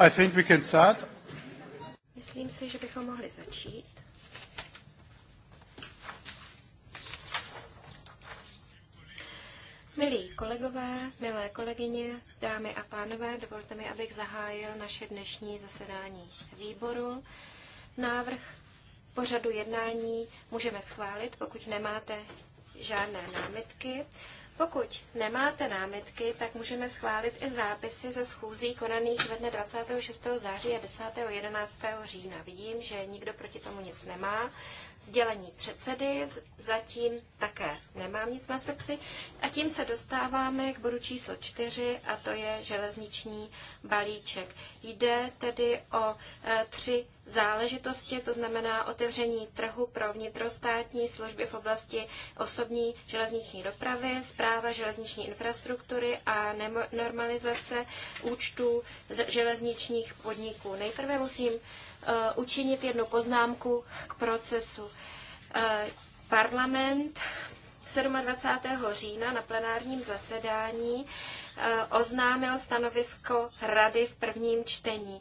I think we can start. Myslím si, že bychom mohli začít. Milí kolegové, milé kolegyně, dámy a pánové, dovolte mi, abych zahájil naše dnešní zasedání výboru. Návrh pořadu jednání můžeme schválit, pokud nemáte žádné námitky. Pokud nemáte námitky, tak můžeme schválit i zápisy ze schůzí konaných ve dne 26. září a 10. 11. října. Vidím, že nikdo proti tomu nic nemá. Sdělení předsedy zatím také nemám nic na srdci. A tím se dostáváme k bodu číslo 4 a to je železniční balíček. Jde tedy o e, tři záležitosti, to znamená otevření trhu pro vnitrostátní služby v oblasti osobní železniční dopravy, zpráva železniční infrastruktury a normalizace účtů železničních podniků. Nejprve musím e, učinit jednu poznámku k procesu. E, parlament 27. října na plenárním zasedání Eh, oznámil stanovisko Rady v prvním čtení.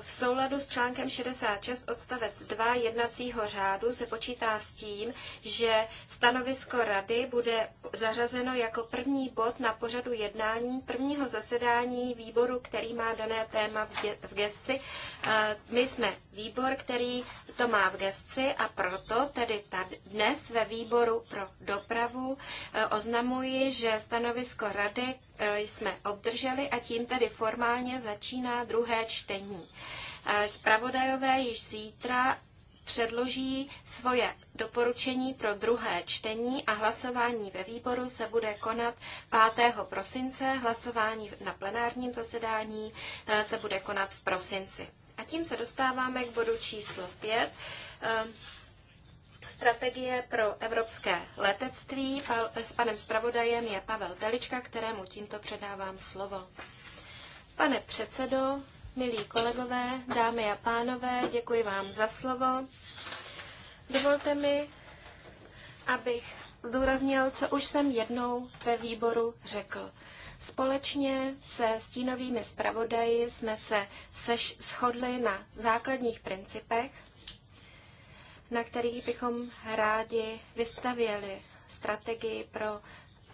V souladu s článkem 66 odstavec 2 jednacího řádu se počítá s tím, že stanovisko Rady bude zařazeno jako první bod na pořadu jednání prvního zasedání výboru, který má dané téma v gesci. Eh, my jsme výbor, který to má v gesci a proto tedy tady dnes ve výboru pro dopravu e, oznamuji, že stanovisko rady e, jsme obdrželi a tím tedy formálně začíná druhé čtení. Spravodajové e, již zítra předloží svoje doporučení pro druhé čtení a hlasování ve výboru se bude konat 5. prosince. Hlasování na plenárním zasedání se bude konat v prosinci. A tím se dostáváme k bodu číslo 5. Ehm, strategie pro evropské letectví. S panem zpravodajem je Pavel Telička, kterému tímto předávám slovo. Pane předsedo, milí kolegové, dámy a pánové, děkuji vám za slovo. Dovolte mi, abych zdůraznil, co už jsem jednou ve výboru řekl. Společně se stínovými zpravodaji jsme se seš- shodli na základních principech, na kterých bychom rádi vystavěli strategii pro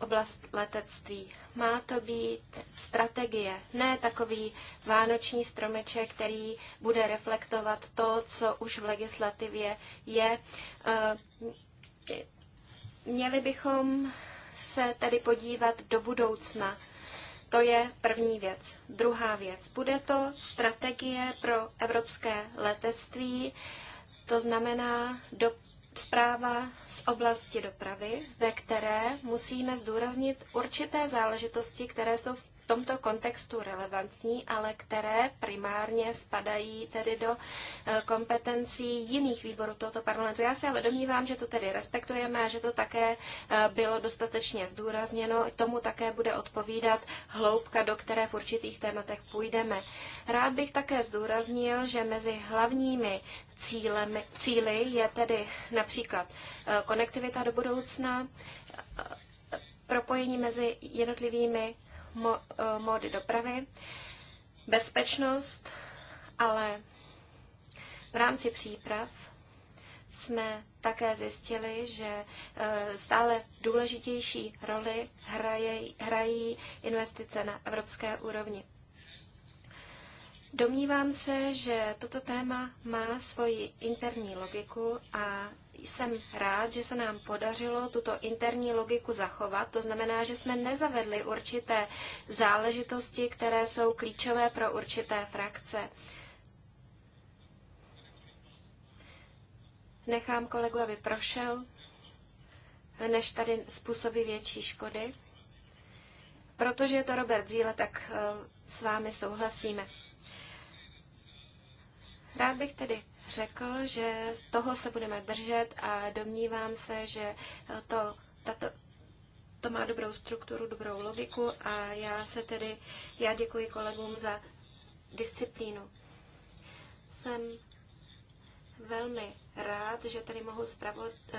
oblast letectví. Má to být strategie, ne takový vánoční stromeček, který bude reflektovat to, co už v legislativě je. Eh, měli bychom se tedy podívat do budoucna to je první věc. Druhá věc. Bude to strategie pro evropské letectví, to znamená do, zpráva z oblasti dopravy, ve které musíme zdůraznit určité záležitosti, které jsou v tomto kontextu relevantní, ale které primárně spadají tedy do eh, kompetencí jiných výborů tohoto parlamentu. Já se ale domnívám, že to tedy respektujeme a že to také eh, bylo dostatečně zdůrazněno. Tomu také bude odpovídat hloubka, do které v určitých tématech půjdeme. Rád bych také zdůraznil, že mezi hlavními cílemi, cíly je tedy například eh, konektivita do budoucna, propojení mezi jednotlivými Eh, módy dopravy, bezpečnost, ale v rámci příprav jsme také zjistili, že eh, stále důležitější roli hraje, hrají investice na evropské úrovni. Domnívám se, že toto téma má svoji interní logiku a jsem rád, že se nám podařilo tuto interní logiku zachovat. To znamená, že jsme nezavedli určité záležitosti, které jsou klíčové pro určité frakce. Nechám kolegu, aby prošel, než tady způsobí větší škody. Protože je to Robert Zíle, tak eh, s vámi souhlasíme. Rád bych tedy řekl, že toho se budeme držet a domnívám se, že to, tato, to má dobrou strukturu, dobrou logiku a já se tedy, já děkuji kolegům za disciplínu. Jsem velmi rád, že tady mohu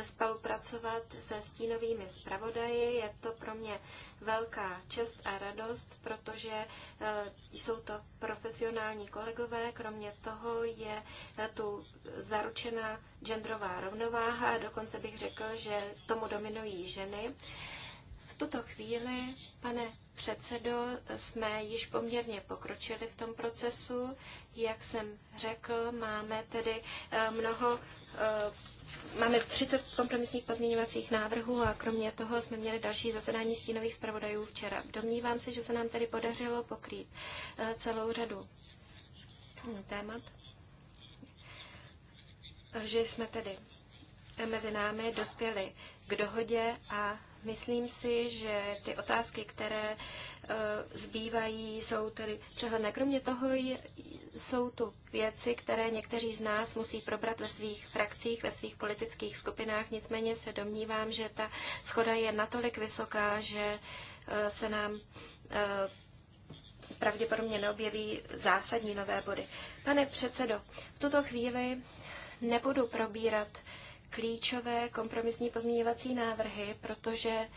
spolupracovat se stínovými zpravodaji. Je to pro mě velká čest a radost, protože eh, jsou to profesionální kolegové. Kromě toho je eh, tu zaručená genderová rovnováha a dokonce bych řekl, že tomu dominují ženy. V tuto chvíli, pane předsedo, jsme již poměrně pokročili v tom procesu. Jak jsem řekl, máme tedy eh, mnoho eh, Máme 30 kompromisních pozměňovacích návrhů a kromě toho jsme měli další zasedání stínových zpravodajů včera. Domnívám se, že se nám tedy podařilo pokrýt eh, celou řadu témat, že jsme tedy mezi námi dospěli k dohodě a myslím si, že ty otázky, které e, zbývají, jsou tedy přehledné. Kromě toho jsou tu věci, které někteří z nás musí probrat ve svých frakcích, ve svých politických skupinách. Nicméně se domnívám, že ta schoda je natolik vysoká, že e, se nám e, pravděpodobně neobjeví zásadní nové body. Pane předsedo, v tuto chvíli nebudu probírat uh, klíčové kompromisní pozměňovací návrhy, protože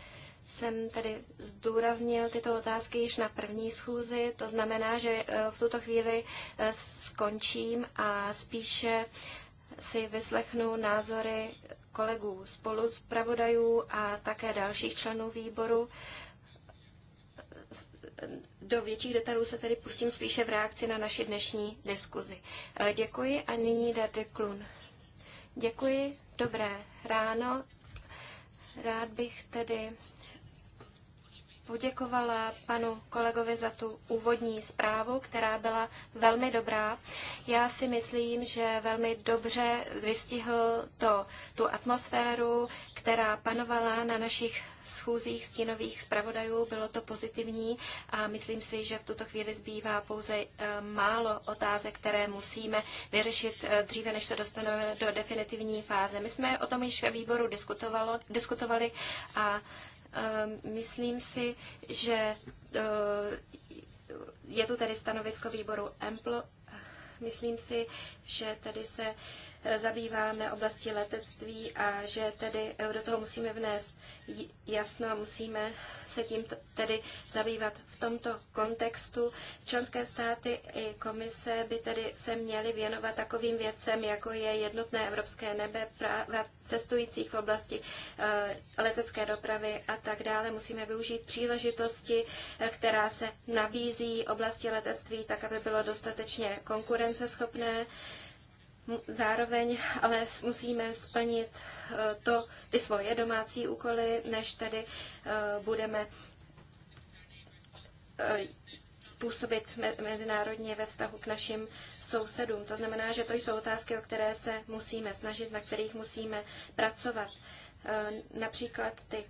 jsem tedy zdůraznil tyto otázky již na první schůzi. To znamená, že eh, v tuto chvíli eh, skončím a spíše si vyslechnu názory kolegů spolu s pravodajů a také dalších členů výboru. Do větších detailů se tedy pustím spíše v reakci na naši dnešní diskuzi. Eh, děkuji a nyní Dady Klun. Děkuji. Dobré ráno. Rád bych tedy poděkovala panu kolegovi za tu úvodní zprávu, která byla velmi dobrá. Já si myslím, že velmi dobře vystihl to, tu atmosféru, která panovala na našich schůzích stínových zpravodajů. Bylo to pozitivní a myslím si, že v tuto chvíli zbývá pouze eh, málo otázek, které musíme vyřešit eh, dříve, než se dostaneme do definitivní fáze. My jsme o tom již ve výboru diskutovali a eh, myslím si, že je tu tady stanovisko výboru EMPLO. Myslím si, že tady se zabýváme oblasti letectví a že tedy do toho musíme vnést jasno a musíme se tím tedy zabývat v tomto kontextu. Členské státy i komise by tedy se měly věnovat takovým věcem, jako je jednotné evropské nebe, práva cestujících v oblasti eh, letecké dopravy a tak dále. Musíme využít příležitosti, eh, která se nabízí oblasti letectví, tak aby bylo dostatečně konkurenceschopné. Zároveň ale musíme splnit eh, to, ty svoje domácí úkoly, než tedy eh, budeme eh, působit mezinárodně ve vztahu k našim sousedům. To znamená, že to jsou otázky, o které se musíme snažit, na kterých musíme pracovat. Například ty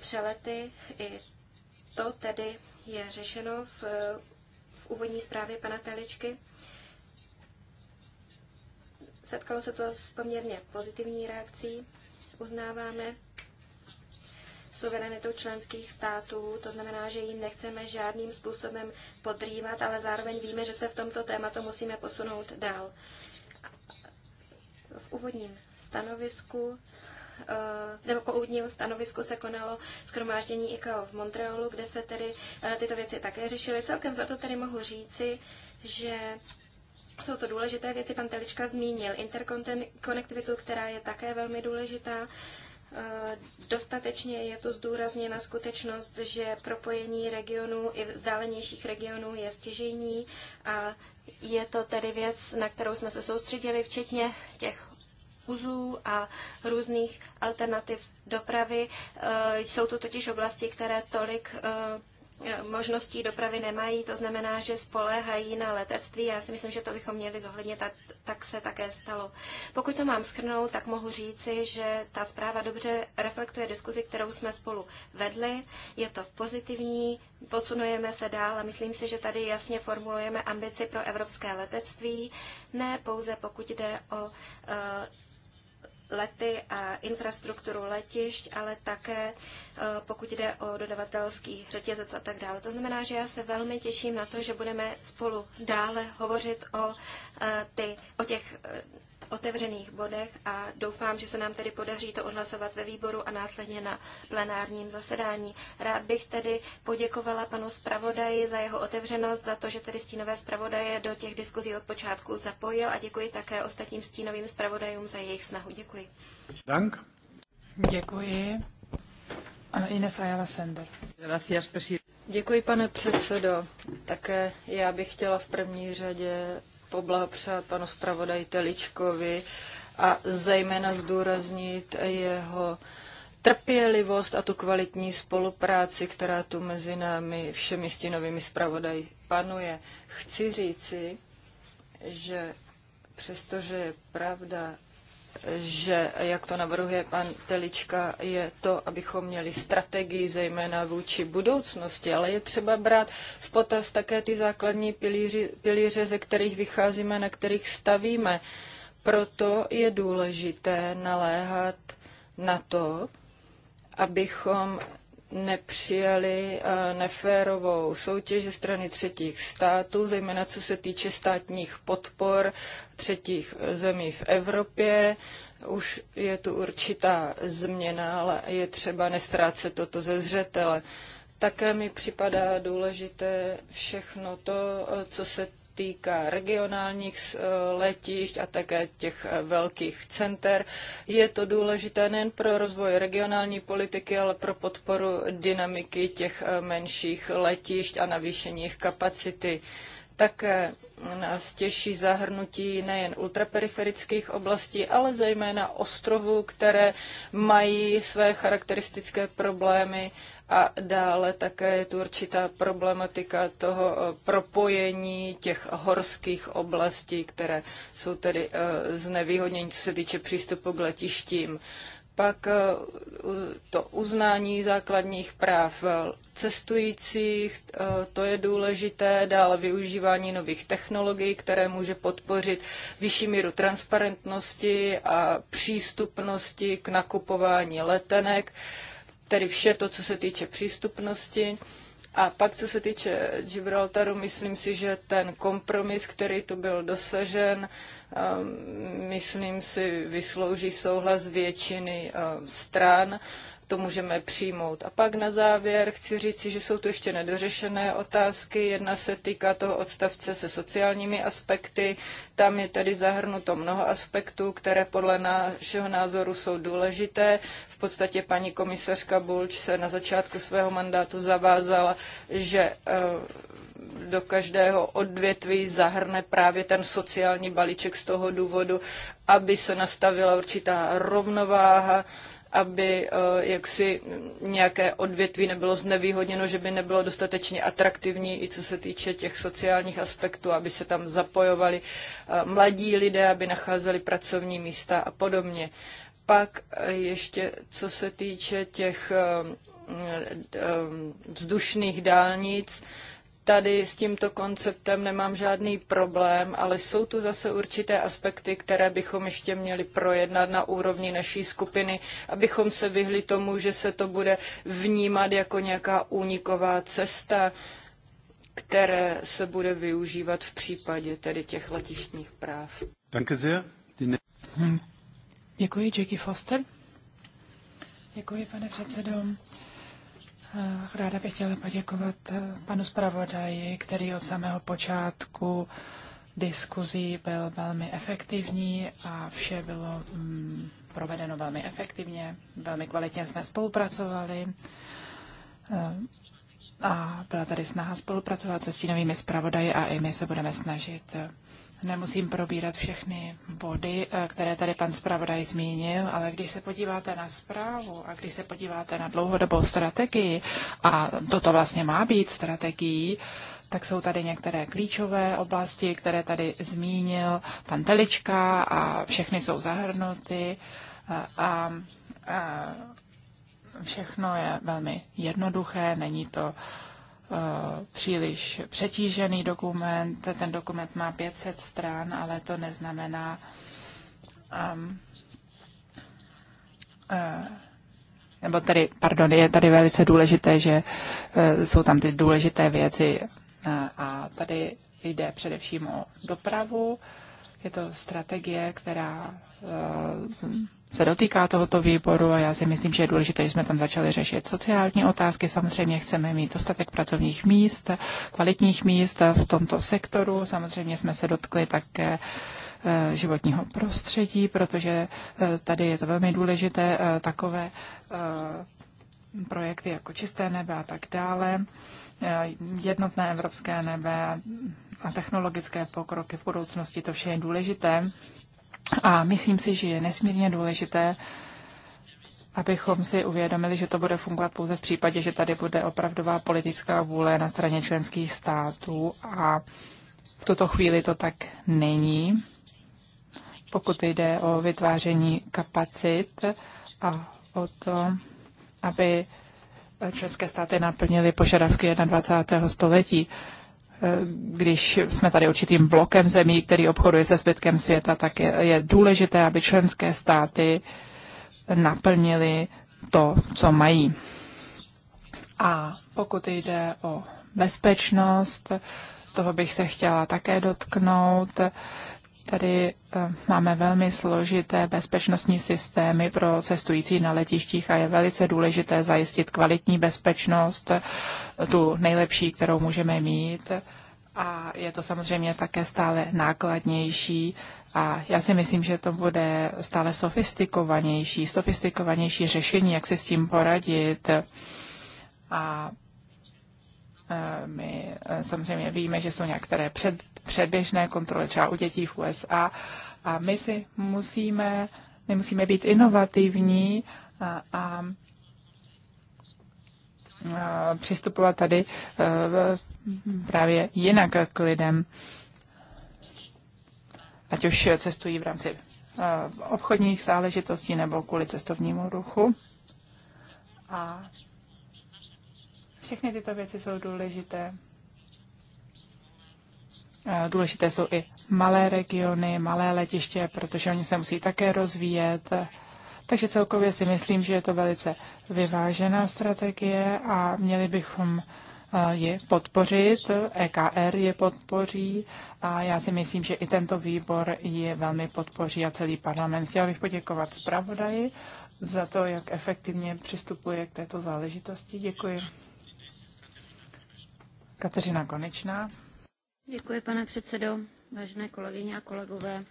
přelety, i to tedy je řešeno v, v úvodní zprávě pana Teličky. Setkalo se to s poměrně pozitivní reakcí. Uznáváme suverenitu členských států, to znamená, že ji nechceme žádným způsobem podrývat, ale zároveň víme, že se v tomto tématu musíme posunout dál. V úvodním stanovisku eh, nebo po úvodním stanovisku se konalo skromáždění ICAO v Montrealu, kde se tedy eh, tyto věci také řešily. Celkem za to tedy mohu říci, že jsou to důležité věci, pan Telička zmínil interkonektivitu, která je také velmi důležitá. E, dostatečně je tu zdůrazněna skutečnost, že propojení regionů i vzdálenějších regionů je stěžejní a je to tedy věc, na kterou jsme se soustředili, včetně těch uzů a různých alternativ dopravy. E, jsou to totiž oblasti, které tolik e, E, možností dopravy nemají, to znamená, že spoléhají na letectví. Já si myslím, že to bychom měli zohlednit a tak se také stalo. Pokud to mám schrnout, tak mohu říci, že ta zpráva dobře reflektuje diskuzi, kterou jsme spolu vedli. Je to pozitivní, posunujeme se dál a myslím si, že tady jasně formulujeme ambici pro evropské letectví, ne pouze pokud jde o e, lety a infrastrukturu letišť, ale také eh, pokud jde o dodavatelský řetězec a tak dále. To znamená, že já se velmi těším na to, že budeme spolu dále hovořit o, eh, ty, o těch eh, otevřených bodech a doufám, že se nám tedy podaří to odhlasovat ve výboru a následně na plenárním zasedání. Rád bych tedy poděkovala panu zpravodaji za jeho otevřenost, za to, že tedy stínové zpravodaje do těch diskuzí od počátku zapojil a děkuji také ostatním stínovým zpravodajům za jejich snahu. Děkuji. Dank. Děkuji. Ines Ayala Sender. Děkuji, pane předsedo. Také já bych chtěla v první řadě poblahopřát panu zpravodaji Teličkovi a zejména zdůraznit jeho trpělivost a tu kvalitní spolupráci, která tu mezi námi všemi stínovými zpravodaji panuje. Chci říci, že přestože je pravda, že, jak to navrhuje pan Telička, je to, abychom měli strategii zejména vůči budoucnosti, ale je třeba brát v potaz také ty základní pilíři, pilíře, ze kterých vycházíme, na kterých stavíme. Proto je důležité naléhat na to, abychom nepřijali eh, neférovou soutěž ze strany třetích států, zejména co se týče státních podpor třetích eh, zemí v Evropě. Už je tu určitá změna, ale je třeba nestrácet toto ze zřetele. Také mi připadá důležité všechno to, eh, co se týká regionálních eh, letišť a také těch eh, velkých center. Je to důležité nejen pro rozvoj regionální politiky, ale pro podporu dynamiky těch eh, menších letišť a navýšení jejich kapacity. Také nás těší zahrnutí nejen ultraperiferických oblastí, ale zejména ostrovů, které mají své charakteristické problémy a dále také je tu určitá problematika toho eh, propojení těch horských oblastí, které jsou tedy eh, znevýhodnění, co se týče přístupu k letištím pak eh, to uznání základních práv eh, cestujících, eh, to je důležité, dále využívání nových technologií, které může podpořit vyšší míru transparentnosti a přístupnosti k nakupování letenek, tedy vše to, co se týče přístupnosti. A pak, co se týče Gibraltaru, myslím si, že ten kompromis, který tu byl dosažen, um, myslím si, vyslouží souhlas většiny uh, stran to můžeme přijmout. A pak na závěr chci říci, že jsou tu ještě nedořešené otázky. Jedna se týká toho odstavce se sociálními aspekty. Tam je tedy zahrnuto mnoho aspektů, které podle našeho názoru jsou důležité. V podstatě paní komisařka Bulč se na začátku svého mandátu zavázala, že eh, do každého odvětví zahrne právě ten sociální balíček z toho důvodu, aby se nastavila určitá rovnováha aby eh, jaksi nějaké odvětví nebylo znevýhodněno, že by nebylo dostatečně atraktivní, i co se týče těch sociálních aspektů, aby se tam zapojovali eh, mladí lidé, aby nacházeli pracovní místa a podobně. Pak eh, ještě, co se týče těch vzdušných dálnic, tady s tímto konceptem nemám žádný problém, ale jsou tu zase určité aspekty, které bychom ještě měli projednat na úrovni naší skupiny, abychom se vyhli tomu, že se to bude vnímat jako nějaká úniková cesta, které se bude využívat v případě tedy těch letištních práv. Hm. Děkuji, Jackie Foster. Děkuji, pane předsedo. Eh, ráda bych chtěla poděkovat eh, panu zpravodaji, který od samého počátku diskuzí byl velmi efektivní a vše bylo mm, provedeno velmi efektivně, velmi kvalitně jsme spolupracovali eh, a byla tady snaha spolupracovat se stínovými zpravodaji a i my se budeme snažit Nemusím probírat všechny body, eh, které tady pan zpravodaj zmínil, ale když se podíváte na zprávu a když se podíváte na dlouhodobou strategii, a toto vlastně má být strategií, tak jsou tady některé klíčové oblasti, které tady zmínil pan Telička a všechny jsou zahrnuty eh, a, a, eh, a všechno je velmi jednoduché, není to uh, Eh, příliš přetížený dokument. Ten dokument má 500 stran, ale to neznamená, um, uh, nebo tady, pardon, je tady velice důležité, že uh, jsou tam ty důležité věci uh, a tady jde především o dopravu. Je to strategie, která Eh, se dotýká tohoto výboru a já si myslím, že je důležité, že jsme tam začali řešit sociální otázky. Samozřejmě chceme mít dostatek pracovních míst, kvalitních míst v tomto sektoru. Samozřejmě jsme se dotkli také eh, životního prostředí, protože eh, tady je to velmi důležité takové projekty jako čisté nebe a tak dále, jednotné evropské nebe a technologické pokroky v budoucnosti, to vše je důležité. A myslím si, že je nesmírně důležité, abychom si uvědomili, že to bude fungovat pouze v případě, že tady bude opravdová politická vůle na straně členských států a v tuto chvíli to tak není, pokud jde o vytváření kapacit a o to, aby členské státy naplnily požadavky 21. století když jsme tady určitým blokem zemí, který obchoduje se zbytkem světa, tak je, je důležité, aby členské státy naplnili to, co mají. A pokud jde o bezpečnost, toho bych se chtěla také dotknout. Tady eh, máme velmi složité bezpečnostní systémy pro cestující na letištích a je velice důležité zajistit kvalitní bezpečnost, eh, tu nejlepší, kterou můžeme mít. A je to samozřejmě také stále nákladnější a já si myslím, že to bude stále sofistikovanější, sofistikovanější řešení, jak se s tím poradit. A Eh, my eh, samozřejmě víme, že jsou některé před, předběžné kontroly třeba u dětí v USA a my si musíme, my musíme být inovativní a, a přistupovat tady eh, právě jinak k lidem, ať už cestují v rámci obchodních záležitostí nebo kvůli cestovnímu ruchu. A všechny tyto věci jsou důležité. Důležité jsou i malé regiony, malé letiště, protože oni se musí také rozvíjet. Takže celkově si myslím, že je to velice vyvážená strategie a měli bychom je podpořit, EKR je podpoří a já si myslím, že i tento výbor je velmi podpoří a celý parlament. Chtěla bych poděkovat zpravodaji za to, jak efektivně přistupuje k této záležitosti. Děkuji. Kateřina Konečná. Děkuji, pane předsedo, vážené kolegyně a kolegové.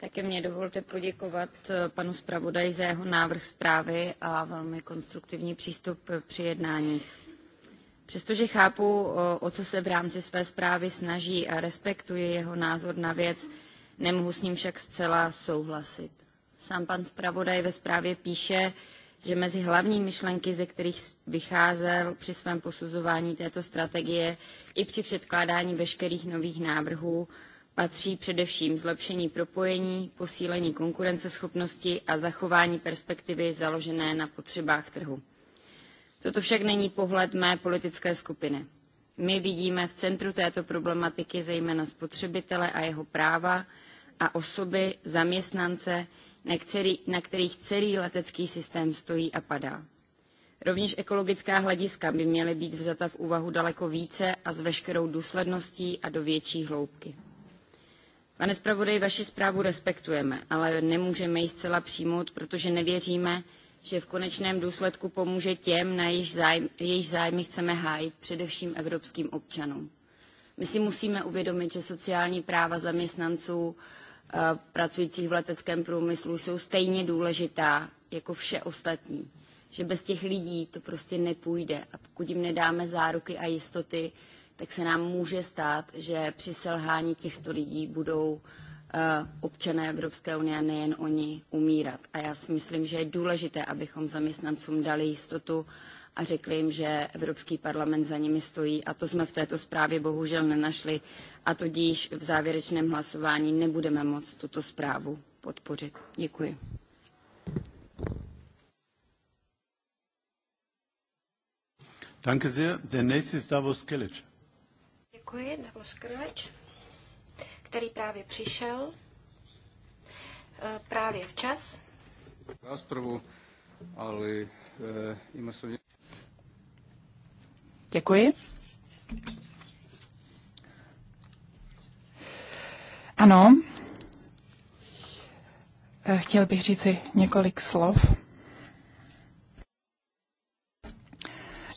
Také mě dovolte poděkovat eh, panu zpravodaji za jeho návrh zprávy a velmi konstruktivní přístup při jednáních. Přestože chápu, o co se v rámci své zprávy snaží a respektuji jeho názor na věc, nemohu s ním však zcela souhlasit. Sám pan zpravodaj ve zprávě píše, že mezi hlavní myšlenky, ze kterých vycházel při svém posuzování této strategie i při předkládání veškerých nových návrhů, patří především zlepšení propojení, posílení konkurenceschopnosti a zachování perspektivy založené na potřebách trhu. Toto však není pohled mé politické skupiny. My vidíme v centru této problematiky zejména spotřebitele a jeho práva a osoby, zaměstnance, na, kterých celý letecký systém stojí a padá. Rovněž ekologická hlediska by měly být vzata v úvahu daleko více a s veškerou důsledností a do větší hloubky. Pane zpravodaj, vaši zprávu respektujeme, ale nemůžeme ji zcela přijmout, protože nevěříme, že v konečném důsledku pomůže těm, na jejich zájmy, jejich zájmy chceme hájit, především evropským občanům. My si musíme uvědomit, že sociální práva zaměstnanců Eh, pracujících v leteckém průmyslu jsou stejně důležitá jako vše ostatní. Že bez těch lidí to prostě nepůjde a pokud jim nedáme záruky a jistoty, tak se nám může stát, že při selhání těchto lidí budou eh, občané Evropské unie, nejen oni, umírat. A já si myslím, že je důležité, abychom zaměstnancům dali jistotu a řekli jim, že Evropský parlament za nimi stojí a to jsme v této zprávě bohužel nenašli a tudíž v závěrečném hlasování nebudeme moct tuto zprávu podpořit. Děkuji. Danke sehr. Der nächste ist Davos Kilic. Děkuji, Davos Kilic, který právě přišel, eh, právě včas. Rozpravu, ale e, eh, se... Děkuji. Ano. Eh, chtěl bych říci několik slov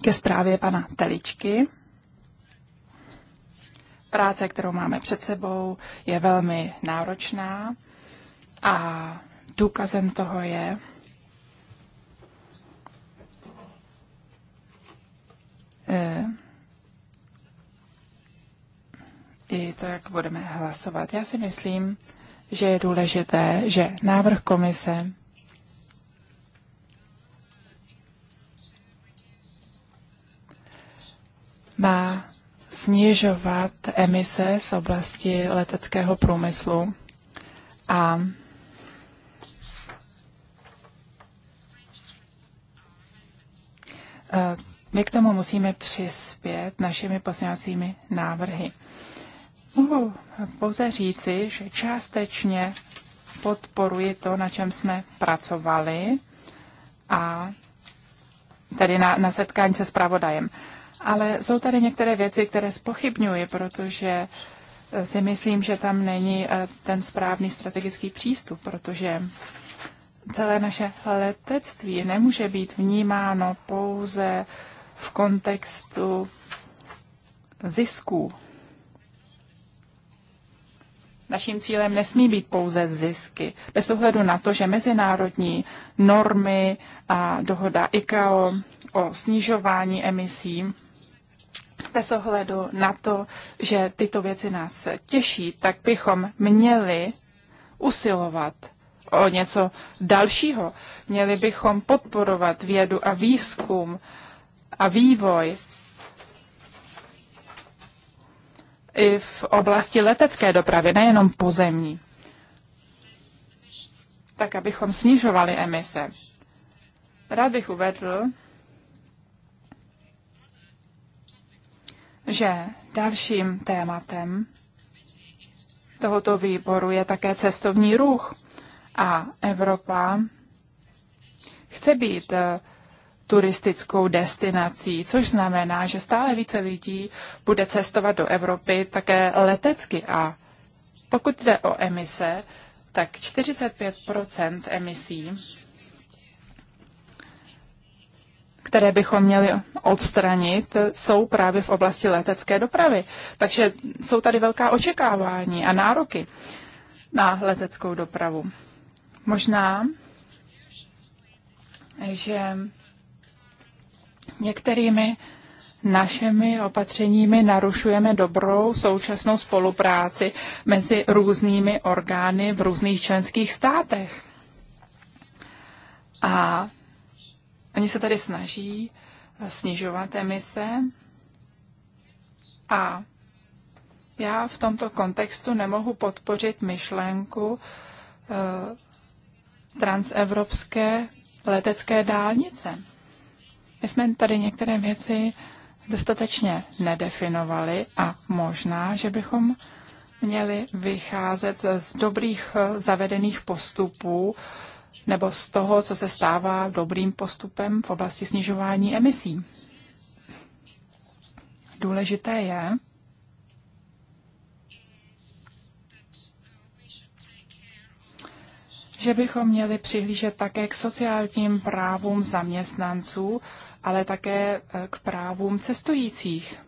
ke zprávě pana Teličky. Práce, kterou máme před sebou, je velmi náročná a důkazem toho je, E, i tak budeme hlasovat. Já si myslím, že je důležité, že návrh komise má snižovat emise z oblasti leteckého průmyslu a my k tomu musíme přispět našimi pozměňovacími návrhy. Mohu pouze říci, že částečně podporuji to, na čem jsme pracovali a tedy na, na setkání se zpravodajem. Ale jsou tady některé věci, které spochybňuji, protože eh, si myslím, že tam není eh, ten správný strategický přístup, protože celé naše letectví nemůže být vnímáno pouze uh, v kontextu zisků. Naším cílem nesmí být pouze zisky, bez ohledu na to, že mezinárodní normy a dohoda ICAO o snižování emisí bez ohledu na to, že tyto věci nás těší, tak bychom měli usilovat o něco dalšího. Měli bychom podporovat vědu a výzkum a vývoj i v oblasti letecké dopravy, nejenom pozemní, tak abychom snižovali emise. Rád bych uvedl, že dalším tématem tohoto výboru je také cestovní ruch a Evropa chce být turistickou destinací, což znamená, že stále více lidí bude cestovat do Evropy také letecky. A pokud jde o emise, tak 45 emisí, které bychom měli odstranit, jsou právě v oblasti letecké dopravy. Takže jsou tady velká očekávání a nároky na leteckou dopravu. Možná, že Některými našemi opatřeními narušujeme dobrou současnou spolupráci mezi různými orgány v různých členských státech. A oni se tady snaží snižovat emise a já v tomto kontextu nemohu podpořit myšlenku eh, transevropské letecké dálnice. My jsme tady některé věci dostatečně nedefinovali a možná, že bychom měli vycházet z dobrých eh, zavedených postupů nebo z toho, co se stává dobrým postupem v oblasti snižování emisí. Důležité je, že bychom měli přihlížet také k sociálním právům zaměstnanců ale také eh, k právům cestujících.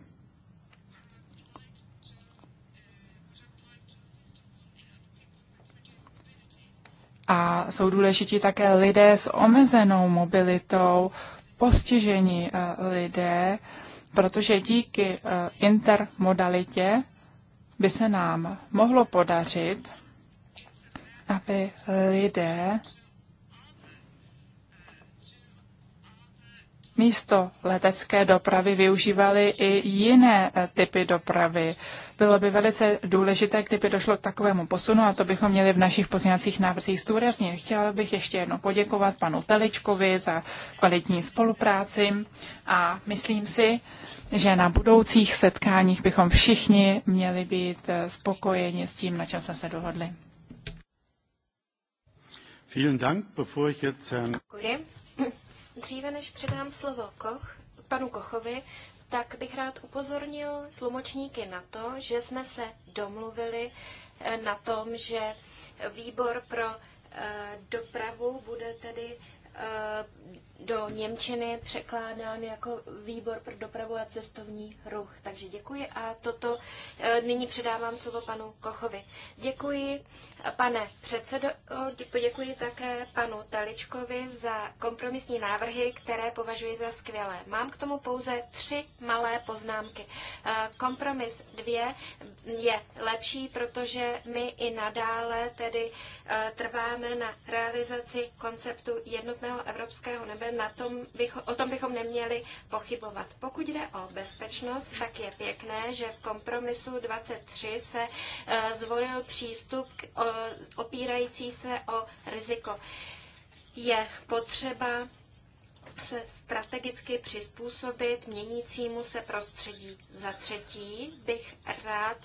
A jsou důležití také lidé s omezenou mobilitou, postižení eh, lidé, protože díky eh, intermodalitě by se nám mohlo podařit, aby lidé místo letecké dopravy využívali i jiné eh, typy dopravy. Bylo by velice důležité, kdyby došlo k takovému posunu a to bychom měli v našich pozněcích návrzích zdůrazně. Chtěla bych ještě jednou poděkovat panu Teličkovi za kvalitní spolupráci a myslím si, že na budoucích setkáních bychom všichni měli být eh, spokojeni s tím, na čem jsme se dohodli. Vielen Dank, bevor ich jetzt Herrn... Ähm, Dříve než předám slovo Koch, panu Kochovi, tak bych rád upozornil tlumočníky na to, že jsme se domluvili eh, na tom, že výbor pro eh, dopravu bude tedy eh, do Němčiny překládán jako výbor pro dopravu a cestovní ruch. Takže děkuji a toto eh, nyní předávám slovo panu Kochovi. Děkuji, pane předsedo, děkuji také panu Taličkovi za kompromisní návrhy, které považuji za skvělé. Mám k tomu pouze tři malé poznámky. Eh, kompromis dvě je lepší, protože my i nadále tedy eh, trváme na realizaci konceptu jednotného evropského nebe sebe, na tom bych, o tom bychom neměli pochybovat. Pokud jde o bezpečnost, tak je pěkné, že v kompromisu 23 se eh, zvolil přístup opírající se o riziko. Je potřeba se strategicky přizpůsobit měnícímu se prostředí. Za třetí bych rád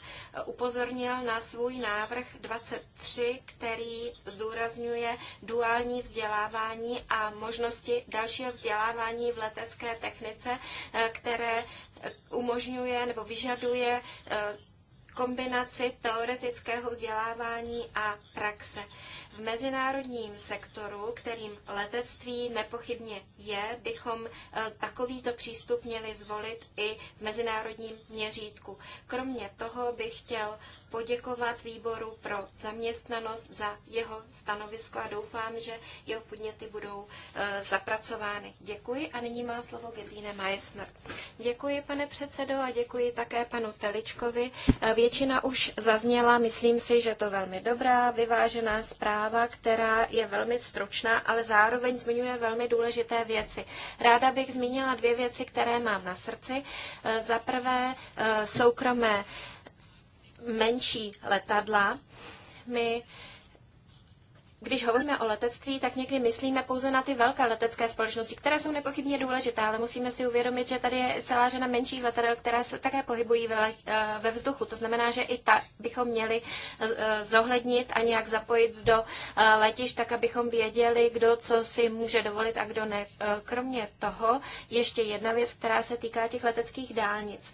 upozornil na svůj návrh 23, který zdůrazňuje duální vzdělávání a možnosti dalšího vzdělávání v letecké technice, eh, které umožňuje nebo vyžaduje eh, kombinaci teoretického vzdělávání a praxe v mezinárodním sektoru, kterým letectví nepochybně je, bychom eh, takovýto přístup měli zvolit i v mezinárodním měřítku. Kromě toho bych chtěl poděkovat výboru pro zaměstnanost za jeho stanovisko a doufám, že jeho podněty budou e, zapracovány. Děkuji a nyní má slovo Gezíne Majesner. Děkuji, pane předsedo, a děkuji také panu Teličkovi. E, většina už zazněla, myslím si, že to velmi dobrá, vyvážená zpráva, která je velmi stručná, ale zároveň zmiňuje velmi důležité věci. Ráda bych zmínila dvě věci, které mám na srdci. E, za prvé soukromé menší letadla. My když hovoříme o letectví, tak někdy myslíme pouze na ty velké letecké společnosti, které jsou nepochybně důležité, ale musíme si uvědomit, že tady je celá řada menších letadel, které se také pohybují ve, eh, ve vzduchu. To znamená, že i ta bychom měli eh, zohlednit a nějak zapojit do eh, letiš, tak abychom věděli, kdo co si může dovolit a kdo ne. Kromě toho ještě jedna věc, která se týká těch leteckých dálnic.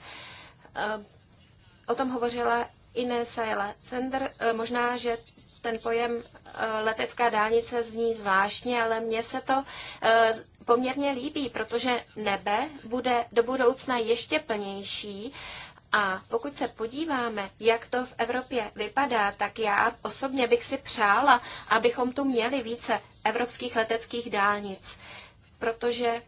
O tom hovořila Ines Ayala Center. Eh, možná, že ten pojem eh, letecká dálnice zní zvláštně, ale mně se to eh, poměrně líbí, protože nebe bude do budoucna ještě plnější. A pokud se podíváme, jak to v Evropě vypadá, tak já osobně bych si přála, abychom tu měli více evropských leteckých dálnic, protože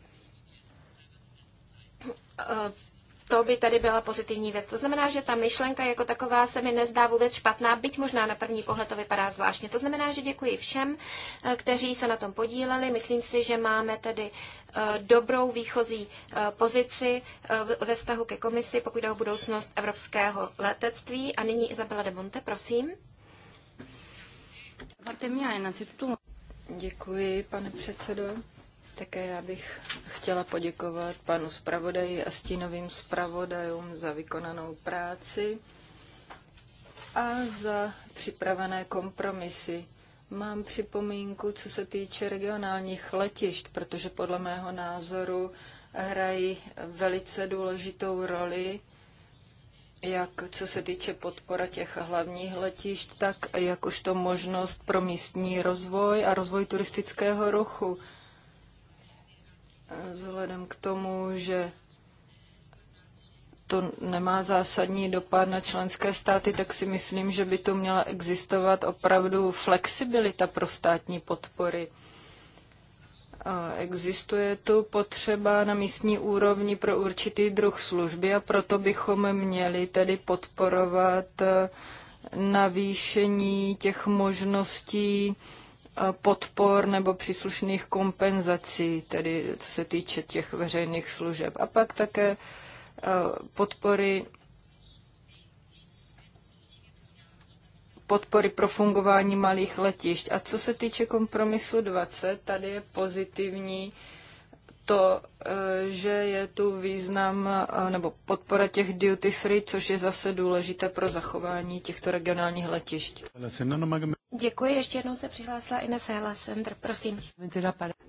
to by tady byla pozitivní věc. To znamená, že ta myšlenka jako taková se mi nezdá vůbec špatná, byť možná na první pohled to vypadá zvláštně. To znamená, že děkuji všem, eh, kteří se na tom podíleli. Myslím si, že máme tedy eh, dobrou výchozí eh, pozici ve vztahu ke komisi, pokud jde o budoucnost evropského letectví. A nyní Izabela de Monte, prosím. Děkuji, pane předsedo. Také já bych chtěla poděkovat panu zpravodaji a stínovým zpravodajům za vykonanou práci a za připravené kompromisy. Mám připomínku, co se týče regionálních letišť, protože podle mého názoru hrají velice důležitou roli, jak co se týče podpora těch hlavních letišť, tak jakožto možnost pro místní rozvoj a rozvoj turistického ruchu vzhledem k tomu, že to nemá zásadní dopad na členské státy, tak si myslím, že by tu měla existovat opravdu flexibilita pro státní podpory. Existuje tu potřeba na místní úrovni pro určitý druh služby a proto bychom měli tedy podporovat navýšení těch možností Eh, podpor nebo příslušných kompenzací, tedy co se týče těch veřejných služeb. A pak také eh, podpory podpory pro fungování malých letišť. A co se týče kompromisu 20, tady je pozitivní to, eh, že je tu význam eh, nebo podpora těch duty free, což je zase důležité pro zachování těchto regionálních letišť. Děkuji, ještě jednou se přihlásila Ines Center, prosím.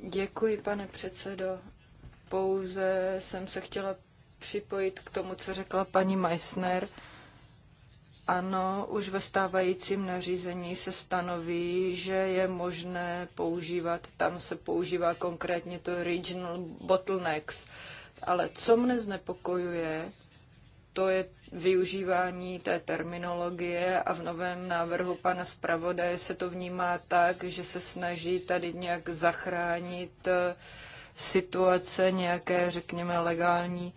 Děkuji, pane předsedo. Pouze jsem se chtěla připojit k tomu, co řekla paní Meissner ano, už ve stávajícím nařízení se stanoví, že je možné používat, tam se používá konkrétně to regional bottlenecks. Ale co mne znepokojuje, to je využívání té terminologie a v novém návrhu pana zpravodaje se to vnímá tak, že se snaží tady nějak zachránit eh, situace nějaké, řekněme, legální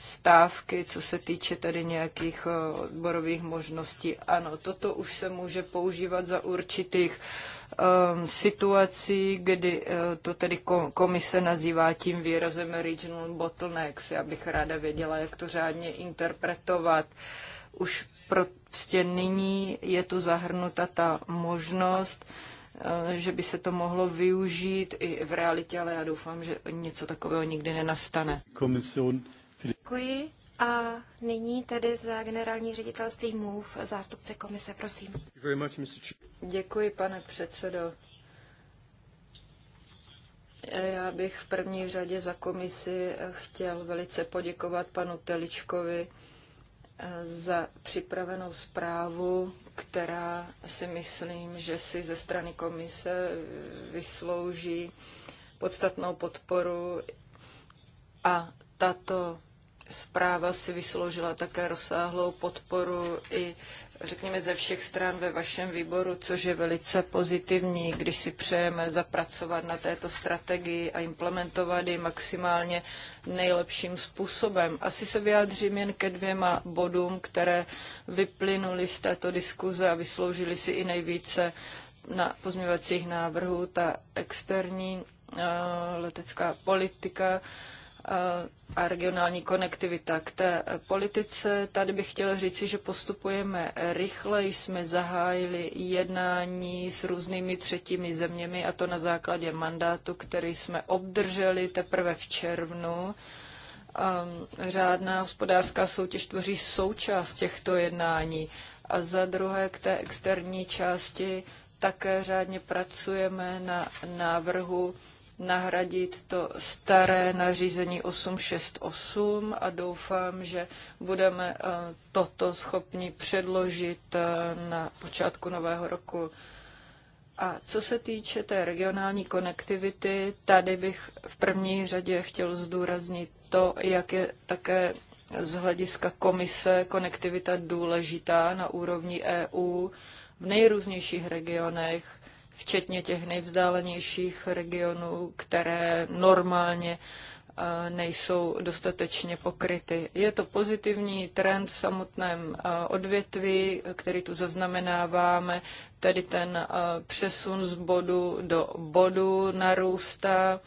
stávky, co se týče tady nějakých eh, odborových možností. Ano, toto už se může používat za určitých um, situací, kdy eh, to tedy komise nazývá tím výrazem regional bottlenecks. Já bych ráda věděla, jak to řádně interpretovat. Už prostě nyní je tu zahrnuta ta možnost, eh, že by se to mohlo využít i v realitě, ale já doufám, že něco takového nikdy nenastane. Komision Děkuji. A nyní tedy za generální ředitelství MOVE zástupce komise, prosím. Děkuji, pane předsedo. Já bych v první řadě za komisi chtěl velice poděkovat panu Teličkovi eh, za připravenou zprávu, která si myslím, že si ze strany komise vyslouží podstatnou podporu a tato Zpráva si vysloužila také rozsáhlou podporu i řekněme ze všech stran ve vašem výboru, což je velice pozitivní, když si přejeme zapracovat na této strategii a implementovat ji maximálně nejlepším způsobem. Asi se vyjádřím jen ke dvěma bodům, které vyplynuly z této diskuze a vysloužily si i nejvíce na pozměvacích návrhů. Ta externí eh, letecká politika, Eh, a regionální konektivita. K té eh, politice tady bych chtěla říci, že postupujeme rychle, jsme zahájili jednání s různými třetími zeměmi a to na základě mandátu, který jsme obdrželi teprve v červnu. Ehm, řádná hospodářská soutěž tvoří součást těchto jednání. A za druhé k té externí části také řádně pracujeme na návrhu nahradit to staré nařízení 868 a doufám, že budeme eh, toto schopni předložit eh, na počátku nového roku. A co se týče té regionální konektivity, tady bych v první řadě chtěl zdůraznit to, jak je také z hlediska komise konektivita důležitá na úrovni EU v nejrůznějších regionech včetně těch nejvzdálenějších regionů, které normálně eh, nejsou dostatečně pokryty. Je to pozitivní trend v samotném eh, odvětví, který tu zaznamenáváme, tedy ten eh, přesun z bodu do bodu narůstá,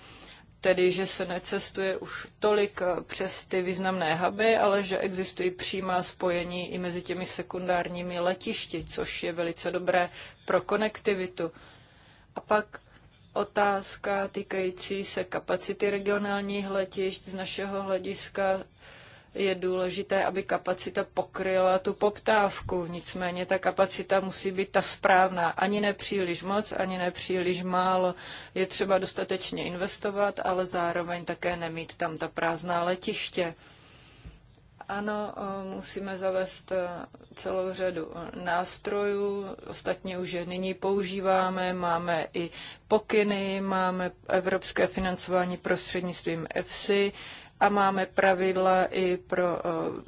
tedy že se necestuje už tolik přes ty významné huby, ale že existují přímá spojení i mezi těmi sekundárními letišti, což je velice dobré pro konektivitu. A pak otázka týkající se kapacity regionálních letišť z našeho hlediska je důležité, aby kapacita pokryla tu poptávku. Nicméně ta kapacita musí být ta správná. Ani nepříliš moc, ani nepříliš málo. Je třeba dostatečně investovat, ale zároveň také nemít tam ta prázdná letiště. Ano, musíme zavést celou řadu nástrojů, ostatně už je nyní používáme, máme i pokyny, máme evropské financování prostřednictvím EFSI, a máme pravidla i pro eh,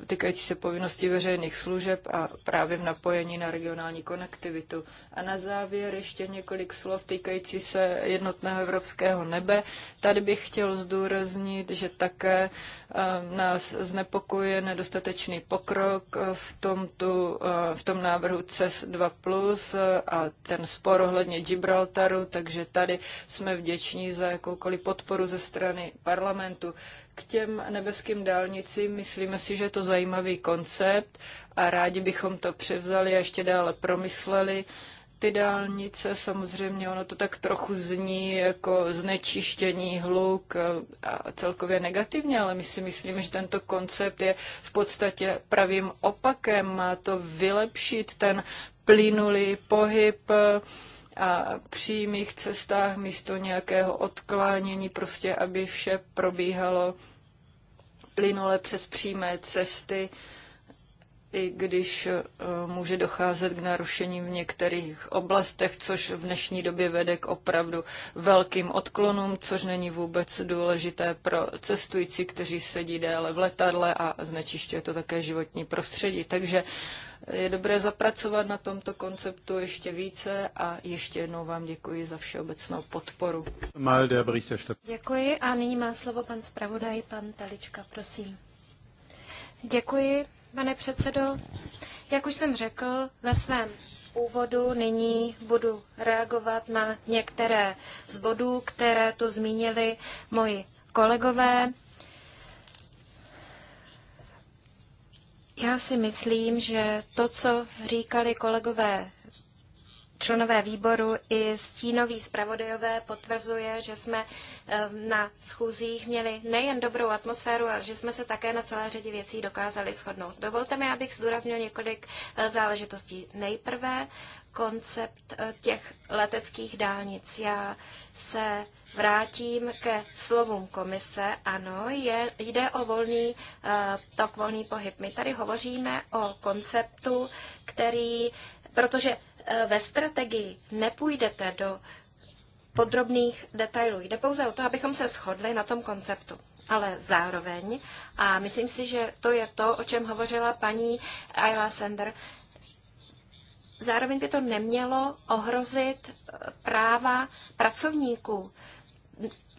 týkající se povinnosti veřejných služeb a právě v napojení na regionální konektivitu. A na závěr ještě několik slov týkající se jednotného evropského nebe. Tady bych chtěl zdůraznit, že také eh, nás znepokuje nedostatečný pokrok v, tomto, eh, v tom návrhu CES 2+, a ten spor ohledně Gibraltaru, takže tady jsme vděční za jakoukoliv podporu ze strany parlamentu k těm nebeským dálnicím. Myslíme si, že je to zajímavý koncept a rádi bychom to převzali a ještě dále promysleli. Ty dálnice, samozřejmě ono to tak trochu zní jako znečištění hluk a celkově negativně, ale my si myslíme, že tento koncept je v podstatě pravým opakem. Má to vylepšit ten plynulý pohyb a přímých cestách místo nějakého odklánění, prostě aby vše probíhalo plynule přes přímé cesty i když e, může docházet k narušením v některých oblastech, což v dnešní době vede k opravdu velkým odklonům, což není vůbec důležité pro cestující, kteří sedí déle v letadle a znečišťuje to také životní prostředí. Takže e, je dobré zapracovat na tomto konceptu ještě více a ještě jednou vám děkuji za všeobecnou podporu. Děkuji a nyní má slovo pan zpravodaj, pan Talička, prosím. Děkuji pane předsedo. Jak už jsem řekl ve svém úvodu, nyní budu reagovat na některé z bodů, které tu zmínili moji kolegové. Já si myslím, že to, co říkali kolegové členové výboru i stínoví zpravodajové potvrzuje, že jsme eh, na schůzích měli nejen dobrou atmosféru, ale že jsme se také na celé řadě věcí dokázali shodnout. Dovolte mi, abych zdůraznil několik eh, záležitostí. Nejprve koncept eh, těch leteckých dálnic. Já se vrátím ke slovům komise. Ano, je, jde o volný tok, volný pohyb. My tady hovoříme o konceptu, který, protože Eh, ve strategii nepůjdete do podrobných detailů. Jde pouze o to, abychom se shodli na tom konceptu. Ale zároveň, a myslím si, že to je to, o čem hovořila paní Ayla Sender, zároveň by to nemělo ohrozit eh, práva pracovníků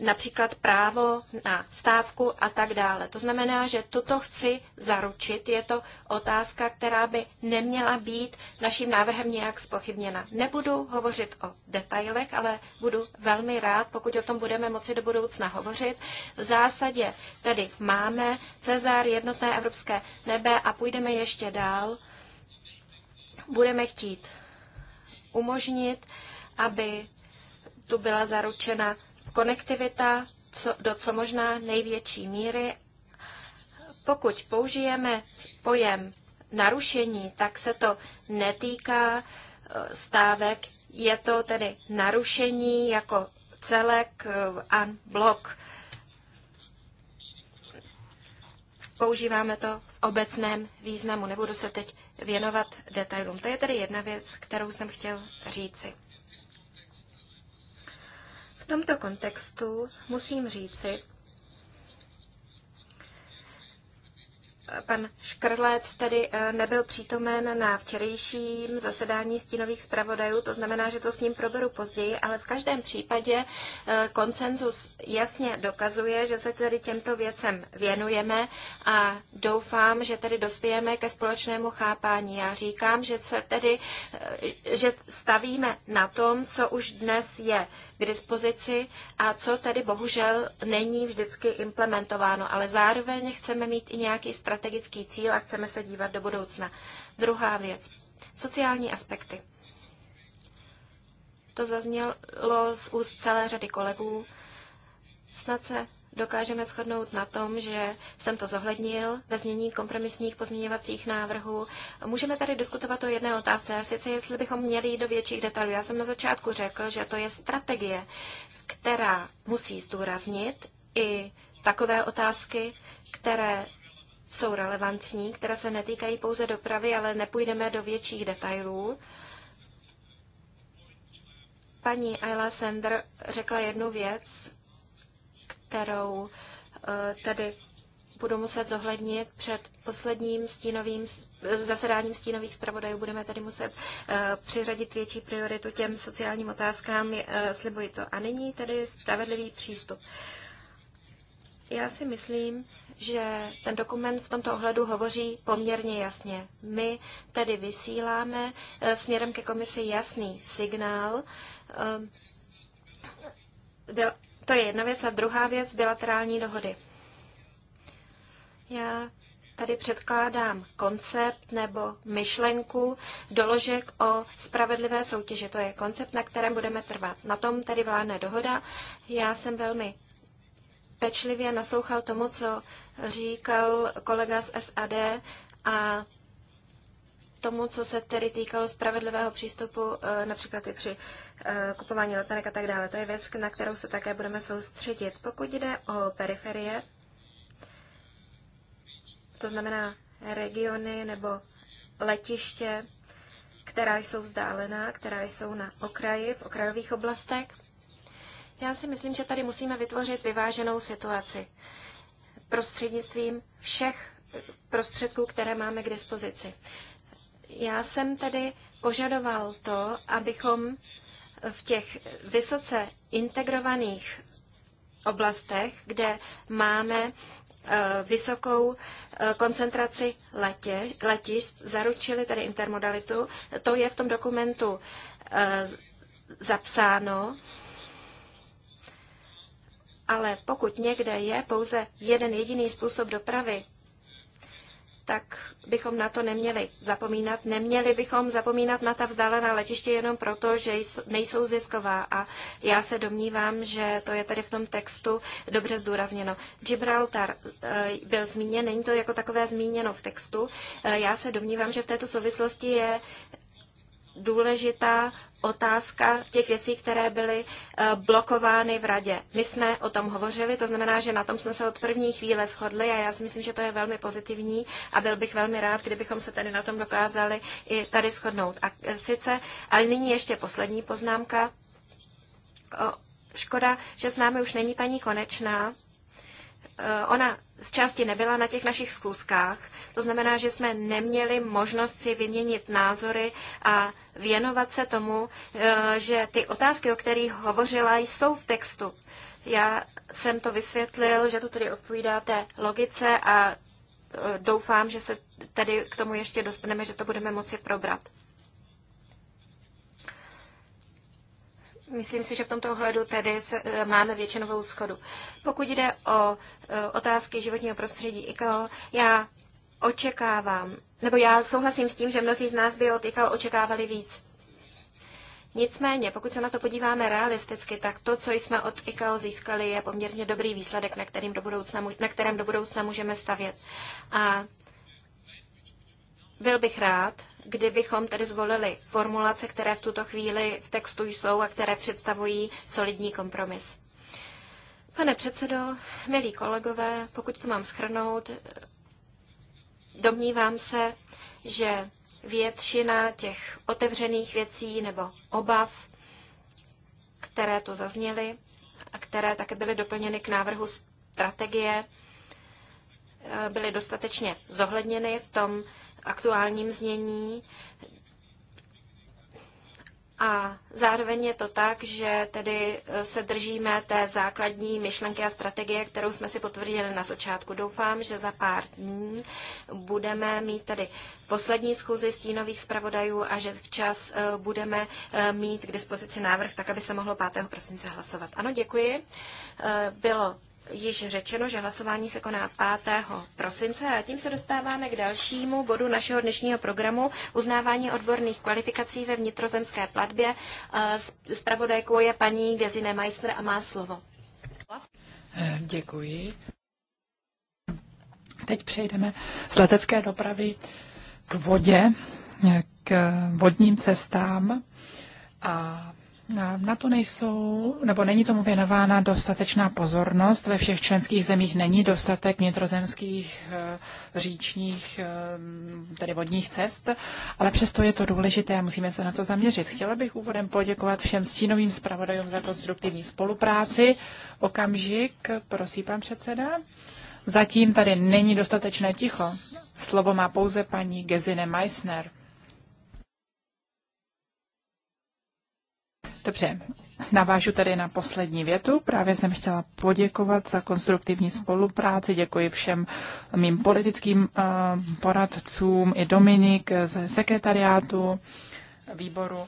například právo na stávku a tak dále. To znamená, že toto chci zaručit. Je to otázka, která by neměla být naším návrhem nějak spochybněna. Nebudu hovořit o detailech, ale budu velmi rád, pokud o tom budeme moci do budoucna hovořit. V zásadě tedy máme Cezár jednotné evropské nebe a půjdeme ještě dál. Budeme chtít umožnit, aby tu byla zaručena konektivita co, do co možná největší míry. Pokud použijeme pojem narušení, tak se to netýká e, stávek, je to tedy narušení jako celek e, a blok. Používáme to v obecném významu, nebudu se teď věnovat detailům. To je tedy jedna věc, kterou jsem chtěl říci tomto kontextu musím říci, pan Škrlec tedy eh, nebyl přítomen na včerejším zasedání stínových zpravodajů, to znamená, že to s ním proberu později, ale v každém případě eh, konsenzus jasně dokazuje, že se tedy těmto věcem věnujeme a doufám, že tedy dospějeme ke společnému chápání. Já říkám, že se tedy eh, že stavíme na tom, co už dnes je k dispozici a co tedy bohužel není vždycky implementováno, ale zároveň chceme mít i nějaký strategický strategický cíl a chceme se dívat do budoucna. Druhá věc. Sociální aspekty. To zaznělo z úst celé řady kolegů. Snad se dokážeme shodnout na tom, že jsem to zohlednil ve znění kompromisních pozměňovacích návrhů. Můžeme tady diskutovat o jedné otázce, a sice jestli bychom měli jít do větších detailů. Já jsem na začátku řekl, že to je strategie, která musí zdůraznit i takové otázky, které jsou relevantní, které se netýkají pouze dopravy, ale nepůjdeme do větších detailů. Paní Ayla Sender řekla jednu věc, kterou eh, tedy budu muset zohlednit před posledním stínovým, zasedáním stínových zpravodajů. Budeme tady muset eh, přiřadit větší prioritu těm sociálním otázkám, eh, slibuji to. A nyní tedy spravedlivý přístup. Já si myslím, že ten dokument v tomto ohledu hovoří poměrně jasně. My tedy vysíláme eh, směrem ke komisi jasný signál. Eh, to je jedna věc. A druhá věc, bilaterální dohody. Já tady předkládám koncept nebo myšlenku doložek o spravedlivé soutěži. To je koncept, na kterém budeme trvat. Na tom tedy vládne dohoda. Já jsem velmi pečlivě naslouchal tomu, co říkal kolega z SAD a tomu, co se tedy týkalo spravedlivého přístupu, eh, například i při eh, kupování letenek a tak dále. To je věc, na kterou se také budeme soustředit. Pokud jde o periferie, to znamená regiony nebo letiště, která jsou vzdálená, která jsou na okraji, v okrajových oblastech, já si myslím, že tady musíme vytvořit vyváženou situaci prostřednictvím všech prostředků, které máme k dispozici. Já jsem tedy požadoval to, abychom v těch vysoce integrovaných oblastech, kde máme eh, vysokou eh, koncentraci letě, letišť, zaručili tedy intermodalitu. To je v tom dokumentu eh, zapsáno. Ale pokud někde je pouze jeden jediný způsob dopravy, tak bychom na to neměli zapomínat. Neměli bychom zapomínat na ta vzdálená letiště jenom proto, že nejsou zisková. A já se domnívám, že to je tady v tom textu dobře zdůrazněno. Gibraltar eh, byl zmíněn, není to jako takové zmíněno v textu. Eh, já se domnívám, že v této souvislosti je důležitá otázka těch věcí, které byly eh, blokovány v radě. My jsme o tom hovořili, to znamená, že na tom jsme se od první chvíle shodli a já si myslím, že to je velmi pozitivní a byl bych velmi rád, kdybychom se tady na tom dokázali i tady shodnout. A eh, sice, ale nyní ještě poslední poznámka. Škoda, že s námi už není paní Konečná, Eh, ona z části nebyla na těch našich zkouškách. To znamená, že jsme neměli možnost si vyměnit názory a věnovat se tomu, eh, že ty otázky, o kterých hovořila, jsou v textu. Já jsem to vysvětlil, že to tedy odpovídá té logice a eh, doufám, že se tady k tomu ještě dostaneme, že to budeme moci probrat. Myslím si, že v tomto ohledu tedy se, e, máme většinovou schodu. Pokud jde o e, otázky životního prostředí IKO, já očekávám, nebo já souhlasím s tím, že mnozí z nás by od IKO očekávali víc. Nicméně, pokud se na to podíváme realisticky, tak to, co jsme od IKO získali, je poměrně dobrý výsledek, na, kterým do budoucna, na kterém do budoucna můžeme stavět. A byl bych rád, kdybychom tedy zvolili formulace, které v tuto chvíli v textu jsou a které představují solidní kompromis. Pane předsedo, milí kolegové, pokud to mám schrnout, domnívám se, že většina těch otevřených věcí nebo obav, které tu zazněly a které také byly doplněny k návrhu strategie, byly dostatečně zohledněny v tom aktuálním znění. A zároveň je to tak, že tedy eh, se držíme té základní myšlenky a strategie, kterou jsme si potvrdili na začátku. Doufám, že za pár dní budeme mít tedy poslední schůzi stínových zpravodajů a že včas eh, budeme eh, mít k dispozici návrh, tak aby se mohlo 5. prosince hlasovat. Ano, děkuji. Bylo již řečeno, že hlasování se koná 5. prosince a tím se dostáváme k dalšímu bodu našeho dnešního programu uznávání odborných kvalifikací ve vnitrozemské platbě. Spravodajkou eh, je paní Gezine Meissner a má slovo. Děkuji. Teď přejdeme z letecké dopravy k vodě, eh, k vodním cestám a na to nejsou, nebo není tomu věnována dostatečná pozornost. Ve všech členských zemích není dostatek vnitrozemských eh, říčních, eh, tedy vodních cest, ale přesto je to důležité a musíme se na to zaměřit. Chtěla bych úvodem poděkovat všem stínovým zpravodajům za konstruktivní spolupráci. Okamžik, prosím, pan předseda. Zatím tady není dostatečné ticho. Slovo má pouze paní Gezine Meissner. Dobře, navážu tady na poslední větu. Právě jsem chtěla poděkovat za konstruktivní spolupráci. Děkuji všem mým politickým eh, poradcům i Dominik ze sekretariátu výboru.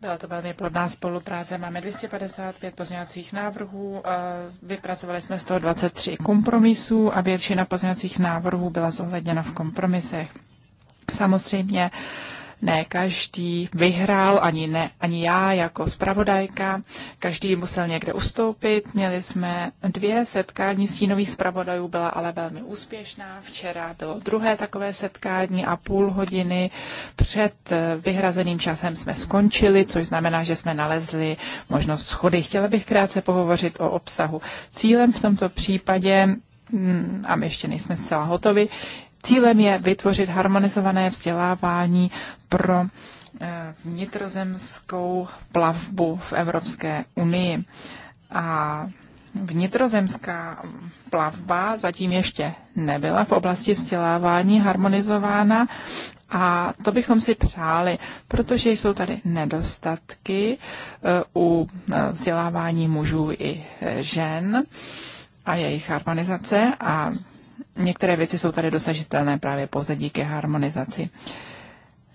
Byla to velmi plodná spolupráce. Máme 255 pozměňovacích návrhů, eh, vypracovali jsme 123 kompromisů a většina pozměňovacích návrhů byla zohledněna v kompromisech. Samozřejmě ne každý vyhrál, ani, ne, ani já jako zpravodajka. Každý musel někde ustoupit. Měli jsme dvě setkání stínových zpravodajů, byla ale velmi úspěšná. Včera bylo druhé takové setkání a půl hodiny před vyhrazeným časem jsme skončili, což znamená, že jsme nalezli možnost schody. Chtěla bych krátce pohovořit o obsahu. Cílem v tomto případě mm, a my ještě nejsme zcela hotovi, Cílem je vytvořit harmonizované vzdělávání pro eh, vnitrozemskou plavbu v Evropské unii. A vnitrozemská plavba zatím ještě nebyla v oblasti vzdělávání harmonizována a to bychom si přáli, protože jsou tady nedostatky eh, u eh, vzdělávání mužů i žen a jejich harmonizace a některé věci jsou tady dosažitelné právě pouze díky harmonizaci.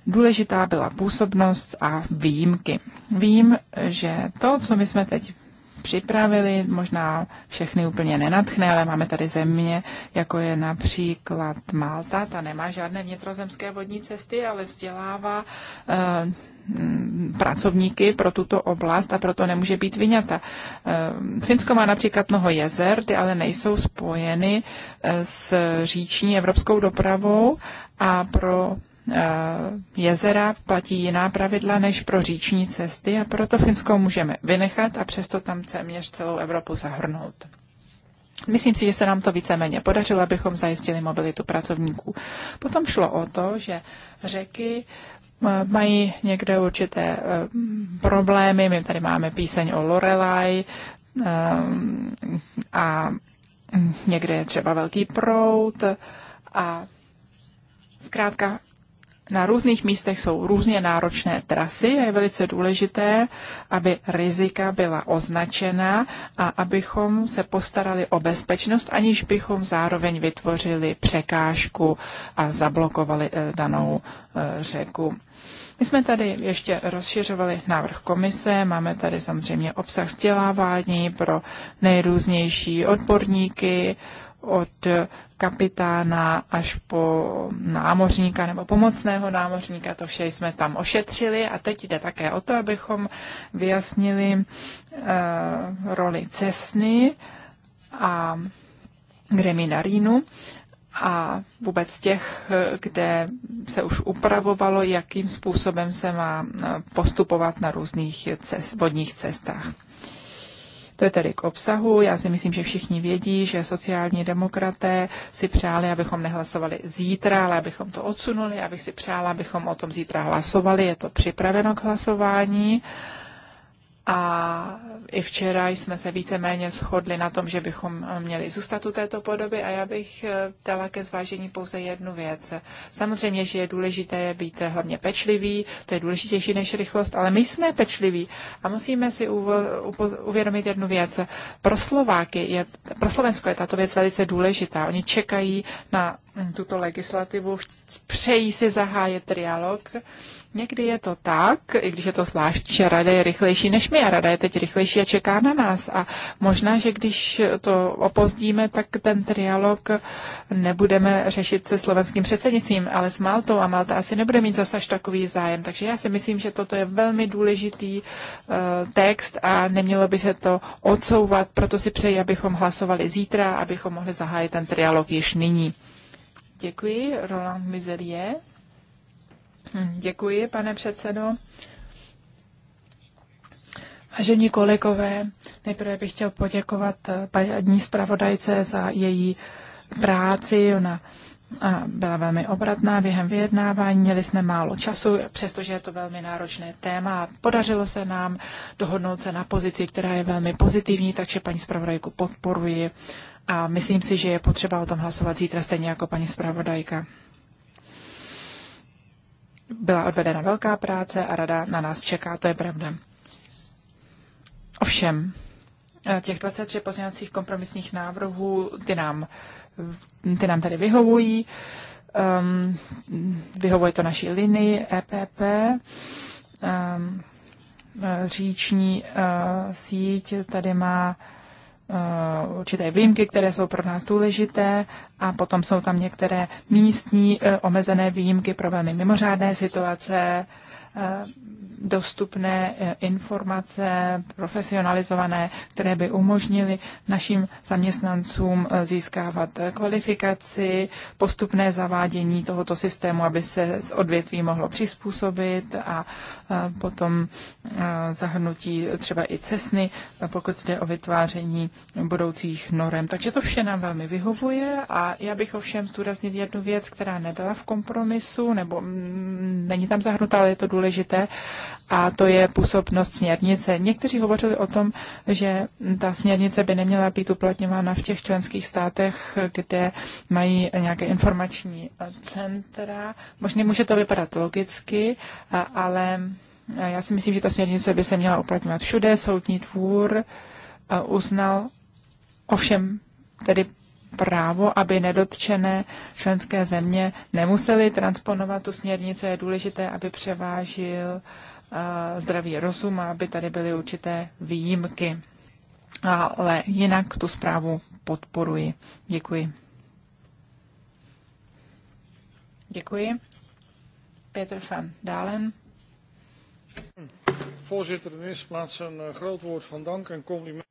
Důležitá byla působnost a výjimky. Vím, že to, co my jsme teď připravili, možná všechny úplně nenatchne, ale máme tady země, jako je například Malta, ta nemá žádné vnitrozemské vodní cesty, ale vzdělává eh, Mm, pracovníky pro tuto oblast a proto nemůže být vyňata. Eh, Finsko má například mnoho jezer, ty ale nejsou spojeny eh, s říční evropskou dopravou a pro eh, jezera platí jiná pravidla než pro říční cesty a proto Finsko můžeme vynechat a přesto tam téměř celou Evropu zahrnout. Myslím si, že se nám to víceméně podařilo, abychom zajistili mobilitu pracovníků. Potom šlo o to, že řeky Eh, mají někde určité eh, problémy. My tady máme píseň o Lorelai eh, a někde je třeba velký prout a zkrátka na různých místech jsou různě náročné trasy a je velice důležité, aby rizika byla označena a abychom se postarali o bezpečnost, aniž bychom zároveň vytvořili překážku a zablokovali danou řeku. My jsme tady ještě rozšiřovali návrh komise, máme tady samozřejmě obsah vzdělávání pro nejrůznější odborníky, od kapitána až po námořníka nebo pomocného námořníka, to vše jsme tam ošetřili a teď jde také o to, abychom vyjasnili uh, roli cesny a Gremina Rínu a vůbec těch, kde se už upravovalo, jakým způsobem se má eh, postupovat na různých cest, vodních cestách. To je tedy k obsahu. Já si myslím, že všichni vědí, že sociální demokraté si přáli, abychom nehlasovali zítra, ale abychom to odsunuli. Já bych si přála, abychom o tom zítra hlasovali. Je to připraveno k hlasování. Uh, a i včera jsme se víceméně shodli na tom, že bychom měli zůstat u této podoby a já bych eh, dala ke zvážení pouze jednu věc. Samozřejmě, že je důležité být hlavně pečlivý, to je důležitější než rychlost, ale my jsme pečliví a musíme si uvědomit jednu věc. Pro, Slováky je, pro Slovensko je tato věc velice důležitá. Oni čekají na tuto legislativu, přejí si zahájet trialog Někdy je to tak, i když je to zvlášť, že rada je rychlejší než my a rada je teď rychlejší a čeká na nás. A možná, že když to opozdíme, tak ten trialog nebudeme řešit se slovenským předsednictvím, ale s Maltou a Malta asi nebude mít zase až takový zájem. Takže já si myslím, že toto je velmi důležitý eh, text a nemělo by se to odsouvat, proto si přeji, abychom hlasovali zítra, abychom mohli zahájit ten trialog již nyní. Děkuji, Roland Mizelier. Hm, děkuji, pane předsedo. Vážení kolegové, nejprve bych chtěl poděkovat eh, paní zpravodajce za její práci. Ona byla velmi obratná během vyjednávání, měli jsme málo času, přestože je to velmi náročné téma. Podařilo se nám dohodnout se na pozici, která je velmi pozitivní, takže paní zpravodajku podporuji a myslím si, že je potřeba o tom hlasovat zítra stejně jako paní zpravodajka byla odvedena velká práce a rada na nás čeká, to je pravda. Ovšem, eh, těch 23 pozměňovacích kompromisních návrhů, ty nám, ty nám tady vyhovují. Um, vyhovuje to naší linii EPP, um, ehm, eh, říční uh, síť tady má Eh, určité výjimky, které jsou pro nás důležité a potom jsou tam některé místní eh, omezené výjimky, problémy mimořádné situace, dostupné eh, informace, profesionalizované, které by umožnily našim zaměstnancům eh, získávat eh, kvalifikaci, postupné zavádění tohoto systému, aby se z odvětví mohlo přizpůsobit a potom zahrnutí třeba i cesny, pokud jde o vytváření budoucích norem. Takže to vše nám velmi vyhovuje a já bych ovšem zdůraznit jednu věc, která nebyla v kompromisu, nebo mm, není tam zahrnutá, ale je to důležité důležité a to je působnost směrnice. Někteří hovořili o tom, že ta směrnice by neměla být uplatňována v těch členských státech, kde mají nějaké informační centra. Možná může to vypadat logicky, ale já si myslím, že ta směrnice by se měla uplatňovat všude. Soudní dvůr uznal ovšem tedy právo, aby nedotčené členské země nemusely transponovat tu směrnici. Je důležité, aby převážil eh, zdravý rozum a aby tady byly určité výjimky. Ale jinak tu zprávu podporuji. Děkuji. Děkuji. Peter van Dalen. Voorzitter, in de eerste plaats een eh, groot woord van dank en compliment.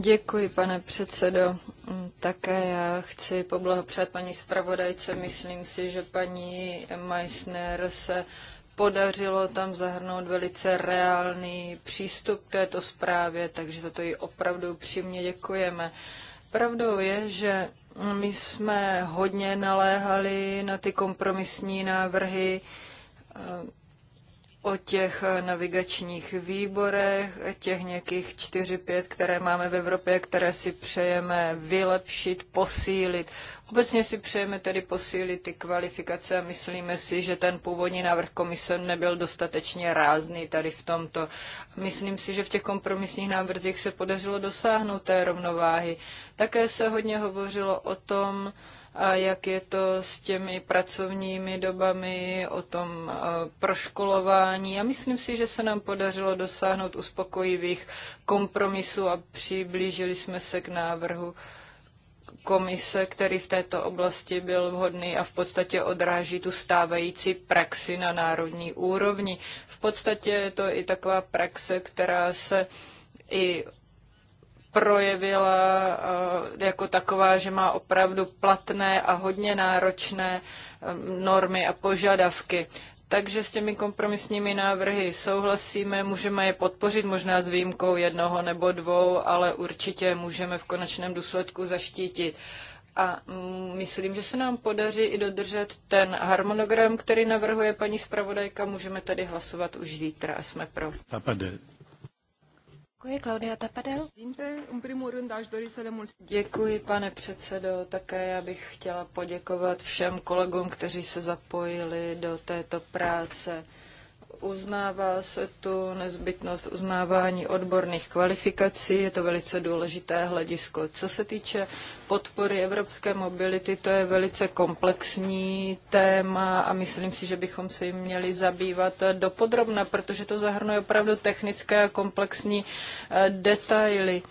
Děkuji, pane předsedo. Mm, také já chci poblahopřát paní zpravodajce. Myslím si, že paní Meissner se podařilo tam zahrnout velice reálný přístup k této zprávě, takže za to ji opravdu přímě děkujeme. Pravdou je, že my jsme hodně naléhali na ty kompromisní návrhy, o těch navigačních výborech, těch nějakých 4-5, které máme v Evropě, které si přejeme vylepšit, posílit. Obecně si přejeme tedy posílit ty kvalifikace a myslíme si, že ten původní návrh komise nebyl dostatečně rázný tady v tomto. Myslím si, že v těch kompromisních návrzích se podařilo dosáhnout té rovnováhy. Také se hodně hovořilo o tom, a jak je to s těmi pracovními dobami, o tom proškolování. A myslím si, že se nám podařilo dosáhnout uspokojivých kompromisů a přiblížili jsme se k návrhu komise, který v této oblasti byl vhodný a v podstatě odráží tu stávající praxi na národní úrovni. V podstatě je to i taková praxe, která se i projevila eh, jako taková, že má opravdu platné a hodně náročné eh, normy a požadavky. Takže s těmi kompromisními návrhy souhlasíme, můžeme je podpořit možná s výjimkou jednoho nebo dvou, ale určitě můžeme v konečném důsledku zaštítit. A myslím, že se nám podaří i dodržet ten harmonogram, který navrhuje paní zpravodajka. Můžeme tady hlasovat už zítra a jsme pro. Děkuji, Claudia Tapadel. Děkuji, pane předsedo. Také já bych chtěla poděkovat všem kolegům, kteří se zapojili do této práce. Uznává se tu nezbytnost uznávání odborných kvalifikací, je to velice důležité hledisko. Co se týče podpory evropské mobility, to je velice komplexní téma a myslím si, že bychom se jim měli zabývat dopodrobna, protože to zahrnuje opravdu technické a komplexní eh, detaily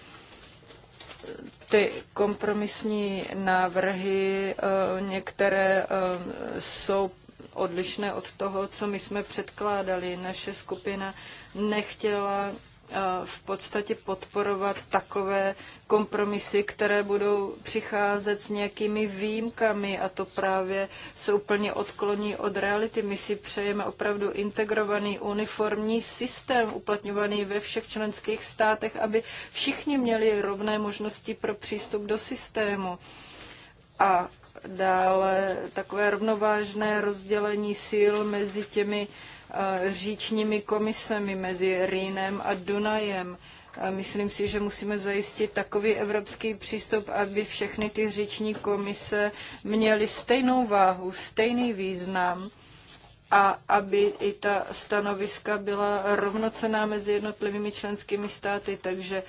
ty kompromisní návrhy, eh, některé eh, jsou odlišné od toho, co my jsme předkládali. Naše skupina nechtěla eh, v podstatě podporovat takové kompromisy, které budou přicházet s nějakými výjimkami a to právě se úplně odkloní od reality. My si přejeme opravdu integrovaný uniformní systém uplatňovaný ve všech členských státech, aby všichni měli rovné možnosti pro přístup do systému. A dále takové rovnovážné rozdělení síl mezi těmi eh, říčními komisemi, mezi Rýnem a Dunajem. Myslím si, že musíme zajistit takový evropský přístup, aby všechny ty říční komise měly stejnou váhu, stejný význam a aby i ta stanoviska byla rovnocená mezi jednotlivými členskými státy. Takže uh,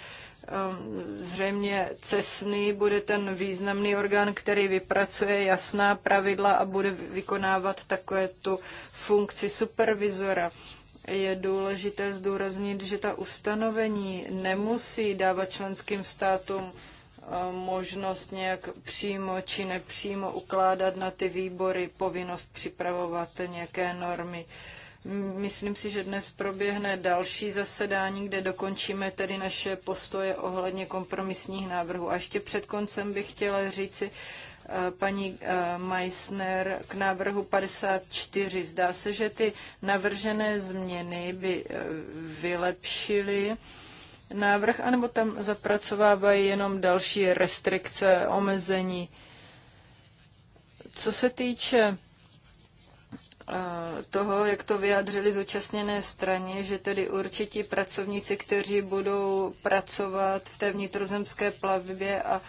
Ehm, zřejmě cesný bude ten významný orgán, který vypracuje jasná pravidla a bude vykonávat takové tu funkci supervizora. Je důležité zdůraznit, že ta ustanovení nemusí dávat členským státům ehm, možnost nějak přímo či nepřímo ukládat na ty výbory povinnost připravovat nějaké normy. Uh, Myslím si, že dnes proběhne další zasedání, kde dokončíme tedy naše postoje ohledně kompromisních návrhů. A ještě před koncem bych chtěla říci, eh, paní eh, Meissner k návrhu 54. Zdá se, že ty navržené změny by eh, vylepšily návrh, anebo tam zapracovávají jenom další restrikce, omezení. Co se týče toho, jak to vyjádřili zúčastněné straně, že tedy určití pracovníci, kteří budou pracovat v té vnitrozemské plavbě a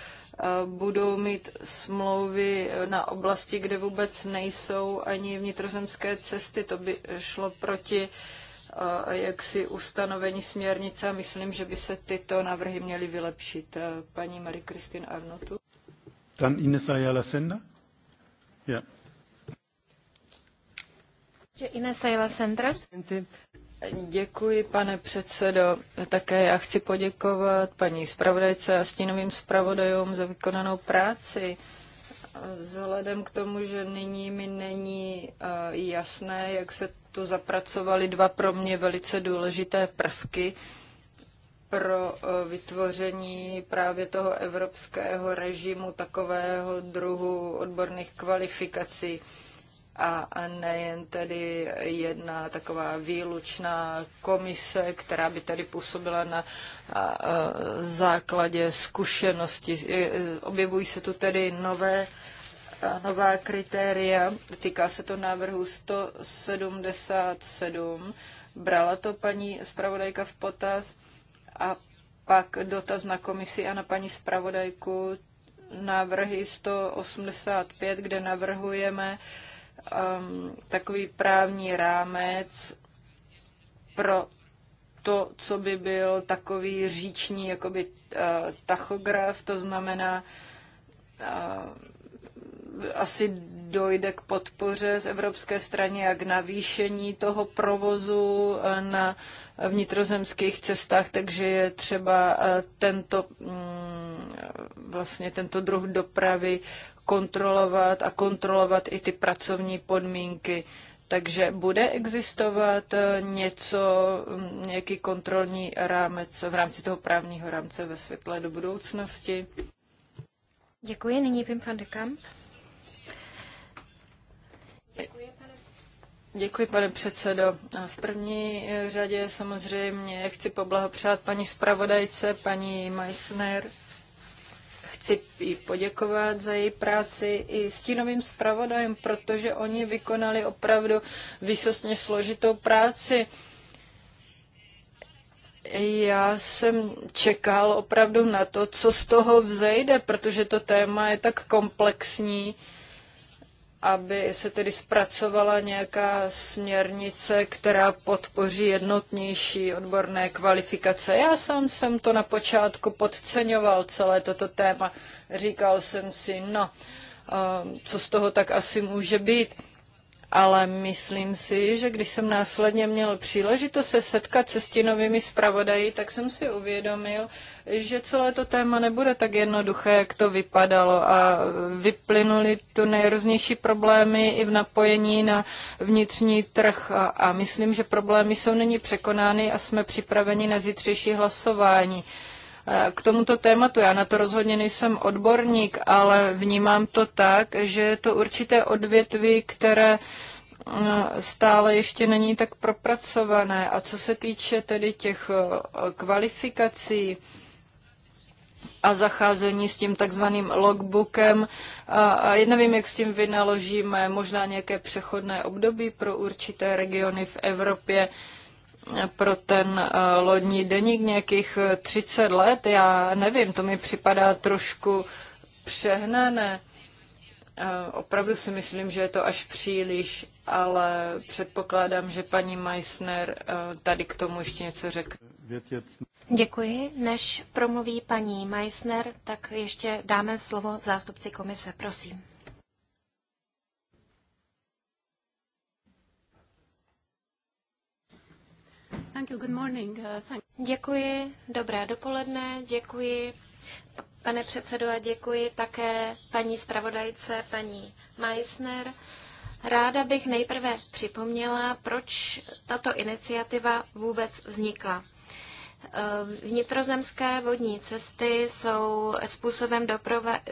budou mít smlouvy na oblasti, kde vůbec nejsou ani vnitrozemské cesty. To by šlo proti jaksi ustanovení směrnice a myslím, že by se tyto návrhy měly vylepšit. Paní Marie christine Arnotu. Dan Ines Ayala Senda? Yeah. Děkuji, pane předsedo. Také já chci poděkovat paní zpravodajce a stínovým zpravodajům za vykonanou práci. Vzhledem k tomu, že nyní mi není eh, jasné, jak se tu zapracovali dva pro mě velice důležité prvky pro eh, vytvoření právě toho evropského režimu takového druhu odborných kvalifikací a, a nejen tedy jedna taková výlučná komise, která by tedy působila na a, a, základě zkušenosti. E, e, objevují se tu tedy nové nová kritéria, týká se to návrhu 177, brala to paní zpravodajka v potaz a pak dotaz na komisi a na paní zpravodajku návrhy 185, kde navrhujeme uh, um, takový právní rámec pro to, co by byl takový říční jakoby, uh, tachograf, to znamená, uh, asi dojde k podpoře z evropské strany a k navýšení toho provozu uh, na vnitrozemských cestách, takže je třeba uh, tento, mm, vlastně tento druh dopravy kontrolovat a kontrolovat i ty pracovní podmínky. Takže bude existovat eh, něco, mm, nějaký kontrolní rámec v rámci toho právního rámce ve světle do budoucnosti? Děkuji. Nyní Pim van de Kamp. Děkuji, pane. Děkuji, předsedo. V první eh, řadě samozřejmě chci poblahopřát paní zpravodajce, paní Meissner Chci jí poděkovat za její práci i stínovým zpravodajem, protože oni vykonali opravdu výsostně složitou práci. Já jsem čekal opravdu na to, co z toho vzejde, protože to téma je tak komplexní aby se tedy zpracovala nějaká směrnice, která podpoří jednotnější odborné kvalifikace. Já sám jsem to na počátku podceňoval, celé toto téma. Říkal jsem si, no, co z toho tak asi může být ale myslím si, že když jsem následně měl příležitost se setkat se stinovými zpravodají, tak jsem si uvědomil, že celé to téma nebude tak jednoduché, jak to vypadalo a vyplynuly tu nejrůznější problémy i v napojení na vnitřní trh a, a myslím, že problémy jsou nyní překonány a jsme připraveni na zítřejší hlasování. Eh, k tomuto tématu já na to rozhodně nejsem odborník, ale vnímám to tak, že je to určité odvětví, které eh, stále ještě není tak propracované. A co se týče tedy těch eh, kvalifikací, a zacházení s tím takzvaným logbookem. A, a já nevím, jak s tím vynaložíme, možná nějaké přechodné období pro určité regiony v Evropě pro ten eh, lodní deník nějakých 30 eh, let, já nevím, to mi připadá trošku přehnané. Eh, opravdu si myslím, že je to až příliš, ale předpokládám, že paní Meissner tady k tomu ještě něco řekne. Děkuji. Než promluví paní Meissner, tak ještě dáme slovo zástupci komise. Prosím. Uh, děkuji, dobré dopoledne, děkuji pane předsedo a děkuji také paní zpravodajce, paní Meissner. Ráda bych nejprve připomněla, proč tato iniciativa vůbec vznikla. Ehm, vnitrozemské vodní cesty jsou způsobem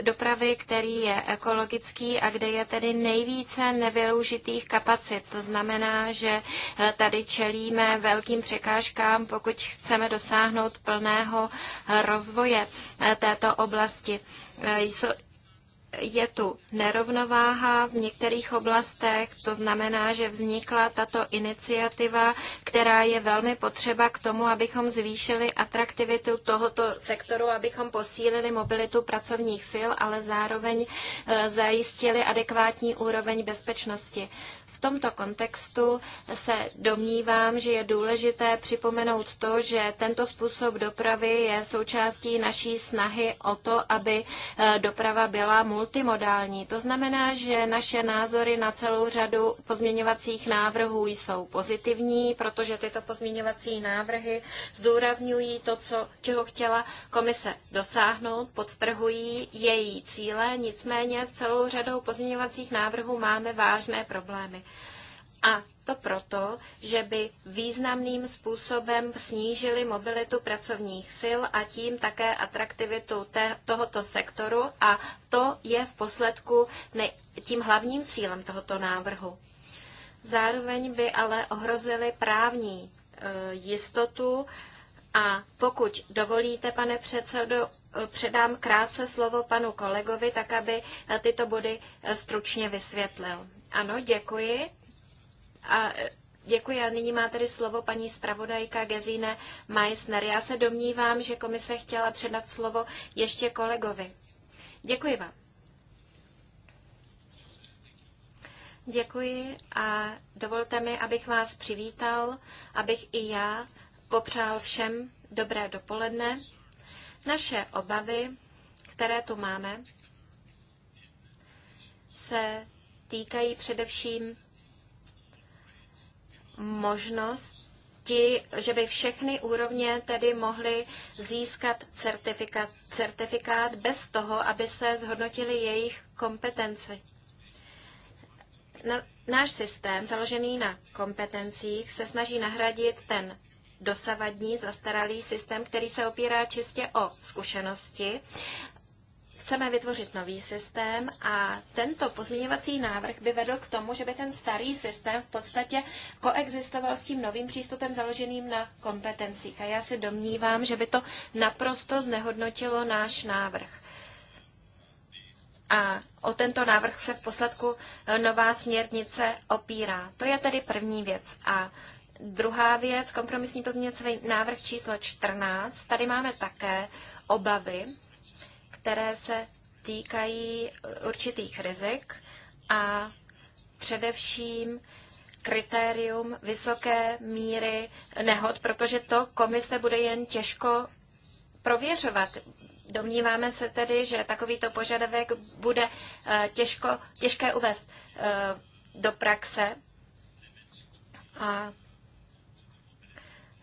dopravy, který je ekologický a kde je tedy nejvíce nevyloužitých kapacit. To znamená, že eh, tady čelíme velkým překážkám, pokud chceme dosáhnout plného eh, rozvoje eh, této oblasti je tu nerovnováha v některých oblastech, to znamená, že vznikla tato iniciativa, která je velmi potřeba k tomu, abychom zvýšili atraktivitu tohoto sektoru, abychom posílili mobilitu pracovních sil, ale zároveň eh, zajistili adekvátní úroveň bezpečnosti tomto kontextu se domnívám, že je důležité připomenout to, že tento způsob dopravy je součástí naší snahy o to, aby eh, doprava byla multimodální. To znamená, že naše názory na celou řadu pozměňovacích návrhů jsou pozitivní, protože tyto pozměňovací návrhy zdůrazňují to, co, čeho chtěla komise dosáhnout, podtrhují její cíle, nicméně s celou řadou pozměňovacích návrhů máme vážné problémy. A to proto, že by významným způsobem snížili mobilitu pracovních sil a tím také atraktivitu te, tohoto sektoru a to je v posledku ne, tím hlavním cílem tohoto návrhu. Zároveň by ale ohrozili právní e, jistotu a pokud dovolíte, pane předsedo, e, předám krátce slovo panu kolegovi, tak aby e, tyto body e, stručně vysvětlil. Ano, děkuji. A e, Děkuji a nyní má tedy slovo paní zpravodajka Gezine Meissner. Já se domnívám, že komise chtěla předat slovo ještě kolegovi. Děkuji vám. Děkuji a dovolte mi, abych vás přivítal, abych i já popřál všem dobré dopoledne. Naše obavy, které tu máme, se týkají především možnosti, že by všechny úrovně tedy mohly získat certifikát, certifikát bez toho, aby se zhodnotili jejich kompetence. náš systém, založený na kompetencích, se snaží nahradit ten dosavadní zastaralý systém, který se opírá čistě o zkušenosti chceme vytvořit nový systém a tento pozměňovací návrh by vedl k tomu, že by ten starý systém v podstatě koexistoval s tím novým přístupem založeným na kompetencích. A já se domnívám, že by to naprosto znehodnotilo náš návrh. A o tento návrh se v posledku eh, nová směrnice opírá. To je tedy první věc. A druhá věc, kompromisní pozměňovací návrh číslo 14. Tady máme také obavy, které se týkají eh, určitých rizik a především kritérium vysoké míry nehod, protože to komise bude jen těžko prověřovat. Domníváme se tedy, že takovýto požadavek bude eh, těžko, těžké uvést eh, do praxe a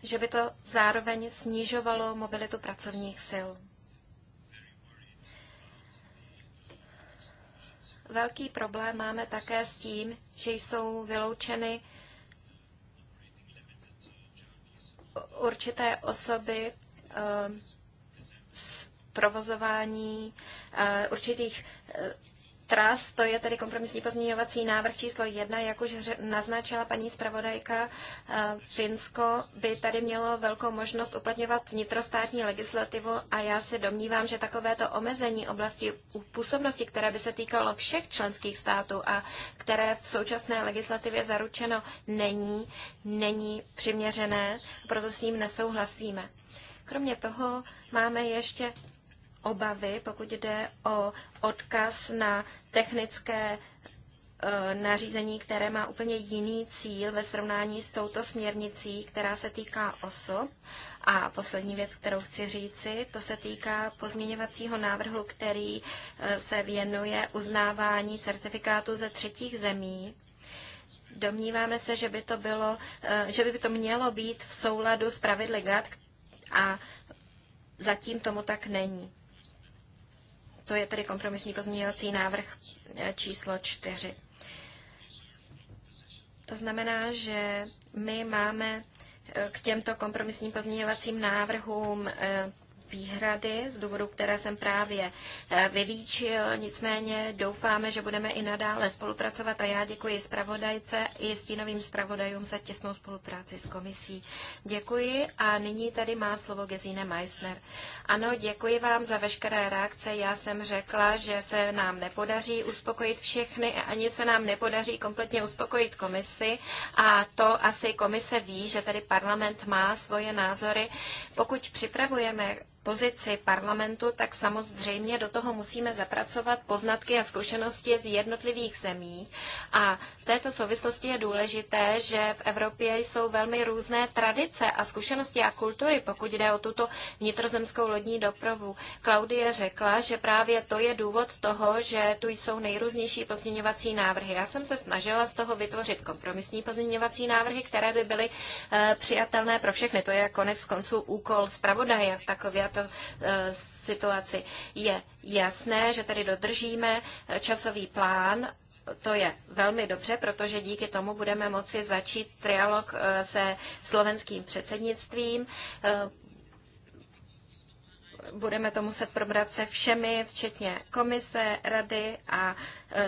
že by to zároveň snižovalo mobilitu pracovních sil. velký problém máme také s tím, že jsou vyloučeny určité osoby eh, z provozování eh, určitých eh, Tras, to je tedy kompromisní pozměňovací návrh číslo jedna, jak už naznačila paní zpravodajka, eh, Finsko by tady mělo velkou možnost uplatňovat vnitrostátní legislativu a já se domnívám, že takovéto omezení oblasti působnosti, které by se týkalo všech členských států a které v současné legislativě zaručeno není, není přiměřené, proto s ním nesouhlasíme. Kromě toho máme ještě obavy, pokud jde o odkaz na technické e, nařízení, které má úplně jiný cíl ve srovnání s touto směrnicí, která se týká osob. A poslední věc, kterou chci říci, to se týká pozměňovacího návrhu, který e, se věnuje uznávání certifikátu ze třetích zemí. Domníváme se, že by to, bylo, e, že by to mělo být v souladu s pravidly GATT a zatím tomu tak není. To je tedy kompromisní pozměňovací návrh eh, číslo 4. To znamená, že my máme eh, k těmto kompromisním pozměňovacím návrhům eh, výhrady z důvodu, které jsem právě eh, vylíčil. Nicméně doufáme, že budeme i nadále spolupracovat a já děkuji zpravodajce i stínovým zpravodajům za těsnou spolupráci s komisí. Děkuji a nyní tady má slovo Gesine Meissner. Ano, děkuji vám za veškeré reakce. Já jsem řekla, že se nám nepodaří uspokojit všechny, ani se nám nepodaří kompletně uspokojit komisi a to asi komise ví, že tady parlament má svoje názory. Pokud připravujeme pozici parlamentu, tak samozřejmě do toho musíme zapracovat poznatky a zkušenosti z jednotlivých zemí. A v této souvislosti je důležité, že v Evropě jsou velmi různé tradice a zkušenosti a kultury, pokud jde o tuto vnitrozemskou lodní dopravu. Klaudie řekla, že právě to je důvod toho, že tu jsou nejrůznější pozměňovací návrhy. Já jsem se snažila z toho vytvořit kompromisní pozměňovací návrhy, které by byly eh, přijatelné pro všechny. To je konec konců úkol zpravodaje v takové takovéto eh, situaci. Je jasné, že tady dodržíme eh, časový plán to je velmi dobře, protože díky tomu budeme moci začít trialog eh, se slovenským předsednictvím. Budeme to muset probrat se všemi, včetně komise, rady a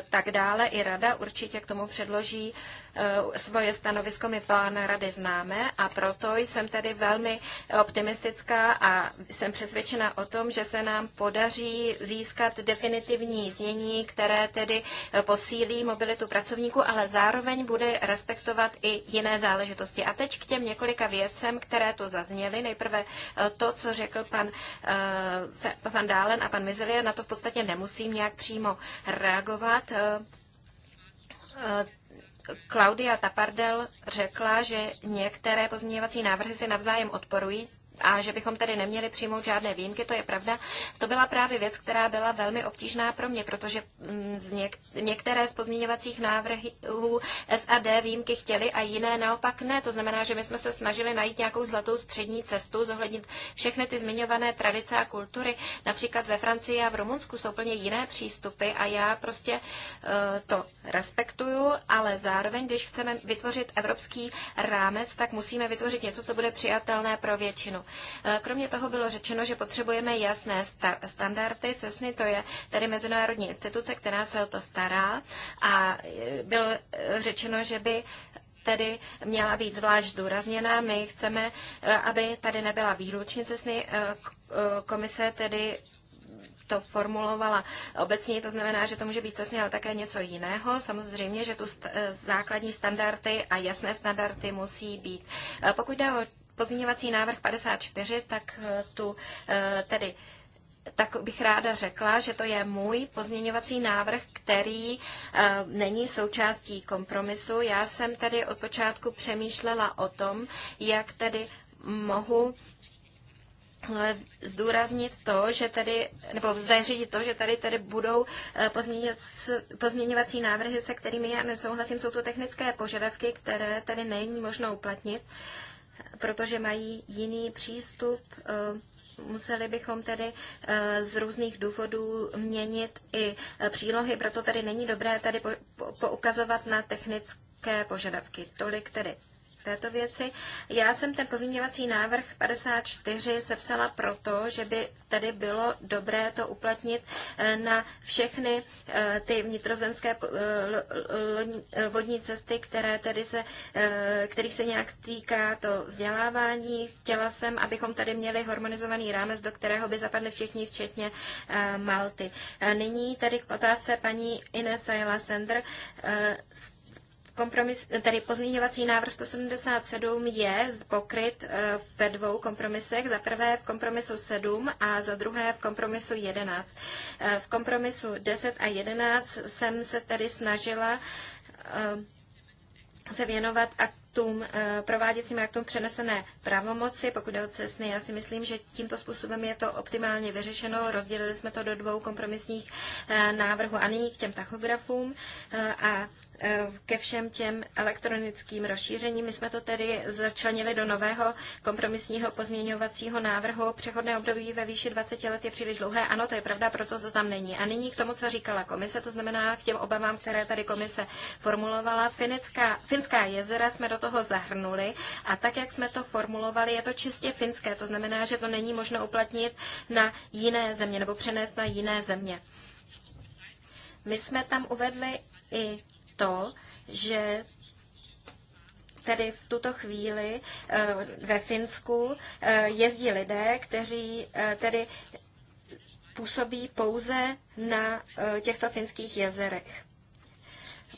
tak dále. I rada určitě k tomu předloží Eh, svoje stanovisko mi plán rady známe a proto jsem tady velmi optimistická a jsem přesvědčena o tom, že se nám podaří získat definitivní znění, které tedy eh, posílí mobilitu pracovníků, ale zároveň bude respektovat i jiné záležitosti. A teď k těm několika věcem, které tu zazněly. Nejprve eh, to, co řekl pan Van Dálen a pan Mizelie, na to v podstatě nemusím nějak přímo reagovat. Claudia Tapardel řekla, že některé pozměňovací návrhy se navzájem odporují, a že bychom tedy neměli přijmout žádné výjimky, to je pravda. To byla právě věc, která byla velmi obtížná pro mě, protože mm, z něk- některé z pozměňovacích návrhů SAD výjimky chtěli a jiné naopak ne. To znamená, že my jsme se snažili najít nějakou zlatou střední cestu, zohlednit všechny ty zmiňované tradice a kultury. Například ve Francii a v Rumunsku jsou plně jiné přístupy a já prostě uh, to respektuju, ale zároveň, když chceme vytvořit evropský rámec, tak musíme vytvořit něco, co bude přijatelné pro většinu. Eh, kromě toho bylo řečeno, že potřebujeme jasné standardy. CESNY to je tedy mezinárodní instituce, která se o to stará a eh, bylo eh, řečeno, že by tedy měla být zvlášť zdůrazněná. My chceme, aby tady nebyla výlučně cestny komise, tedy to formulovala obecně, to znamená, že to může být cestně, ale také něco jiného. Samozřejmě, že tu st- základní standardy a jasné standardy musí být. Pokud jde o pozměňovací návrh 54, tak eh, tu eh, tedy tak bych ráda řekla, že to je můj pozměňovací návrh, který eh, není součástí kompromisu. Já jsem tedy od počátku přemýšlela o tom, jak tedy mohu zdůraznit to, že tady, nebo zařídit to, že tady tady budou pozměňovací návrhy, se kterými já nesouhlasím. Jsou to technické požadavky, které tady není možno uplatnit protože mají jiný přístup. Eh, museli bychom tedy eh, z různých důvodů měnit i eh, přílohy, proto tady není dobré tady poukazovat na technické požadavky. Tolik tedy této věci. Já jsem ten pozměňovací návrh 54 sepsala proto, že by tady bylo dobré to uplatnit eh, na všechny eh, ty vnitrozemské eh, vodní cesty, které tedy se, kterých se nějak týká to vzdělávání. Chtěla jsem, abychom tady měli harmonizovaný rámec, do kterého by zapadly všichni, včetně Malty. Nyní tady k otázce paní Ines Ayala Sender. Z Kompromis, tedy pozměňovací návrh 177 je pokryt eh, ve dvou kompromisech. Za prvé v kompromisu 7 a za druhé v kompromisu 11. Eh, v kompromisu 10 a 11 jsem se tedy snažila eh, se věnovat aktům, prováděcím aktům přenesené pravomoci, pokud jde o cestny. Já si myslím, že tímto způsobem je to optimálně vyřešeno. Rozdělili jsme to do dvou kompromisních návrhů a nyní k těm tachografům. A Eh, ke všem těm elektronickým rozšířením. My jsme to tedy začlenili do nového kompromisního pozměňovacího návrhu. Přechodné období ve výši 20 let je příliš dlouhé. Ano, to je pravda, proto to tam není. A nyní k tomu, co říkala komise, to znamená k těm obavám, které tady komise formulovala. Finická, finská jezera jsme do toho zahrnuli a tak, jak jsme to formulovali, je to čistě finské. To znamená, že to není možno uplatnit na jiné země nebo přenést na jiné země. My jsme tam uvedli i to, že tedy v tuto chvíli eh, ve Finsku eh, jezdí lidé, kteří eh, tedy působí pouze na těchto finských jezerech.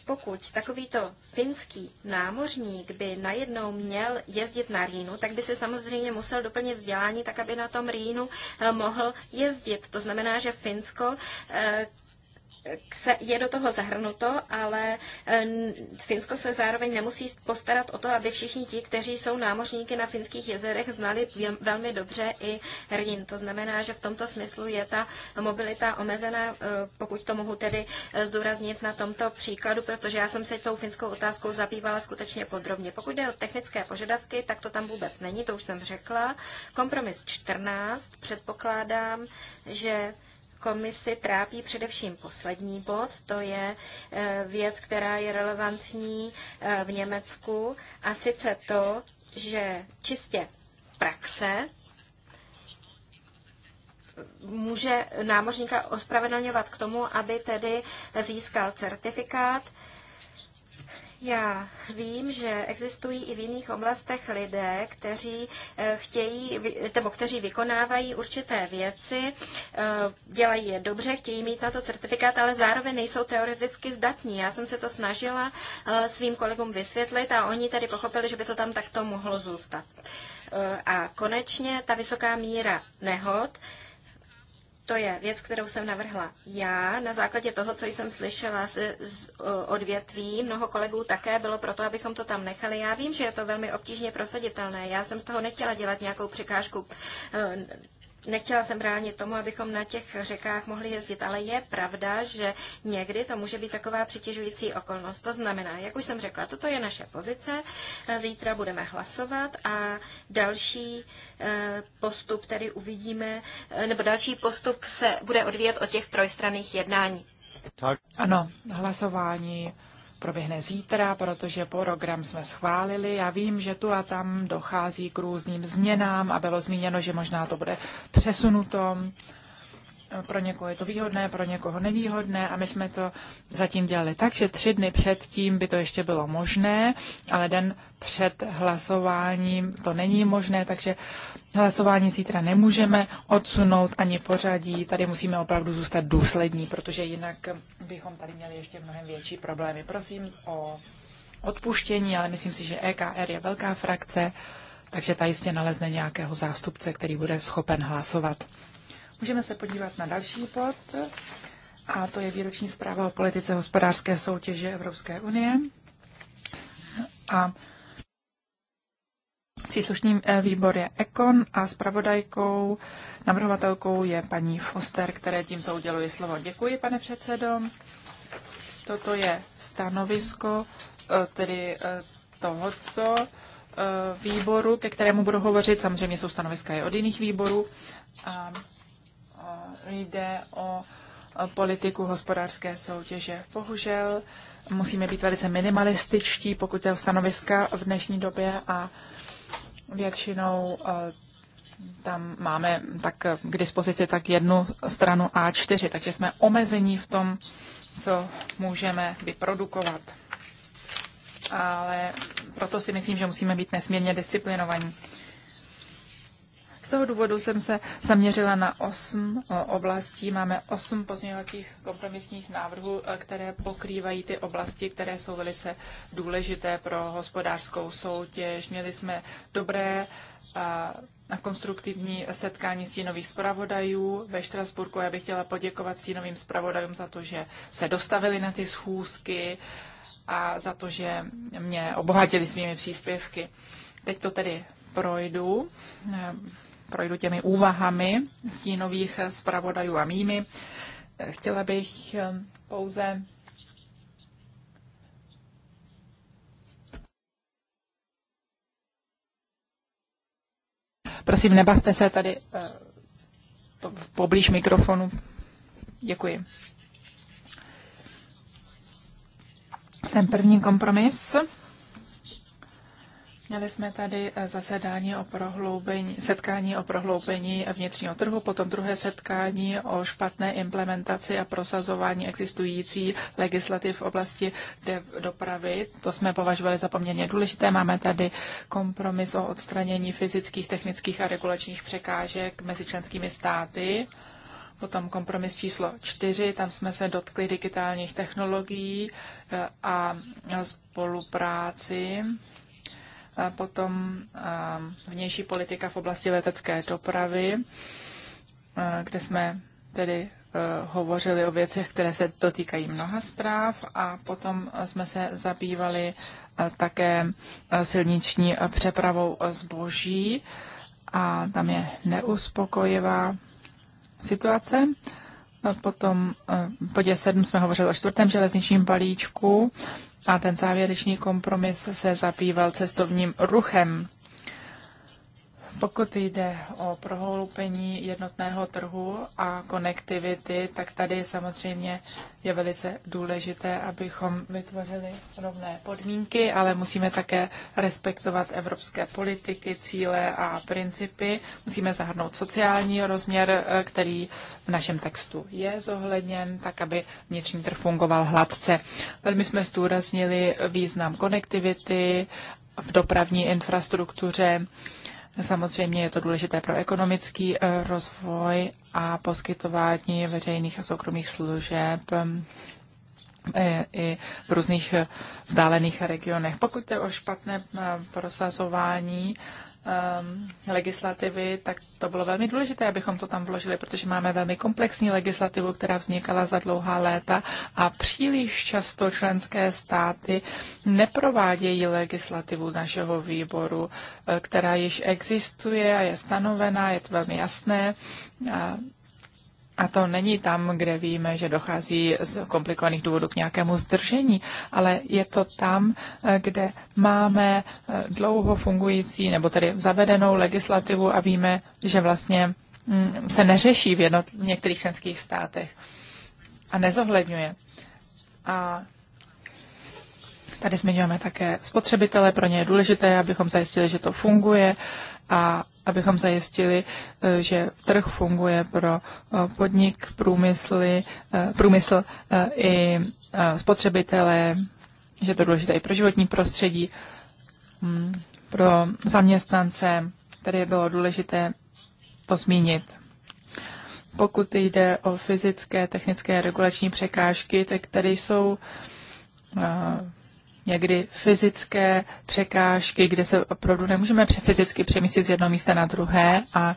Pokud takovýto finský námořník by najednou měl jezdit na Rýnu, tak by si samozřejmě musel doplnit vzdělání tak, aby na tom Rýnu mohl jezdit. To znamená, že Finsko je do toho zahrnuto, ale eh, Finsko se zároveň nemusí postarat o to, aby všichni ti, kteří jsou námořníky na finských jezerech, znali velmi dobře i hrdin. To znamená, že v tomto smyslu je ta mobilita omezená, eh, pokud to mohu tedy eh, zdůraznit na tomto příkladu, protože já jsem se tou finskou otázkou zabývala skutečně podrobně. Pokud jde o technické požadavky, tak to tam vůbec není, to už jsem řekla. Kompromis 14 předpokládám, že komisi trápí především poslední bod, to je e, věc, která je relevantní e, v Německu, a sice to, že čistě praxe může námořníka ospravedlňovat k tomu, aby tedy získal certifikát, já vím, že existují i v jiných oblastech lidé, kteří eh, chtějí, nebo kteří vykonávají určité věci, eh, dělají je dobře, chtějí mít tato certifikát, ale zároveň nejsou teoreticky zdatní. Já jsem se to snažila eh, svým kolegům vysvětlit a oni tady pochopili, že by to tam takto mohlo zůstat. A konečně ta vysoká míra nehod. To je věc, kterou jsem navrhla já. Na základě toho, co jsem slyšela z odvětví, mnoho kolegů také bylo proto, abychom to tam nechali. Já vím, že je to velmi obtížně prosaditelné. Já jsem z toho nechtěla dělat nějakou překážku eh, nechtěla jsem bránit tomu, abychom na těch řekách mohli jezdit, ale je pravda, že někdy to může být taková přitěžující okolnost. To znamená, jak už jsem řekla, toto je naše pozice, zítra budeme hlasovat a další eh, postup tedy uvidíme, eh, nebo další postup se bude odvíjet od těch trojstranných jednání. Tak. Ano, hlasování proběhne zítra, protože program jsme schválili. Já vím, že tu a tam dochází k různým změnám a bylo zmíněno, že možná to bude přesunuto pro někoho je to výhodné, pro někoho nevýhodné a my jsme to zatím dělali tak, že tři dny předtím by to ještě bylo možné, ale den před hlasováním to není možné, takže hlasování zítra nemůžeme odsunout ani pořadí. Tady musíme opravdu zůstat důslední, protože jinak bychom tady měli ještě mnohem větší problémy. Prosím o odpuštění, ale myslím si, že EKR je velká frakce, takže ta jistě nalezne nějakého zástupce, který bude schopen hlasovat. Můžeme se podívat na další bod, a to je výroční zpráva o politice hospodářské soutěže Evropské unie. A Příslušným eh, výbor je Ekon a zpravodajkou, navrhovatelkou je paní Foster, které tímto uděluji slovo. Děkuji, pane předsedo. Toto je stanovisko, eh, tedy eh, tohoto výboru, ke kterému budu hovořit. Samozřejmě jsou stanoviska i od jiných výborů. A Eh, jde o eh, politiku hospodářské soutěže. Bohužel musíme být velice minimalističtí, pokud je o stanoviska v dnešní době a většinou eh, tam máme tak k dispozici tak jednu stranu A4, takže jsme omezení v tom, co můžeme vyprodukovat. Ale proto si myslím, že musíme být nesmírně disciplinovaní. Z toho důvodu jsem se zaměřila na osm oblastí. Máme osm pozměňovacích kompromisních návrhů, e, které pokrývají ty oblasti, které jsou velice důležité pro hospodářskou soutěž. Měli jsme dobré a na konstruktivní setkání stínových zpravodajů ve Štrasburku. Já bych chtěla poděkovat stínovým zpravodajům za to, že se dostavili na ty schůzky a za to, že mě obohatili svými příspěvky. Teď to tedy projdu projdu těmi úvahami stínových zpravodajů a mými. Chtěla bych eh, pouze Prosím, nebavte se tady eh, poblíž mikrofonu. Děkuji. Ten první kompromis Měli jsme tady eh, zasedání o prohloubení, setkání o prohloubení vnitřního trhu, potom druhé setkání o špatné implementaci a prosazování existující legislativ v oblasti dopravy. To jsme považovali za poměrně důležité. Máme tady kompromis o odstranění fyzických, technických a regulačních překážek mezi členskými státy. Potom kompromis číslo čtyři, tam jsme se dotkli digitálních technologií eh, a spolupráci potom vnější politika v oblasti letecké dopravy, kde jsme tedy e, hovořili o věcech, které se dotýkají mnoha zpráv a potom jsme se zabývali e, také e, silniční přepravou zboží a tam je neuspokojivá situace. Potom v bodě 7 jsme hovořili o čtvrtém železničním balíčku a ten závěrečný kompromis se zabýval cestovním ruchem. Pokud jde o prohloupení jednotného trhu a konektivity, tak tady samozřejmě je velice důležité, abychom vytvořili rovné podmínky, ale musíme také respektovat evropské politiky, cíle a principy. Musíme zahrnout sociální rozměr, eh, který v našem textu je zohledněn, tak aby vnitřní trh fungoval hladce. Velmi jsme zdůraznili význam konektivity v dopravní infrastruktuře Samozřejmě je to důležité pro ekonomický eh, rozvoj a poskytování veřejných a soukromých služeb mm, eh, i v různých eh, vzdálených regionech. Pokud jde o špatné prosazování Um, legislativy, tak to bylo velmi důležité, abychom to tam vložili, protože máme velmi komplexní legislativu, která vznikala za dlouhá léta a příliš často členské státy neprovádějí legislativu našeho výboru, eh, která již existuje a je stanovená, je to velmi jasné. A a to není tam, kde víme, že dochází z komplikovaných důvodů k nějakému zdržení, ale je to tam, eh, kde máme eh, dlouho fungující nebo tedy zavedenou legislativu a víme, že vlastně mm, se neřeší v, jednot, v některých členských státech a nezohledňuje. A tady zmiňujeme také spotřebitele, pro ně je důležité, abychom zajistili, že to funguje a abychom zajistili, eh, že trh funguje pro eh, podnik, průmysly, eh, průmysl i spotřebitele, že to důležité i pro životní prostředí, hm, pro zaměstnance. Tady bylo důležité to zmínit. Pokud jde o fyzické, technické regulační překážky, tak tady jsou někdy fyzické překážky, kde se opravdu nemůžeme fyzicky přemístit z jednoho místa na druhé a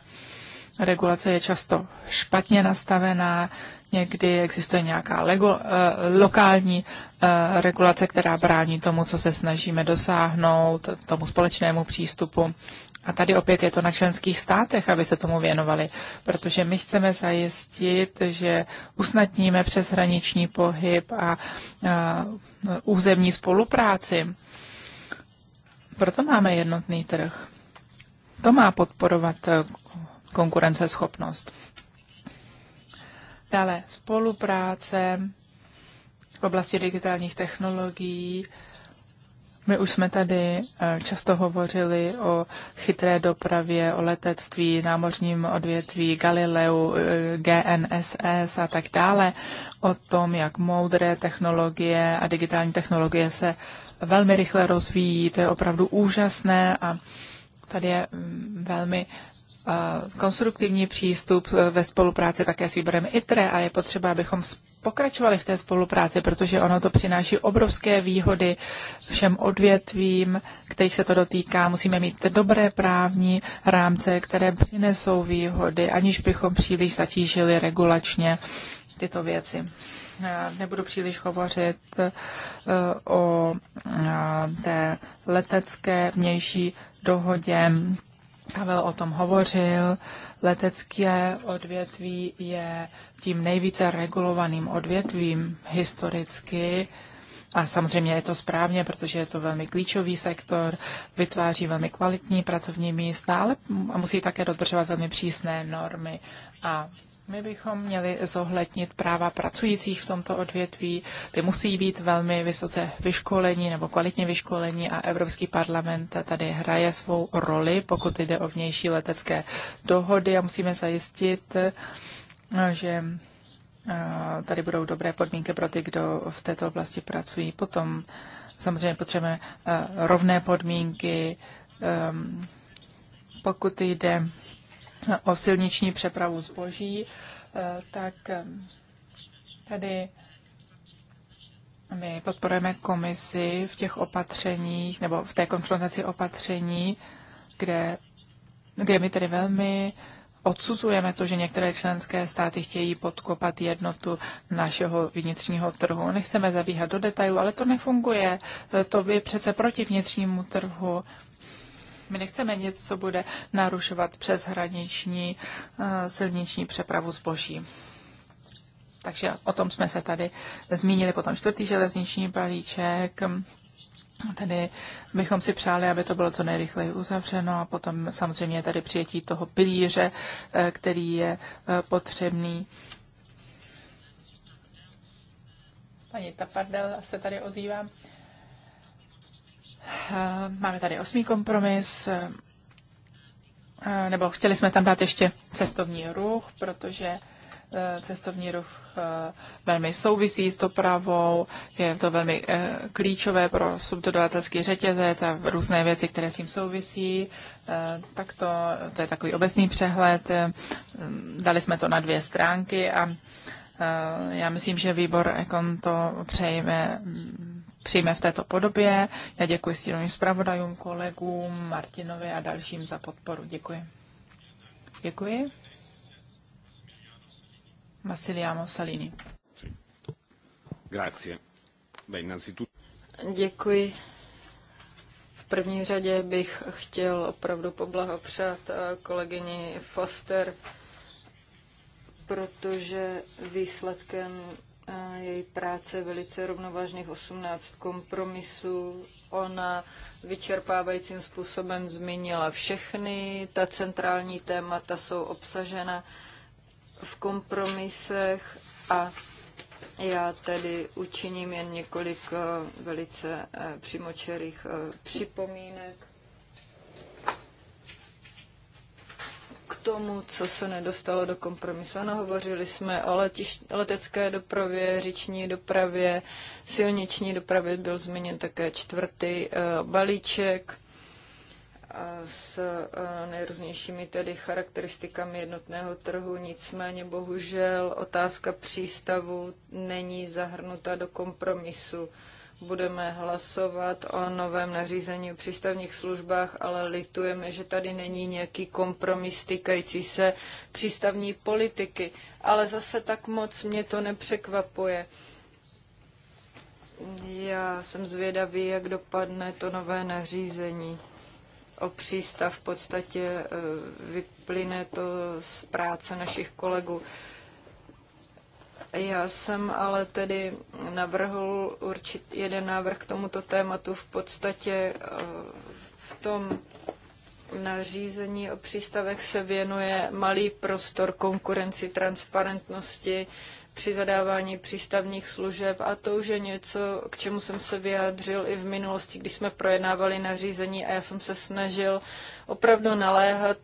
regulace je často špatně nastavená, někdy existuje nějaká lego, eh, lokální eh, regulace, která brání tomu, co se snažíme dosáhnout, tomu společnému přístupu. A tady opět je to na členských státech, aby se tomu věnovali, protože my chceme zajistit, že usnadníme přeshraniční pohyb a, a územní spolupráci. Proto máme jednotný trh. To má podporovat e, konkurenceschopnost. Dále spolupráce v oblasti digitálních technologií my už jsme tady eh, často hovořili o chytré dopravě, o letectví, námořním odvětví, Galileu, eh, GNSS a tak dále, o tom, jak moudré technologie a digitální technologie se velmi rychle rozvíjí. To je opravdu úžasné a tady je mm, velmi konstruktivní přístup e, ve spolupráci také s výborem ITRE a je potřeba, abychom pokračovali v té spolupráci, protože ono to přináší obrovské výhody všem odvětvím, kterých se to dotýká. Musíme mít dobré právní rámce, které přinesou výhody, aniž bychom příliš zatížili regulačně tyto věci. E, nebudu příliš hovořit e, o té letecké vnější dohodě Pavel o tom hovořil. Letecké odvětví je tím nejvíce regulovaným odvětvím historicky. A samozřejmě je to správně, protože je to velmi klíčový sektor, vytváří velmi kvalitní pracovní místa, ale musí také dodržovat velmi přísné normy a my bychom měli zohlednit práva pracujících v tomto odvětví. Ty musí být velmi vysoce vyškolení nebo kvalitně vyškolení a Evropský parlament tady hraje svou roli, pokud jde o vnější letecké dohody a musíme zajistit, že tady budou dobré podmínky pro ty, kdo v této oblasti pracují. Potom samozřejmě potřebujeme rovné podmínky, pokud jde o silniční přepravu zboží, eh, tak eh, tady my podporujeme komisi v těch opatřeních, nebo v té konfrontaci opatření, kde, kde my tedy velmi odsuzujeme to, že některé členské státy chtějí podkopat jednotu našeho vnitřního trhu. Nechceme zabíhat do detailu, ale to nefunguje. Eh, to by přece proti vnitřnímu trhu. My nechceme nic, co bude narušovat přeshraniční eh, silniční přepravu zboží. Takže o tom jsme se tady zmínili. Potom čtvrtý železniční balíček. Tady bychom si přáli, aby to bylo co nejrychleji uzavřeno a potom samozřejmě tady přijetí toho pilíře, eh, který je eh, potřebný. Paní Tapardel se tady ozývám. Eh, máme tady osmý kompromis, eh, eh, nebo chtěli jsme tam dát ještě cestovní ruch, protože cestovní ruch velmi souvisí s dopravou, je to velmi klíčové pro subdodavatelský řetězec a různé věci, které s tím souvisí. Tak to, to je takový obecný přehled. Dali jsme to na dvě stránky a já myslím, že výbor Ekon to přejme přijme v této podobě. Já děkuji stílovým zpravodajům, kolegům, Martinovi a dalším za podporu. Děkuji. Děkuji. Massiliano Salini. Grazie. Děkuji. V první řadě bych chtěl opravdu poblahopřát eh, kolegyni Foster, protože výsledkem její práce velice rovnovážných 18 kompromisů. Ona vyčerpávajícím způsobem zmínila všechny, ta centrální témata jsou obsažena v kompromisech a já tedy učiním jen několik eh, velice eh, přímočerých eh, připomínek. tomu, co se nedostalo do kompromisu. Ano, hovořili jsme o letiš, letecké dopravě, říční dopravě, silniční dopravě byl zmíněn také čtvrtý eh, balíček s eh, nejrůznějšími tedy charakteristikami jednotného trhu. Nicméně bohužel otázka přístavu není zahrnuta do kompromisu budeme hlasovat o novém nařízení o přístavních službách, ale litujeme, že tady není nějaký kompromis týkající se přístavní politiky. Ale zase tak moc mě to nepřekvapuje. Já jsem zvědavý, jak dopadne to nové nařízení o přístav. V podstatě eh, vyplyne to z práce našich kolegů. Já jsem ale tedy navrhl určit jeden návrh k tomuto tématu v podstatě eh, v tom nařízení o přístavech se věnuje malý prostor konkurenci, transparentnosti při zadávání přístavních služeb a to už je něco, k čemu jsem se vyjádřil i v minulosti, když jsme projednávali nařízení a já jsem se snažil opravdu naléhat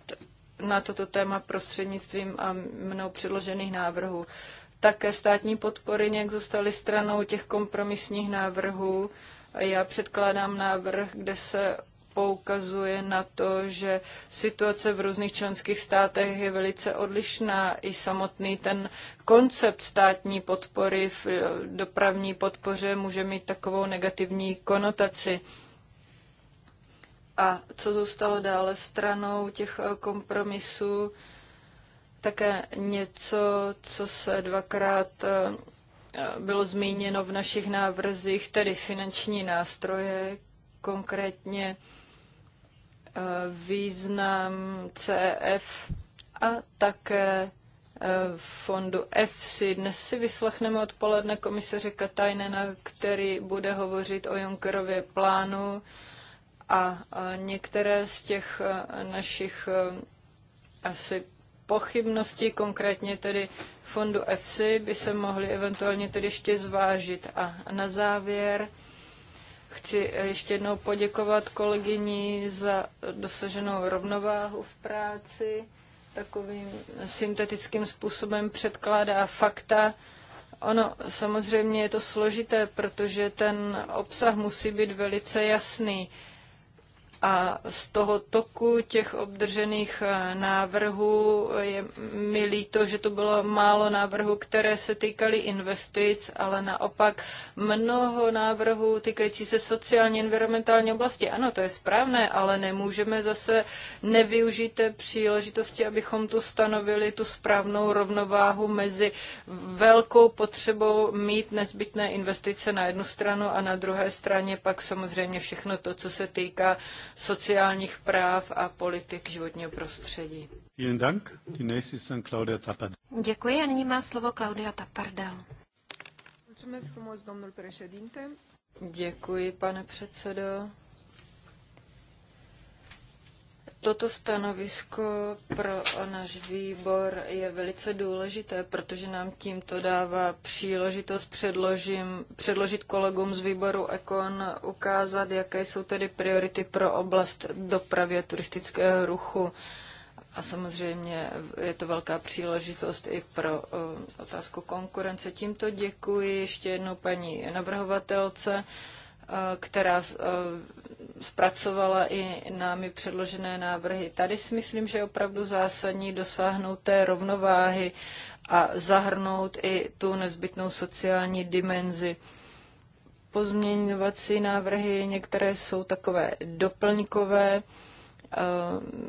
na toto téma prostřednictvím a mnou předložených návrhů také státní podpory nějak zůstaly stranou těch kompromisních návrhů. Já předkládám návrh, kde se poukazuje na to, že situace v různých členských státech je velice odlišná. I samotný ten koncept státní podpory v eh, dopravní podpoře může mít takovou negativní konotaci. A co zůstalo dále stranou těch eh, kompromisů? také něco, co se dvakrát eh, bylo zmíněno v našich návrzích, tedy finanční nástroje, konkrétně eh, význam CF e a také eh, fondu EFSI. Dnes si vyslechneme odpoledne komisaře Katajnena, který bude hovořit o Junckerově plánu a některé z těch našich asi pochybnosti, konkrétně tedy fondu EFSI, by se mohly eventuálně tedy ještě zvážit. A na závěr chci ještě jednou poděkovat kolegyni za dosaženou rovnováhu v práci. Takovým syntetickým způsobem předkládá fakta. Ono samozřejmě je to složité, protože ten obsah musí být velice jasný. A z toho toku těch obdržených eh, návrhů je mi líto, že to bylo málo návrhů, které se týkaly investic, ale naopak mnoho návrhů týkající se sociální environmentální oblasti. Ano, to je správné, ale nemůžeme zase nevyužít té příležitosti, abychom tu stanovili tu správnou rovnováhu mezi velkou potřebou mít nezbytné investice na jednu stranu a na druhé straně pak samozřejmě všechno to, co se týká sociálních práv a politik životního prostředí. Děkuji a nyní má slovo Claudia Tapardel. Děkuji, pane předsedo toto stanovisko pro náš výbor je velice důležité, protože nám tímto dává příležitost předložím, předložit kolegům z výboru Ekon, ukázat, jaké jsou tedy priority pro oblast dopravy a turistického ruchu. A samozřejmě je to velká příležitost i pro uh, otázku konkurence. Tímto děkuji ještě jednou paní navrhovatelce. Eh, která eh, zpracovala i námi předložené návrhy. Tady si myslím, že je opravdu zásadní dosáhnout té rovnováhy a zahrnout i tu nezbytnou sociální dimenzi. Pozměňovací návrhy, některé jsou takové doplňkové,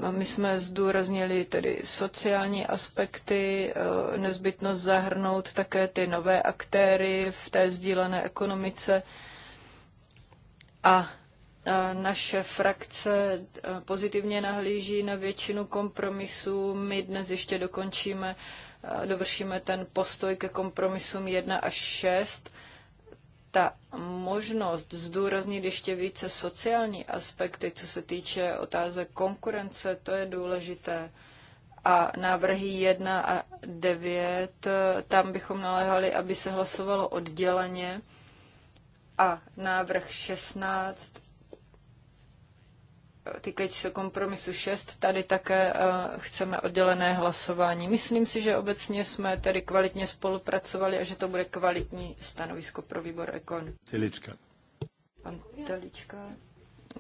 eh, my jsme zdůraznili tedy sociální aspekty, nezbytnost zahrnout také ty nové aktéry v té sdílené ekonomice. A naše frakce e, pozitivně nahlíží na většinu kompromisů. My dnes ještě dokončíme, e, dovršíme ten postoj ke kompromisům 1 až 6. Ta možnost zdůraznit ještě více sociální aspekty, co se týče otázek konkurence, to je důležité. A návrhy 1 a 9, e, tam bychom naléhali, aby se hlasovalo odděleně a návrh 16 eh, týkající se kompromisu 6, tady také eh, chceme oddělené hlasování. Myslím si, že obecně jsme tady kvalitně spolupracovali a že to bude kvalitní stanovisko pro výbor Ekon. Telička. Pan Telička.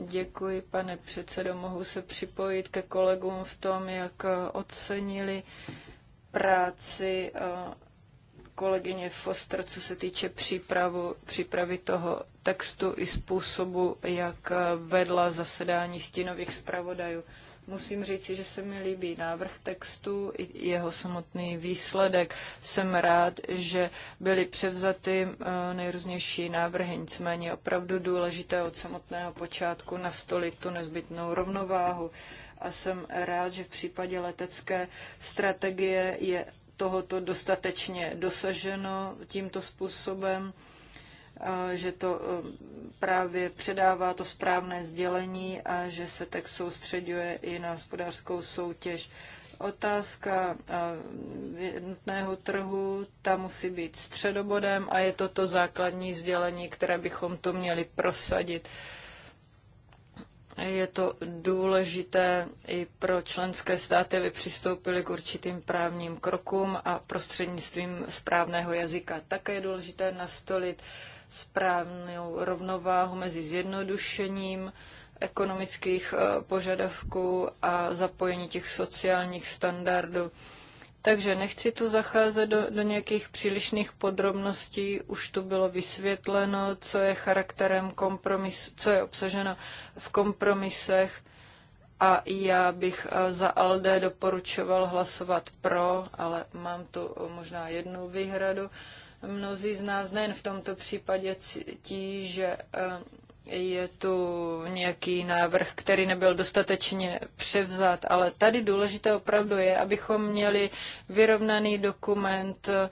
Děkuji, pane předsedo. Mohu se připojit ke kolegům v tom, jak eh, ocenili práci kolegyně Foster, co se týče přípravu, přípravy toho textu i způsobu, jak vedla zasedání stínových zpravodajů. Musím říci, že se mi líbí návrh textu i jeho samotný výsledek. Jsem rád, že byly převzaty eh, nejrůznější návrhy, nicméně opravdu důležité od samotného počátku nastolit tu nezbytnou rovnováhu. A jsem rád, že v případě letecké strategie je tohoto dostatečně dosaženo tímto způsobem, že to e, právě předává to správné sdělení a že se tak soustředuje i na hospodářskou soutěž. Otázka e, jednotného trhu, ta musí být středobodem a je to to základní sdělení, které bychom to měli prosadit. Je to důležité i pro členské státy, aby přistoupili k určitým právním krokům a prostřednictvím správného jazyka. Také je důležité nastolit správnou rovnováhu mezi zjednodušením ekonomických eh, požadavků a zapojení těch sociálních standardů takže nechci tu zacházet do, do nějakých přílišných podrobností, už tu bylo vysvětleno, co je charakterem kompromis, co je obsaženo v kompromisech a já bych eh, za ALDE doporučoval hlasovat pro, ale mám tu eh, možná jednu výhradu. Mnozí z nás nejen v tomto případě cítí, že eh, je tu nějaký návrh, který nebyl dostatečně převzat, ale tady důležité opravdu je, abychom měli vyrovnaný dokument eh,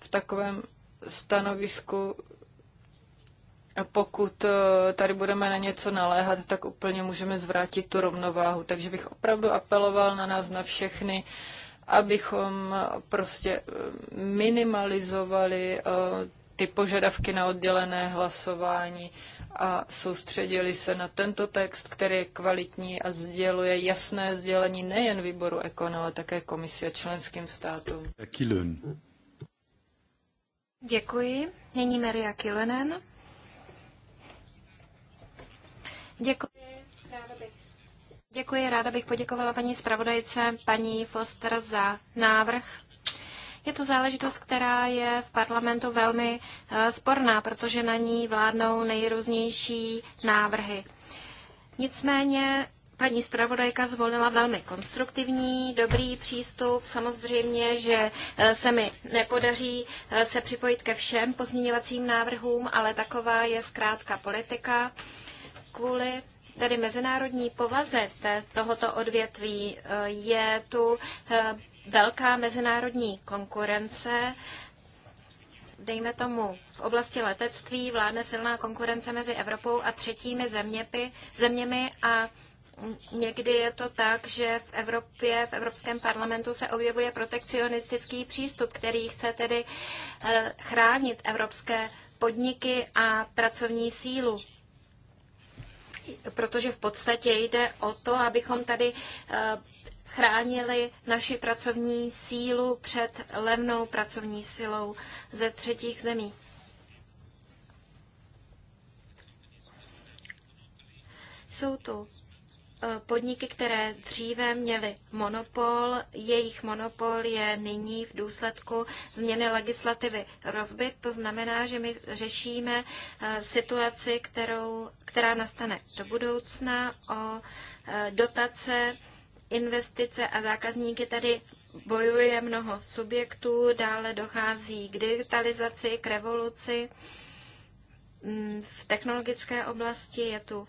v takovém stanovisku, pokud eh, tady budeme na něco naléhat, tak úplně můžeme zvrátit tu rovnováhu. Takže bych opravdu apeloval na nás, na všechny, abychom prostě eh, minimalizovali ty požadavky na oddělené hlasování a soustředili se na tento text, který je kvalitní a sděluje jasné sdělení nejen výboru Ekon, ale také komisi a členským státům. Děkuji. Nyní Maria Kilenen. Děkuji. Děkuji, ráda bych poděkovala paní zpravodajce, paní Foster, za návrh je to záležitost, která je v parlamentu velmi eh, sporná, protože na ní vládnou nejrůznější návrhy. Nicméně paní zpravodajka zvolila velmi konstruktivní, dobrý přístup. Samozřejmě, že eh, se mi nepodaří eh, se připojit ke všem pozměňovacím návrhům, ale taková je zkrátka politika. Kvůli tedy mezinárodní povaze tohoto odvětví je tu velká mezinárodní konkurence, dejme tomu, v oblasti letectví vládne silná konkurence mezi Evropou a třetími zeměpy, zeměmi a Někdy je to tak, že v Evropě, v Evropském parlamentu se objevuje protekcionistický přístup, který chce tedy eh, chránit evropské podniky a pracovní sílu. Protože v podstatě jde o to, abychom tady eh, chránili naši pracovní sílu před levnou pracovní silou ze třetích zemí. Jsou tu eh, podniky, které dříve měly monopol, jejich monopol je nyní v důsledku změny legislativy rozbit. To znamená, že my řešíme eh, situaci, kterou, která nastane do budoucna o eh, dotace investice a zákazníky tady bojuje mnoho subjektů, dále dochází k digitalizaci, k revoluci. Mm, v technologické oblasti je tu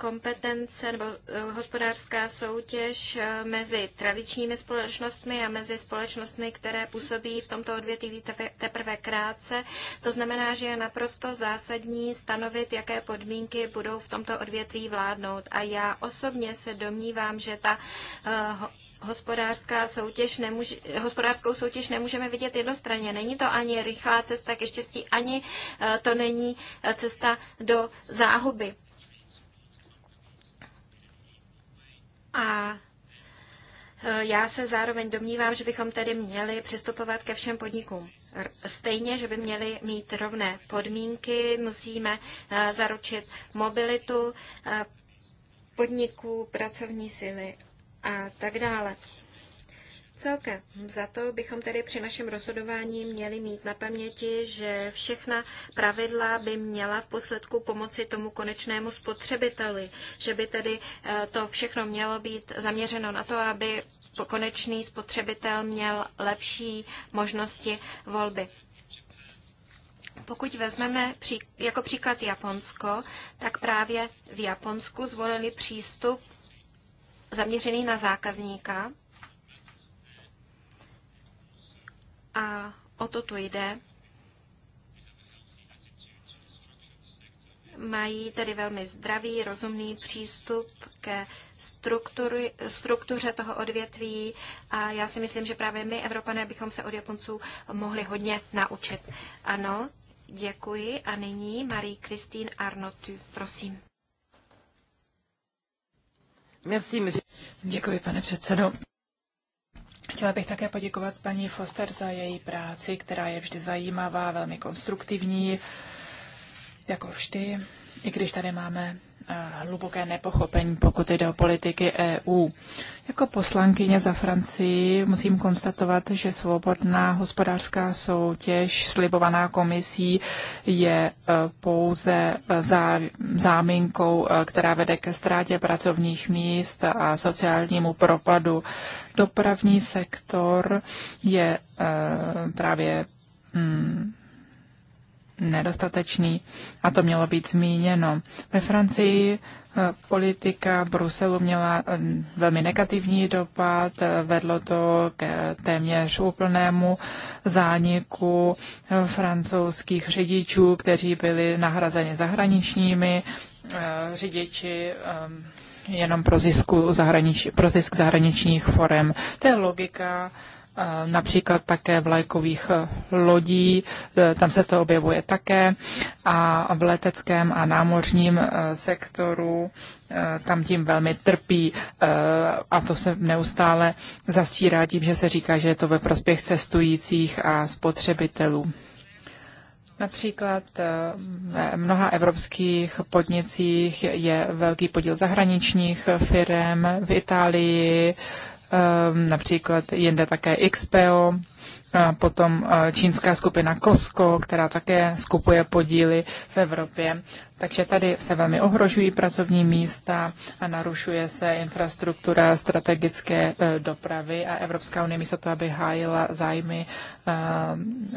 kompetence nebo eh, hospodářská soutěž eh, mezi tradičními společnostmi a mezi společnostmi, které působí v tomto odvětví teprve krátce. To znamená, že je naprosto zásadní stanovit, jaké podmínky budou v tomto odvětví vládnout. A já osobně se domnívám, že ta eh, hospodářská soutěž nemůže, hospodářskou soutěž nemůžeme vidět jednostranně. Není to ani rychlá cesta ke štěstí, ani to není cesta do záhuby. A e, já se zároveň domnívám, že bychom tedy měli přistupovat ke všem podnikům. Stejně, že by měli mít rovné podmínky, musíme e, zaručit mobilitu e, podniků, pracovní síly a tak dále. Celkem za to bychom tedy při našem rozhodování měli mít na paměti, že všechna pravidla by měla v posledku pomoci tomu konečnému spotřebiteli, že by tedy eh, to všechno mělo být zaměřeno na to, aby konečný spotřebitel měl lepší možnosti volby. Pokud vezmeme jako příklad Japonsko, tak právě v Japonsku zvolili přístup zaměřený na zákazníka A o to tu jde. Mají tedy velmi zdravý, rozumný přístup ke struktury, struktuře toho odvětví a já si myslím, že právě my, Evropané, bychom se od Japonců mohli hodně naučit. Ano, děkuji. A nyní Marie Christine Arnotu, prosím. Merci, Děkuji, pane předsedo. Chtěla bych také poděkovat paní Foster za její práci, která je vždy zajímavá, velmi konstruktivní, jako vždy, i když tady máme Eh, hluboké nepochopení, pokud jde o politiky EU. Jako poslankyně za Francii musím konstatovat, že svobodná hospodářská soutěž slibovaná komisí je eh, pouze eh, zá, záminkou, která vede ke ztrátě pracovních míst a sociálnímu propadu. Dopravní sektor je právě hmm, nedostatečný a to mělo být zmíněno. Ve Francii eh, politika Bruselu měla eh, velmi negativní dopad, eh, vedlo to k téměř úplnému zániku francouzských řidičů, kteří byli nahrazeni zahraničními řidiči jenom pro, zisku zahranič, pro zisk zahraničních forem. To je logika například také vlajkových eh, lodí, eh, tam se to objevuje také, a v leteckém a námořním eh, sektoru tam tím velmi trpí a to se neustále zastírá tím, že se říká, že je to ve prospěch cestujících a spotřebitelů. Například v mnoha evropských podnicích je velký podíl zahraničních firm v Itálii, Ehm, například jinde také XPO, a potom eh, čínská skupina Costco, která také skupuje podíly v Evropě. Takže tady se velmi ohrožují pracovní místa a narušuje se infrastruktura strategické eh, dopravy a Evropská unie místo toho, aby hájila zájmy eh,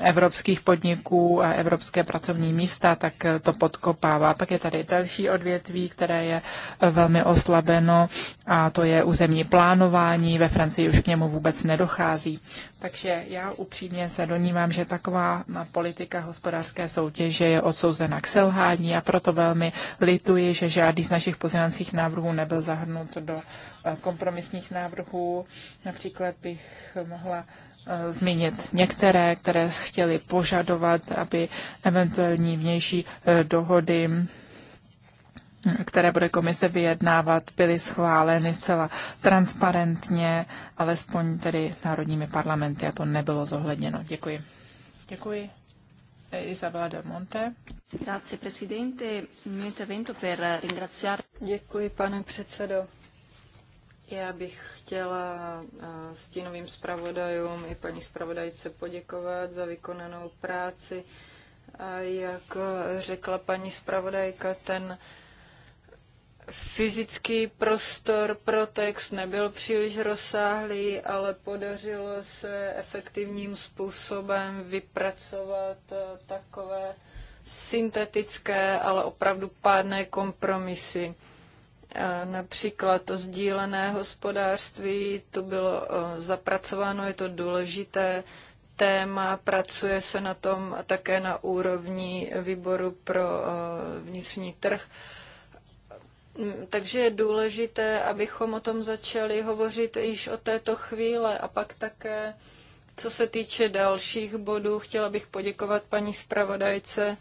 evropských podniků a evropské pracovní místa, tak eh, to podkopává. Pak je tady další odvětví, které je velmi oslabeno a to je územní plánování. Ve Francii už k němu vůbec nedochází. Takže já upřímně se donímám, že taková politika hospodářské soutěže je odsouzena k selhání a proto velmi lituji, že žádný z našich pozměňovacích návrhů nebyl zahrnut do eh, kompromisních návrhů. Například bych mohla eh, zmínit některé, které chtěli požadovat, aby eventuální vnější eh, dohody hm, které bude komise vyjednávat, byly schváleny zcela transparentně, alespoň tedy národními parlamenty a to nebylo zohledněno. Děkuji. Děkuji. Isabela de Monte. Děkuji, pane předsedo. Já bych chtěla eh, stínovým zpravodajům i paní zpravodajce poděkovat za vykonanou práci. jak řekla paní zpravodajka, ten fyzický prostor pro text nebyl příliš rozsáhlý, ale podařilo se efektivním způsobem vypracovat eh, takové syntetické, ale opravdu pádné kompromisy. Eh, například to sdílené hospodářství, to bylo eh, zapracováno, je to důležité téma, pracuje se na tom také na úrovni výboru pro vnitřní trh takže je důležité, abychom o tom začali hovořit již o této chvíle a pak také, co se týče dalších bodů, chtěla bych poděkovat paní zpravodajce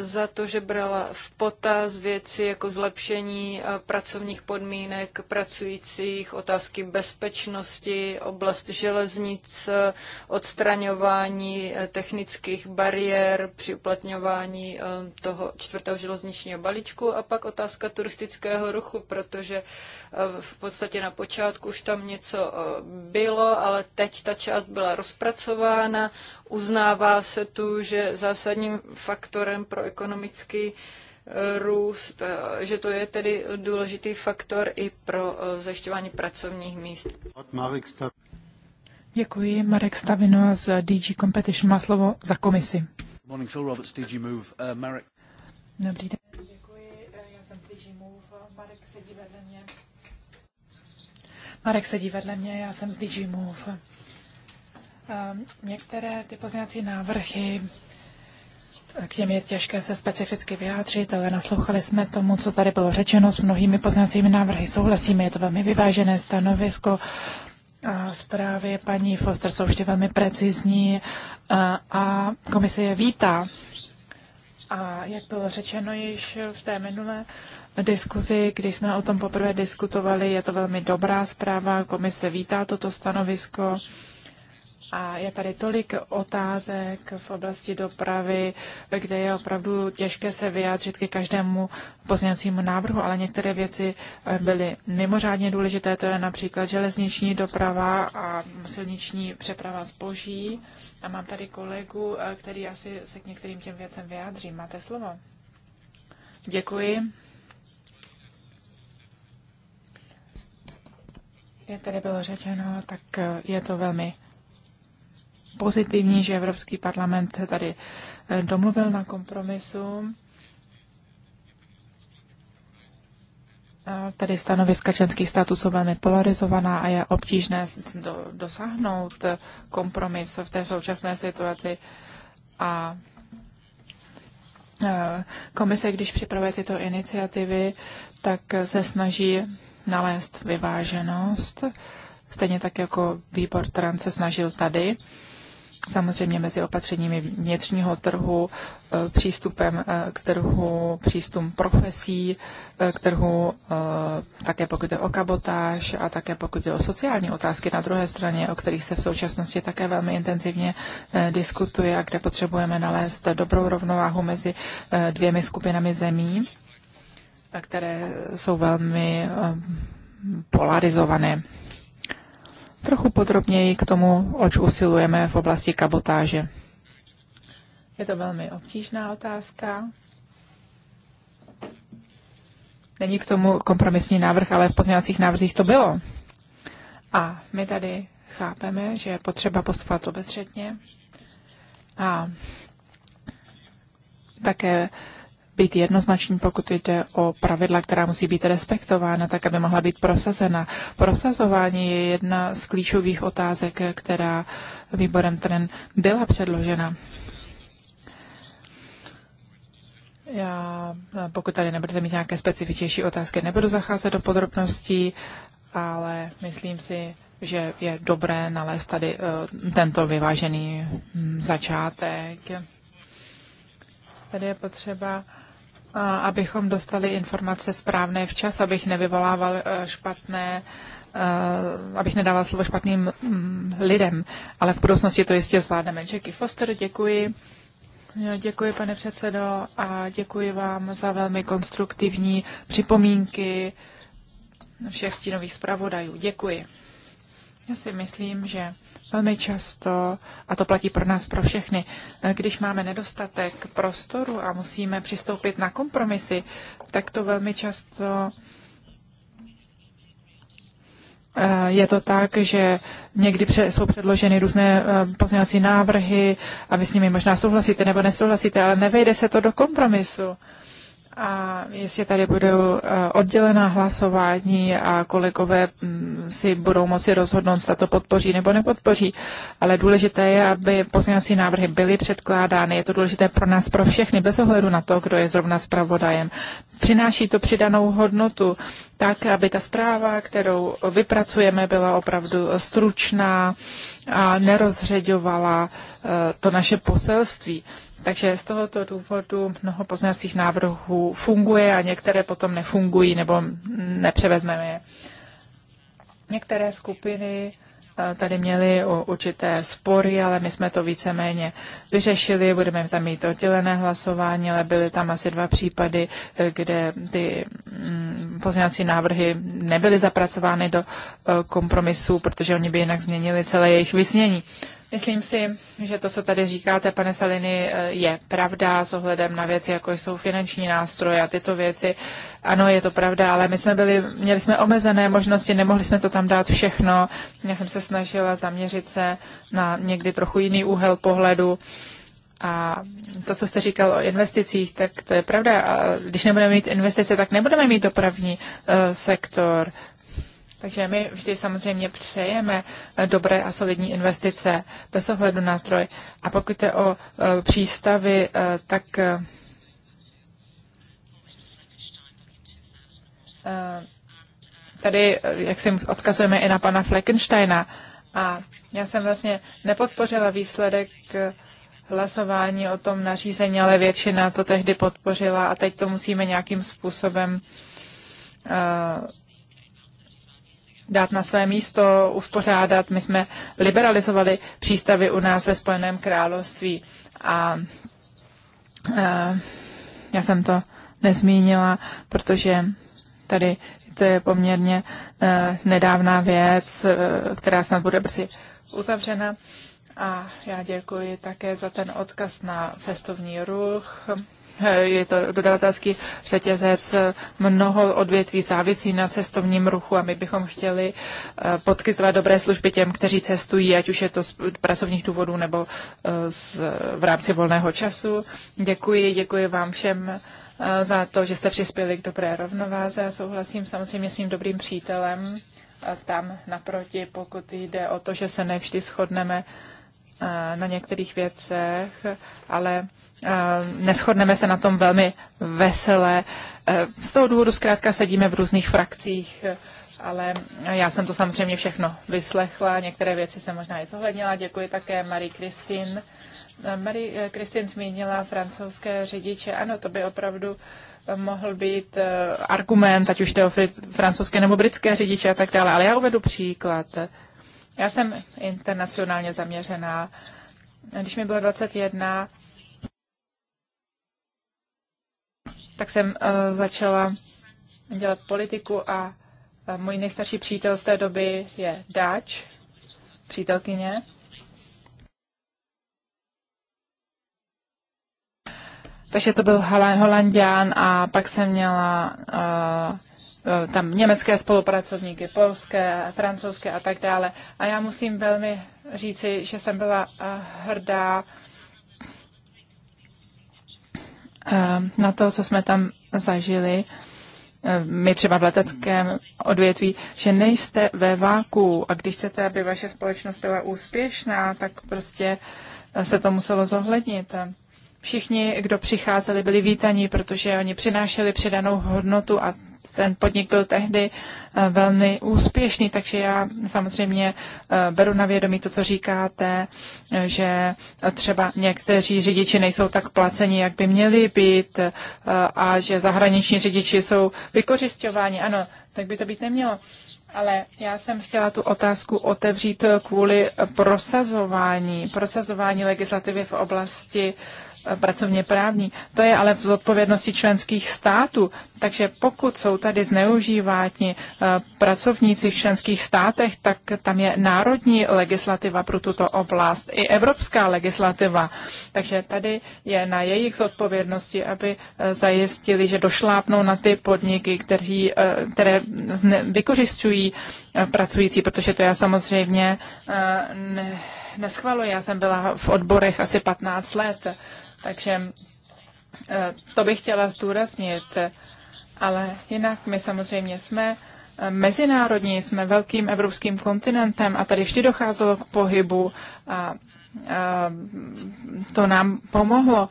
za to, že brala v potaz věci jako zlepšení eh, pracovních podmínek pracujících, otázky bezpečnosti, oblast železnic, eh, odstraňování eh, technických bariér při uplatňování toho čtvrtého železničního balíčku a pak otázka turistického ruchu, protože v podstatě na počátku už tam něco bylo, ale teď ta část byla rozpracována, Uznává se tu, že zásadním faktorem pro ekonomický eh, růst, eh, že to je tedy důležitý faktor i pro eh, zajišťování pracovních míst. Děkuji. Marek Stavino z DG Competition má slovo za komisi. Morning, Phil Roberts, DG Move. Uh, Marek. Dobrý den. Děkuji. Já jsem z DG Move. Marek sedí vedle mě. Marek sedí vedle mě, já jsem z DG Move. Ehm, některé ty pozměňovací návrhy, k těm je těžké se specificky vyjádřit, ale naslouchali jsme tomu, co tady bylo řečeno. S mnohými pozměňovacími návrhy souhlasíme, je to velmi vyvážené stanovisko. A zprávy paní Foster jsou vždy velmi precizní a, eh, a komise je vítá. A jak bylo řečeno již v té minulé diskuzi, když jsme o tom poprvé diskutovali, je to velmi dobrá zpráva, komise vítá toto stanovisko a je tady tolik otázek v oblasti dopravy, kde je opravdu těžké se vyjádřit ke každému pozněcímu návrhu, ale některé věci eh, byly mimořádně důležité. To je například železniční doprava a silniční přeprava zboží. A mám tady kolegu, eh, který asi se k některým těm věcem vyjádří. Máte slovo? Děkuji. Jak tady bylo řečeno, tak eh, je to velmi pozitivní, že Evropský parlament se tady eh, domluvil na kompromisu. Tady stanoviska členských států jsou velmi polarizovaná a je obtížné do, dosáhnout eh, kompromis v té současné situaci. A eh, komise, když připravuje tyto iniciativy, tak se snaží nalézt vyváženost, stejně tak jako výbor Trans se snažil tady samozřejmě mezi opatřeními vnitřního trhu, e, přístupem e, k trhu, přístup profesí e, k trhu, také pokud jde o kabotáž a také pokud jde o sociální otázky na druhé straně, o kterých se v současnosti také velmi intenzivně diskutuje a kde potřebujeme nalézt dobrou rovnováhu mezi dvěmi skupinami zemí, které jsou velmi polarizované trochu podrobněji k tomu, oč usilujeme v oblasti kabotáže. Je to velmi obtížná otázka. Není k tomu kompromisní návrh, ale v pozměňovacích návrzích to bylo. A my tady chápeme, že je potřeba postupovat obezřetně a také být jednoznační, pokud jde o pravidla, která musí být respektována, tak aby mohla být prosazena. Prosazování je jedna z klíčových otázek, která výborem TREN byla předložena. Já, pokud tady nebudete mít nějaké specifičnější otázky, nebudu zacházet do podrobností, ale myslím si, že je dobré nalézt tady eh, tento vyvážený hm, začátek. Tady je potřeba abychom dostali informace správné včas, abych nevyvolával eh, špatné eh, abych nedával slovo špatným mm, lidem, ale v budoucnosti to jistě zvládneme. Jackie Foster, děkuji. Eh, děkuji, pane předsedo, a děkuji vám za velmi konstruktivní připomínky všech stínových zpravodajů. Děkuji. Já si myslím, že velmi často, a to platí pro nás, pro všechny, když máme nedostatek prostoru a musíme přistoupit na kompromisy, tak to velmi často eh, je to tak, že někdy jsou předloženy různé eh, pozměňovací návrhy a vy s nimi možná souhlasíte nebo nesouhlasíte, ale nevejde se to do kompromisu. A jestli tady budou eh, oddělená hlasování a kolegové mm, si budou moci rozhodnout, zda to podpoří nebo nepodpoří. Ale důležité je, aby pozměňovací návrhy byly předkládány. Je to důležité pro nás, pro všechny, bez ohledu na to, kdo je zrovna zpravodajem. Přináší to přidanou hodnotu tak, aby ta zpráva, kterou vypracujeme, byla opravdu stručná a nerozředovala eh, to naše poselství. Takže z tohoto důvodu mnoho poznacích návrhů funguje a některé potom nefungují nebo nepřevezmeme je. Některé skupiny eh, tady měly určité spory, ale my jsme to víceméně vyřešili. Budeme tam mít oddělené hlasování, ale byly tam asi dva případy, eh, kde ty mm, pozměňovací návrhy nebyly zapracovány do eh, kompromisu, protože oni by jinak změnili celé jejich vysnění. Myslím si, že to, co tady říkáte, pane Saliny, eh, je pravda s ohledem na věci, jako jsou finanční nástroje a tyto věci. Ano, je to pravda, ale my jsme byli, měli jsme omezené možnosti, nemohli jsme to tam dát všechno. Já jsem se snažila zaměřit se na někdy trochu jiný úhel pohledu. A to, co jste říkal o investicích, tak to je pravda. A když nebudeme mít investice, tak nebudeme mít dopravní uh, sektor, takže my vždy samozřejmě přejeme eh, dobré a solidní investice bez ohledu na zdroj. A pokud je o eh, přístavy, eh, tak tady, jak si odkazujeme i na pana Fleckensteina, a já jsem vlastně nepodpořila výsledek hlasování o tom nařízení, ale většina to tehdy podpořila a teď to musíme nějakým způsobem dát na své místo, uspořádat. My jsme liberalizovali přístavy u nás ve Spojeném království a, a já jsem to nezmínila, protože tady to je poměrně e, nedávná věc, e, která snad bude brzy uzavřena. A já děkuji také za ten odkaz na cestovní ruch. Eh, je to dodavatelský řetězec, eh, mnoho odvětví závisí na cestovním ruchu a my bychom chtěli eh, podkytovat dobré služby těm, kteří cestují, ať už je to z pracovních důvodů nebo z, v rámci volného času. Děkuji, děkuji vám všem za to, že jste přispěli k dobré rovnováze a souhlasím samozřejmě s mým dobrým přítelem tam naproti, pokud jde o to, že se nevždy shodneme na některých věcech, ale Eh, neschodneme se na tom velmi veselé. Eh, z toho důvodu zkrátka sedíme v různých frakcích, eh, ale já jsem to samozřejmě všechno vyslechla, některé věci jsem možná i zohlednila. Děkuji také Marie Kristin. Marie Kristin zmínila francouzské řidiče. Ano, to by opravdu mohl být argument, ať už to francouzské nebo britské řidiče a tak dále. Ale já uvedu příklad. Já jsem internacionálně zaměřená. Když mi bylo 21, tak jsem eh, začala dělat politiku a eh, můj nejstarší přítel z té doby je Dáč, přítelkyně. Takže to byl Holandián a pak jsem měla uh, tam německé spolupracovníky, polské, francouzské a tak dále. A já musím velmi říci, že jsem byla uh, hrdá Eh, na to, co jsme tam zažili, eh, my třeba v leteckém odvětví, že nejste ve váku a když chcete, aby vaše společnost byla úspěšná, tak prostě eh, se to muselo zohlednit. Všichni, kdo přicházeli, byli vítaní, protože oni přinášeli přidanou hodnotu a ten podnik byl tehdy eh, velmi úspěšný, takže já samozřejmě eh, beru na vědomí to, co říkáte, eh, že třeba někteří řidiči nejsou tak placeni, jak by měli být a že zahraniční řidiči jsou vykořišťováni. Ano, tak by to být nemělo. Ale já jsem chtěla tu otázku otevřít kvůli prosazování, prosazování legislativy v oblasti eh, pracovně právní. To je ale v zodpovědnosti členských států. Takže pokud jsou tady zneužíváni eh, pracovníci v členských státech, tak tam je národní legislativa pro tuto oblast i evropská legislativa. Takže tady je na jejich zodpovědnosti, aby eh, zajistili, že došlápnou na ty podniky, kteří, které vykořišťují pracují, eh, pracující, protože to já samozřejmě eh, ne, neschvaluji. Já jsem byla v odborech asi 15 let, takže eh, to bych chtěla zdůraznit. Ale jinak my samozřejmě jsme mezinárodní, jsme velkým evropským kontinentem a tady vždy docházelo k pohybu a, a to nám pomohlo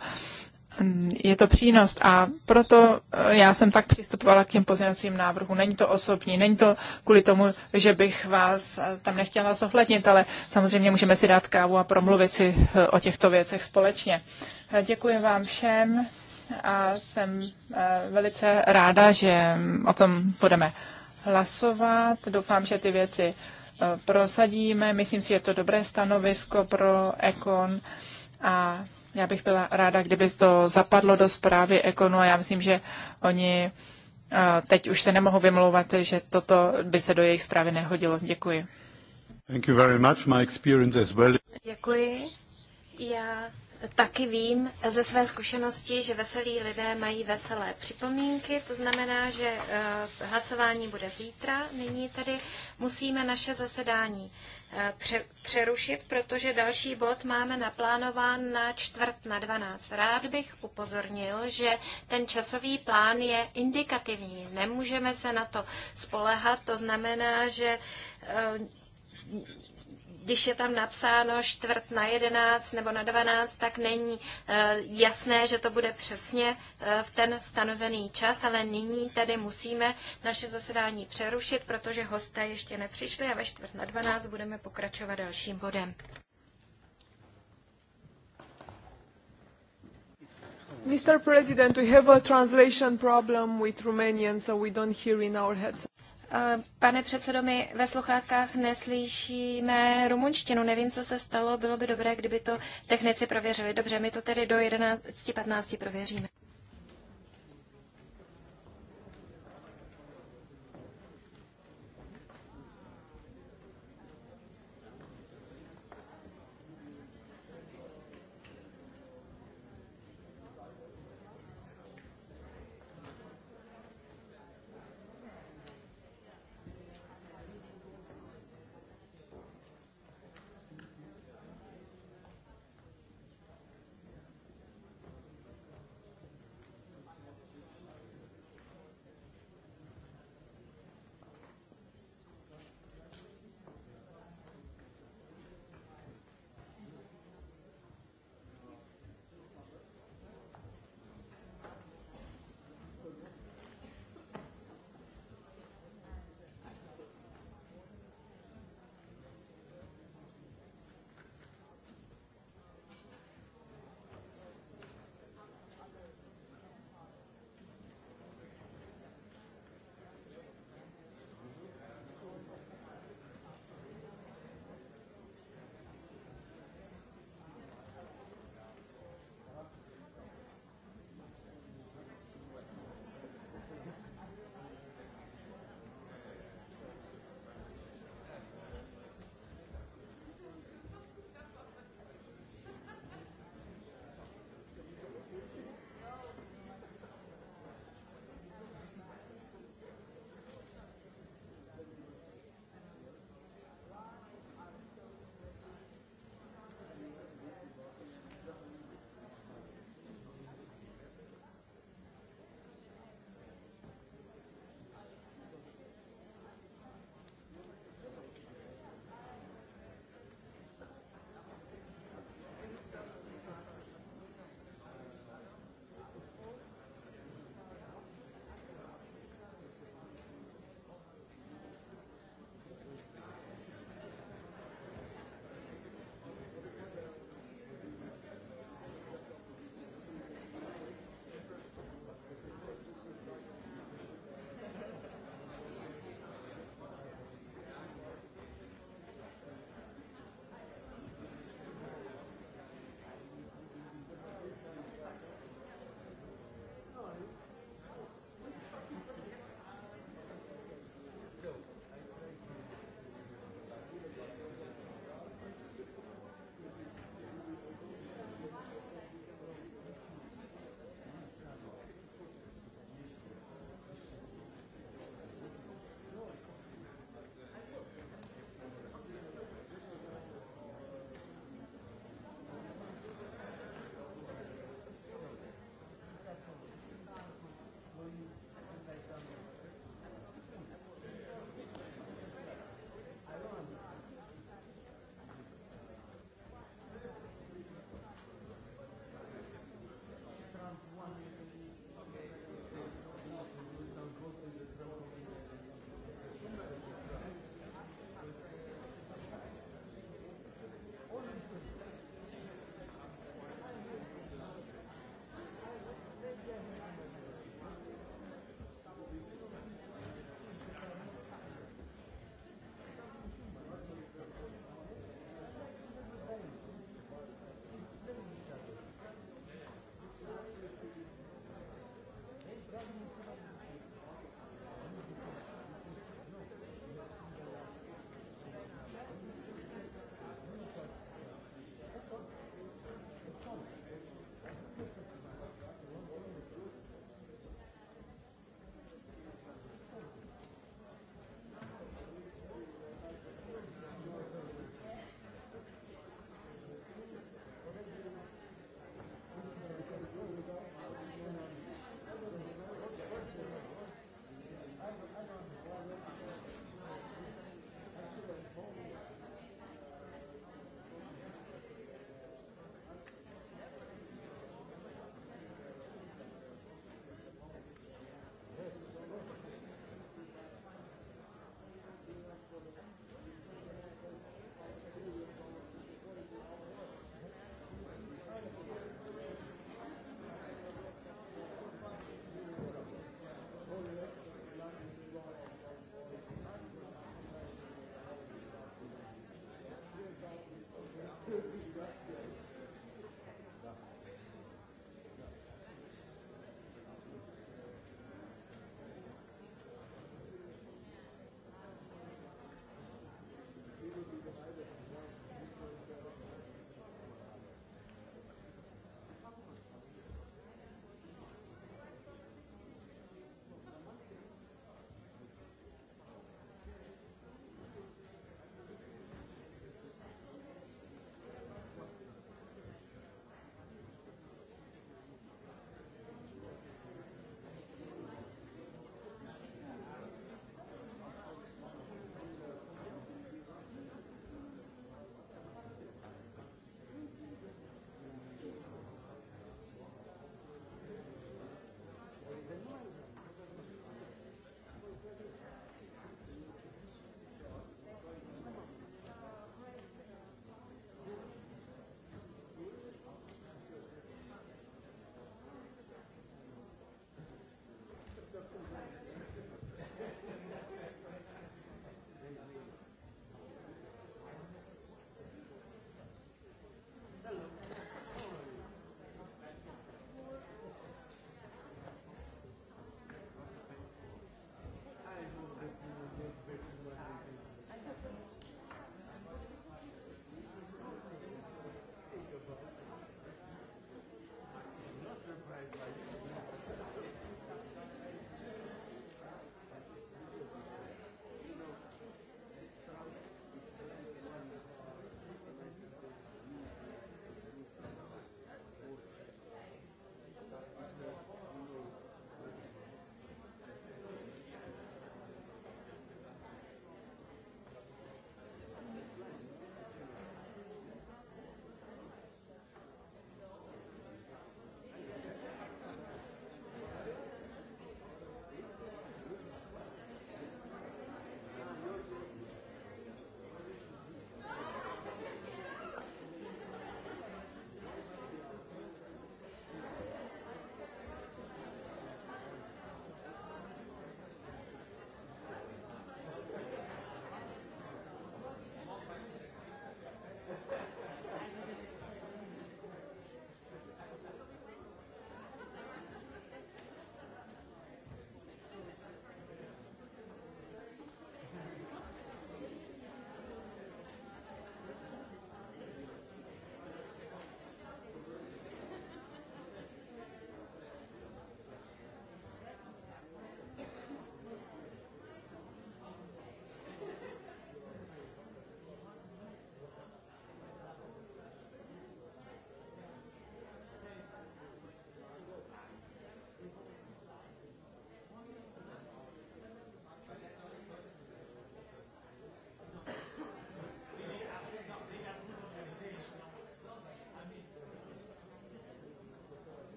je to přínos a proto eh, já jsem tak přistupovala k těm pozměňovacím návrhům. Není to osobní, není to kvůli tomu, že bych vás eh, tam nechtěla zohlednit, ale samozřejmě můžeme si dát kávu a promluvit si eh, o těchto věcech společně. Děkuji vám všem a jsem velice ráda, že o tom budeme hlasovat. Doufám, že ty věci prosadíme. Myslím si, že je to dobré stanovisko pro Ekon a já bych byla ráda, kdyby to zapadlo do zprávy Ekonu a já myslím, že oni teď už se nemohou vymlouvat, že toto by se do jejich zprávy nehodilo. Děkuji. Thank you very much. My experience as well. Děkuji. Já taky vím ze své zkušenosti, že veselí lidé mají veselé připomínky, to znamená, že eh, hlasování bude zítra. Nyní tedy musíme naše zasedání eh, přerušit, protože další bod máme naplánován na čtvrt na 12. Rád bych upozornil, že ten časový plán je indikativní. Nemůžeme se na to spolehat, to znamená, že eh, když je tam napsáno čtvrt na jedenáct nebo na dvanáct, tak není eh, jasné, že to bude přesně eh, v ten stanovený čas, ale nyní tedy musíme naše zasedání přerušit, protože hosté ještě nepřišli a ve čtvrt na dvanáct budeme pokračovat dalším bodem. Mr. President, we have a translation problem with Romanian, so we don't hear in our heads. Pane předsedo, my ve sluchátkách neslyšíme rumunštinu. Nevím, co se stalo. Bylo by dobré, kdyby to technici prověřili. Dobře, my to tedy do 11.15 prověříme.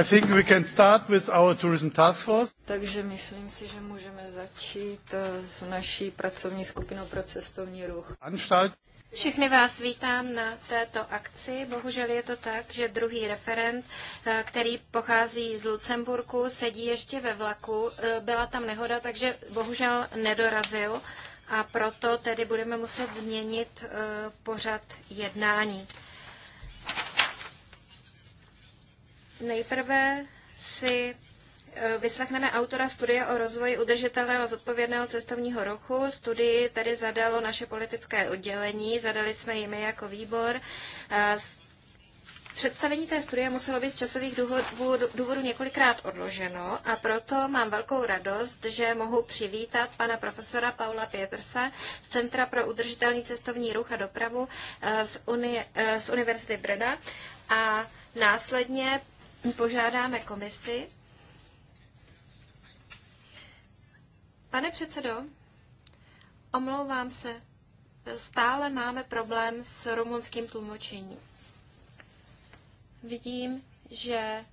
I think we can start with our tourism task force. Takže myslím si, že můžeme začít eh, s naší pracovní skupinou pro cestovní ruch. Anstalt. Všechny vás vítám na této akci. Bohužel je to tak, že druhý referent, eh, který pochází z Lucemburku, sedí ještě ve vlaku. Eh, byla tam nehoda, takže bohužel nedorazil a proto tedy budeme muset změnit pořad jednání. Nejprve si e, vyslechneme autora studie o rozvoji udržitelného a zodpovědného cestovního ruchu. Studii tedy zadalo naše politické oddělení, zadali jsme ji my jako výbor. E, představení té studie muselo být z časových důvodů, důvodů několikrát odloženo a proto mám velkou radost, že mohu přivítat pana profesora Paula Pietersa z Centra pro udržitelný cestovní ruch a dopravu e, z, Uni, z Univerzity Breda a následně požádáme komisi. Pane předsedo, omlouvám se, stále máme problém s rumunským tlumočením. Vidím, že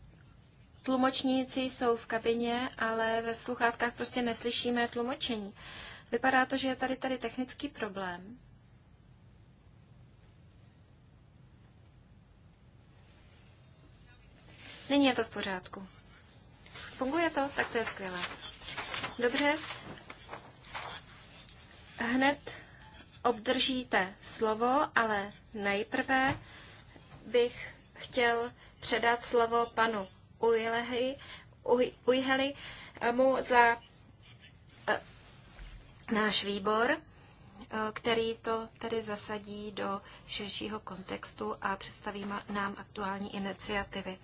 tlumočníci jsou v kabině, ale ve sluchátkách prostě neslyšíme tlumočení. Vypadá to, že je tady tady technický problém. Nyní je to v pořádku. Funguje to? Tak to je skvělé. Dobře. Hned obdržíte slovo, ale nejprve bych chtěl předat slovo panu Ujlehy, Uj, Ujheli eh, mu za eh, náš výbor. Eh, který to tedy zasadí do širšího kontextu a představí nám aktuální iniciativy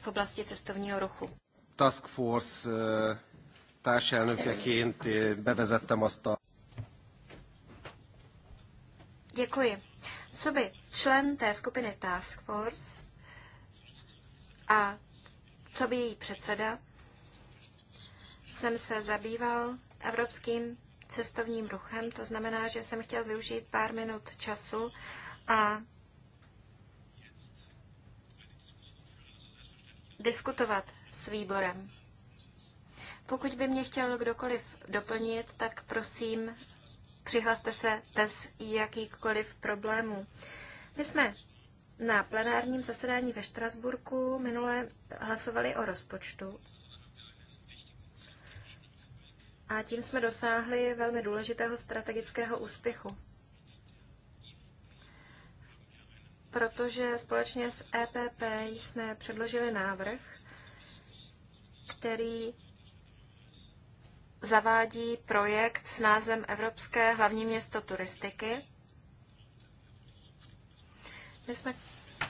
v oblasti cestovního ruchu. Task Force eh, társelnökeként eh, bevezettem azt a... Děkuji. Co by člen té skupiny Task Force a co by její předseda, jsem se zabýval evropským cestovním ruchem. To znamená, že jsem chtěl využít pár minut času a diskutovat s výborem. Pokud by mě chtěl kdokoliv doplnit, tak prosím, přihlaste se bez jakýchkoliv problémů. My jsme na plenárním zasedání ve Štrasburku minule hlasovali o rozpočtu a tím jsme dosáhli velmi důležitého strategického úspěchu. Protože společně s EPP jsme předložili návrh, který zavádí projekt s názvem Evropské hlavní město turistiky. My jsme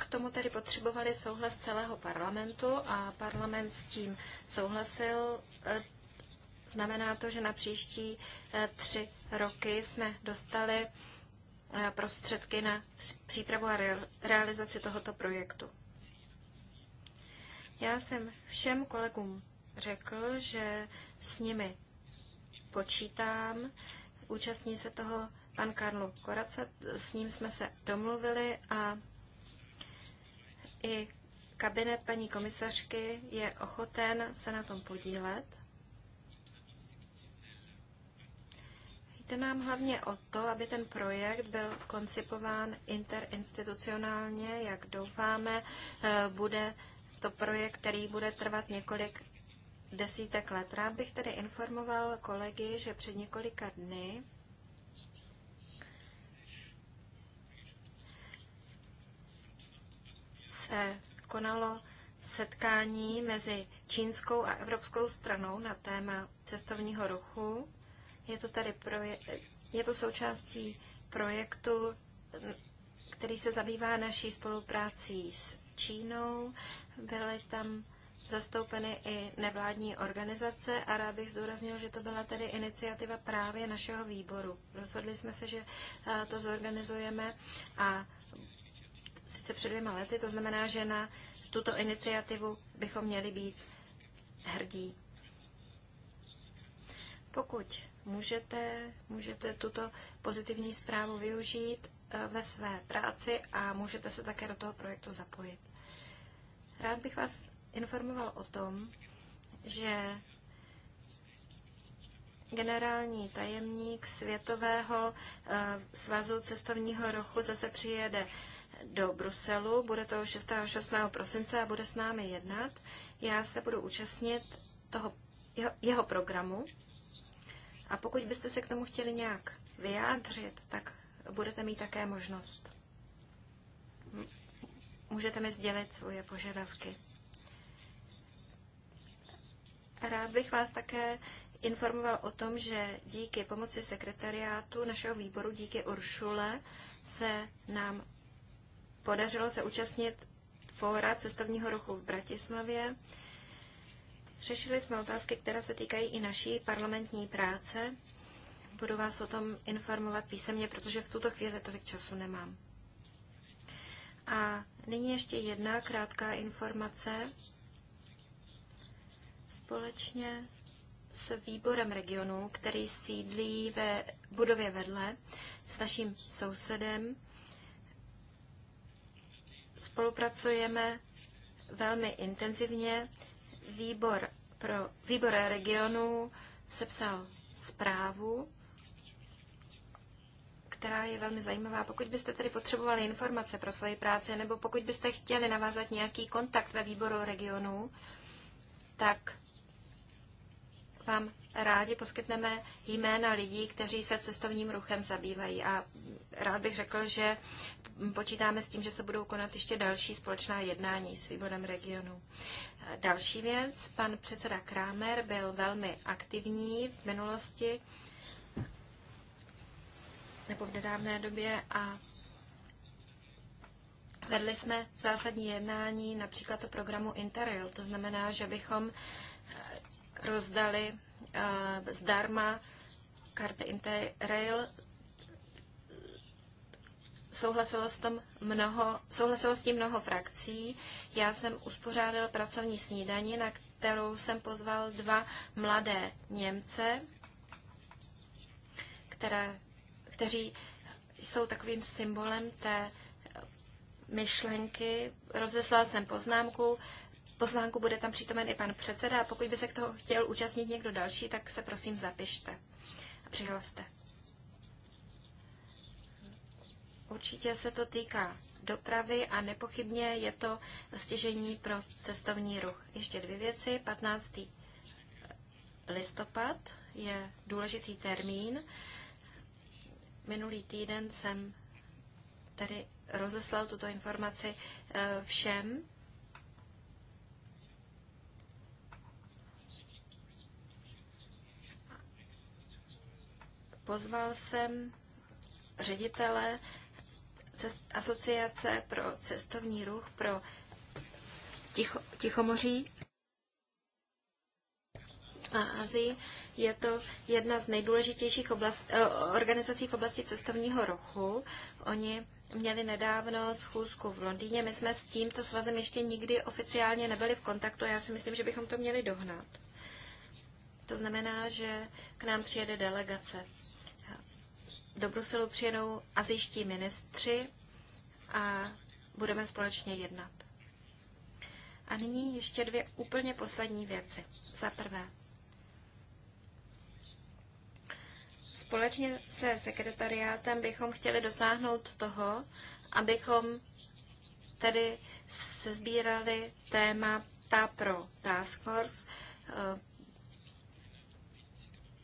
k tomu tedy potřebovali souhlas celého parlamentu a parlament s tím souhlasil. Znamená to, že na příští eh, tři roky jsme dostali eh, prostředky na přípravu a realizaci tohoto projektu. Já jsem všem kolegům řekl, že s nimi počítám. Účastní se toho pan Karlo Korace, s ním jsme se domluvili a i kabinet paní komisařky je ochoten se na tom podílet. Jde nám hlavně o to, aby ten projekt byl koncipován interinstitucionálně, jak doufáme, eh, bude to projekt, který bude trvat několik desítek let. Rád bych tedy informoval kolegy, že před několika dny se konalo setkání mezi čínskou a evropskou stranou na téma cestovního ruchu. Je to tady proje- je to součástí projektu, který se zabývá naší spoluprácí s Čínou. Byly tam zastoupeny i nevládní organizace a rád bych zdůraznil, že to byla tedy iniciativa právě našeho výboru. Rozhodli jsme se, že eh, to zorganizujeme a sice před dvěma lety, to znamená, že na tuto iniciativu bychom měli být hrdí. Pokud můžete, můžete tuto pozitivní zprávu využít eh, ve své práci a můžete se také do toho projektu zapojit. Rád bych vás informoval o tom, že generální tajemník Světového eh, svazu cestovního ruchu zase přijede do Bruselu, bude to 6. a 6. prosince a bude s námi jednat. Já se budu účastnit toho jeho, jeho programu a pokud byste se k tomu chtěli nějak vyjádřit, tak budete mít také možnost. Můžete mi sdělit svoje požadavky. Rád bych vás také informoval o tom, že díky pomoci sekretariátu našeho výboru, díky Uršule, se nám podařilo se účastnit fóra cestovního ruchu v Bratislavě. Řešili jsme otázky, které se týkají i naší parlamentní práce. Budu vás o tom informovat písemně, protože v tuto chvíli tolik času nemám. A nyní ještě jedna krátká informace. Společně s výborem regionu, který sídlí ve budově vedle s naším sousedem, spolupracujeme velmi intenzivně výbor, pro, výbor regionu sepsal zprávu, která je velmi zajímavá. Pokud byste tedy potřebovali informace pro svoji práci, nebo pokud byste chtěli navázat nějaký kontakt ve výboru regionu, tak vám rádi poskytneme jména lidí, kteří se cestovním ruchem zabývají. A rád bych řekl, že počítáme s tím, že se budou konat ještě další společná jednání s výborem regionu. Další věc, pan předseda Krámer byl velmi aktivní v minulosti nebo v nedávné době a vedli jsme zásadní jednání například o programu Interrail. To znamená, že bychom rozdali eh, zdarma karty Interrail. Souhlasilo s, tom mnoho, souhlasilo s tím mnoho frakcí. Já jsem uspořádal pracovní snídani, na kterou jsem pozval dva mladé Němce, které, kteří jsou takovým symbolem té myšlenky. Rozeslal jsem poznámku, pozvánku bude tam přítomen i pan předseda a pokud by se k toho chtěl účastnit někdo další, tak se prosím zapište a přihlaste. Určitě se to týká dopravy a nepochybně je to stěžení pro cestovní ruch. Ještě dvě věci. 15. listopad je důležitý termín. Minulý týden jsem tady rozeslal tuto informaci eh, všem Pozval jsem ředitele asociace pro cestovní ruch pro ticho, Tichomoří a Azii. Je to jedna z nejdůležitějších oblast, eh, organizací v oblasti cestovního ruchu. Oni měli nedávno schůzku v Londýně. My jsme s tímto svazem ještě nikdy oficiálně nebyli v kontaktu a já si myslím, že bychom to měli dohnat. To znamená, že k nám přijede delegace do Bruselu přijedou azijští ministři a budeme společně jednat. A nyní ještě dvě úplně poslední věci. Za prvé, společně se sekretariátem bychom chtěli dosáhnout toho, abychom tedy sezbírali témata pro Task Force,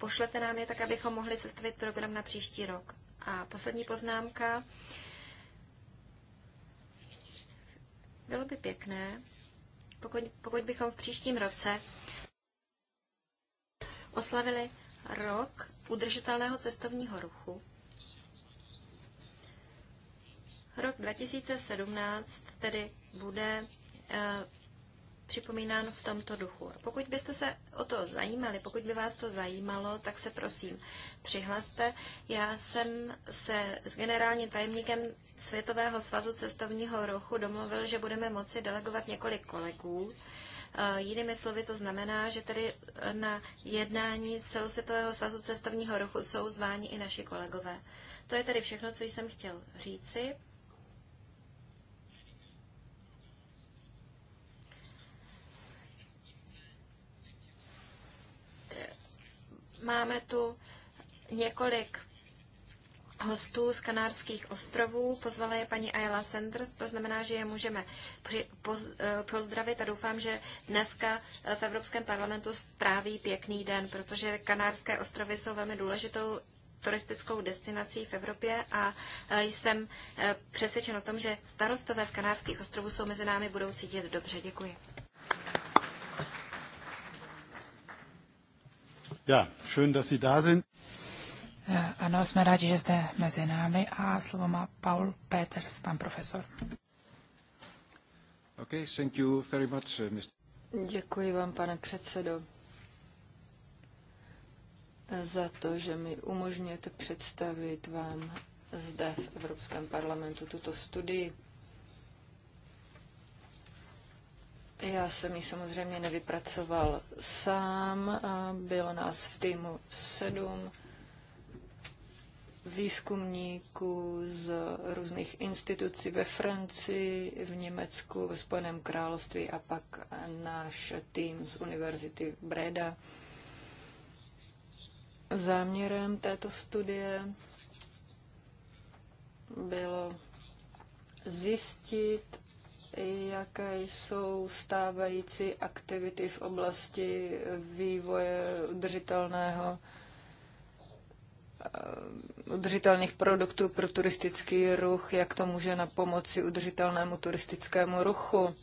pošlete nám je tak, abychom mohli sestavit program na příští rok. A poslední poznámka. Bylo by pěkné, pokud, pokud bychom v příštím roce oslavili rok udržitelného cestovního ruchu. Rok 2017 tedy bude eh, připomínán v tomto duchu. A pokud byste se o to zajímali, pokud by vás to zajímalo, tak se prosím přihlaste. Já jsem se s generálním tajemníkem Světového svazu cestovního ruchu domluvil, že budeme moci delegovat několik kolegů. E, jinými slovy to znamená, že tedy na jednání celosvětového svazu cestovního ruchu jsou zváni i naši kolegové. To je tedy všechno, co jsem chtěl říci. Máme tu několik hostů z Kanárských ostrovů. Pozvala je paní Ayla Sanders, to znamená, že je můžeme eh, pozdravit a doufám, že dneska eh, v Evropském parlamentu stráví pěkný den, protože Kanárské ostrovy jsou velmi důležitou turistickou destinací v Evropě a eh, jsem přesvědčen o tom, že starostové z Kanárských ostrovů jsou mezi námi budou cítit dobře. Děkuji. Ja, schön, dass Sie da sind. Eh, ano, jsme rádi, že jste mezi námi a slovo má Paul Peters, pan profesor. Okay, thank you very much, eh, Mr. Děkuji vám, pane předsedo, za to, že mi umožňujete představit vám zde v Evropském parlamentu tuto studii. Já jsem ji samozřejmě nevypracoval sám, bylo nás v týmu sedm výzkumníků z různých institucí ve Francii, v Německu, ve Spojeném království a pak náš tým z Univerzity Breda. Záměrem této studie bylo zjistit jaké jsou stávající aktivity v oblasti vývoje udržitelného eh, udržitelných produktů pro turistický ruch, jak to může na pomoci udržitelnému turistickému ruchu,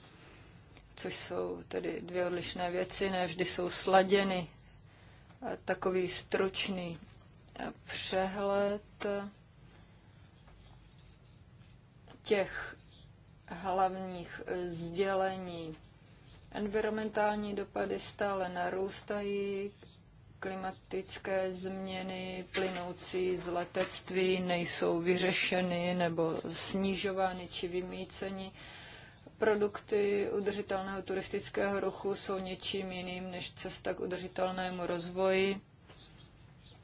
což jsou tedy dvě odlišné věci, ne vždy jsou sladěny. Eh, takový stručný eh, přehled těch hlavních eh, sdělení. Environmentální dopady stále narůstají, klimatické změny plynoucí z letectví nejsou vyřešeny nebo snižovány či vymíceny. Produkty udržitelného turistického ruchu jsou něčím jiným než cesta k udržitelnému rozvoji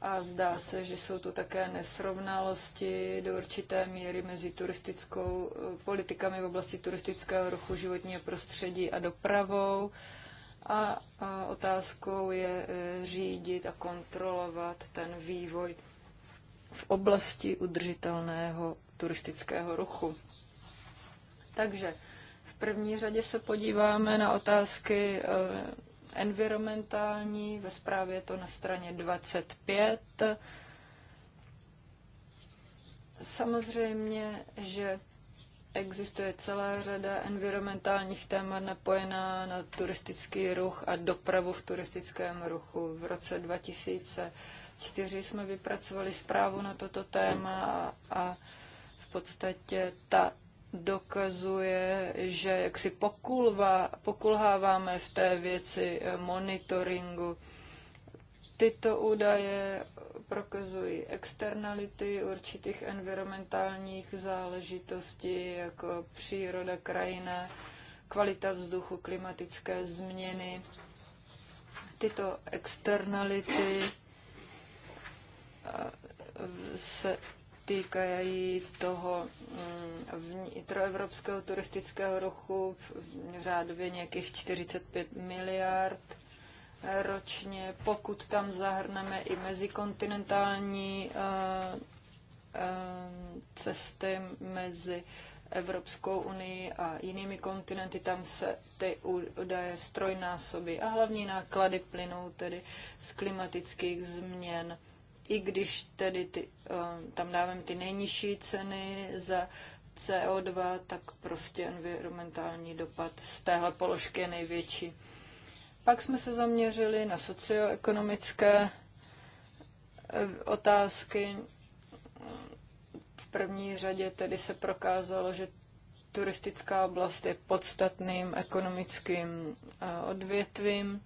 a zdá se, že jsou to také nesrovnalosti do určité míry mezi turistickou eh, politikami v oblasti turistického ruchu, životního prostředí a dopravou. A, a otázkou je eh, řídit a kontrolovat ten vývoj v oblasti udržitelného turistického ruchu. Takže v první řadě se podíváme na otázky eh, environmentální, ve zprávě je to na straně 25. Samozřejmě, že existuje celá řada environmentálních témat napojená na turistický ruch a dopravu v turistickém ruchu. V roce 2004 jsme vypracovali zprávu na toto téma a, a v podstatě ta dokazuje, že jak si pokulva, pokulháváme v té věci eh, monitoringu. Tyto údaje prokazují externality určitých environmentálních záležitostí, jako příroda, krajina, kvalita vzduchu, klimatické změny. Tyto externality eh, se týkají toho mm, vnitroevropského turistického ruchu v řádově nějakých 45 miliard ročně, pokud tam zahrneme i mezikontinentální eh, eh, cesty mezi Evropskou unii a jinými kontinenty, tam se ty údaje strojnásoby a hlavní náklady plynou tedy z klimatických změn i když tedy ty, eh, tam dávám ty nejnižší ceny za CO2, tak prostě environmentální dopad z téhle položky je největší. Pak jsme se zaměřili na socioekonomické eh, otázky. V první řadě tedy se prokázalo, že turistická oblast je podstatným ekonomickým eh, odvětvím.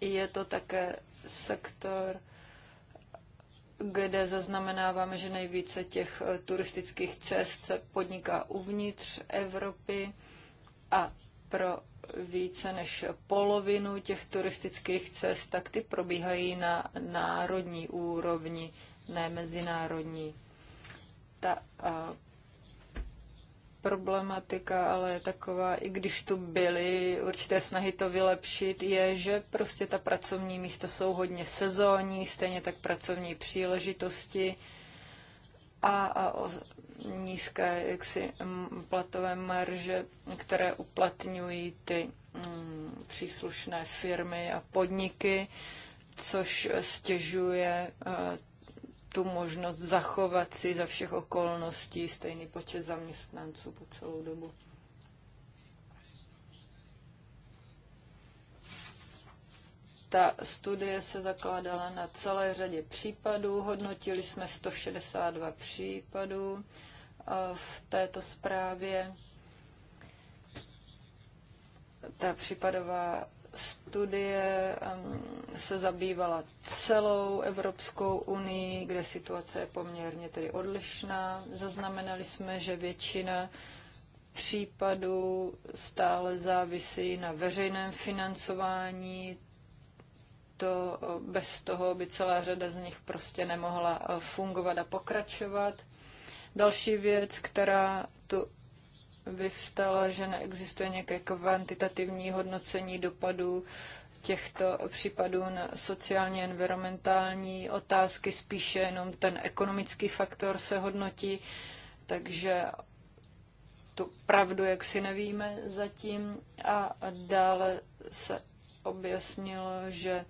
Je to také sektor, kde zaznamenáváme, že nejvíce těch eh, turistických cest se podniká uvnitř Evropy a pro více než polovinu těch turistických cest, tak ty probíhají na národní úrovni, ne mezinárodní. Ta eh, problematika, ale je taková, i když tu byly určité snahy to vylepšit, je, že prostě ta pracovní místa jsou hodně sezónní, stejně tak pracovní příležitosti a, a o nízké jaksi, platové marže, které uplatňují ty mm, příslušné firmy a podniky, což stěžuje eh, tu možnost zachovat si za všech okolností stejný počet zaměstnanců po celou dobu. Ta studie se zakládala na celé řadě případů, hodnotili jsme 162 případů eh, v této zprávě. Ta případová studie se zabývala celou Evropskou unii, kde situace je poměrně tedy odlišná. Zaznamenali jsme, že většina případů stále závisí na veřejném financování. To bez toho by celá řada z nich prostě nemohla fungovat a pokračovat. Další věc, která tu vyvstala, že neexistuje nějaké kvantitativní hodnocení dopadů těchto případů na sociálně environmentální otázky, spíše jenom ten ekonomický faktor se hodnotí, takže tu pravdu jak si nevíme zatím. A dále se objasnilo, že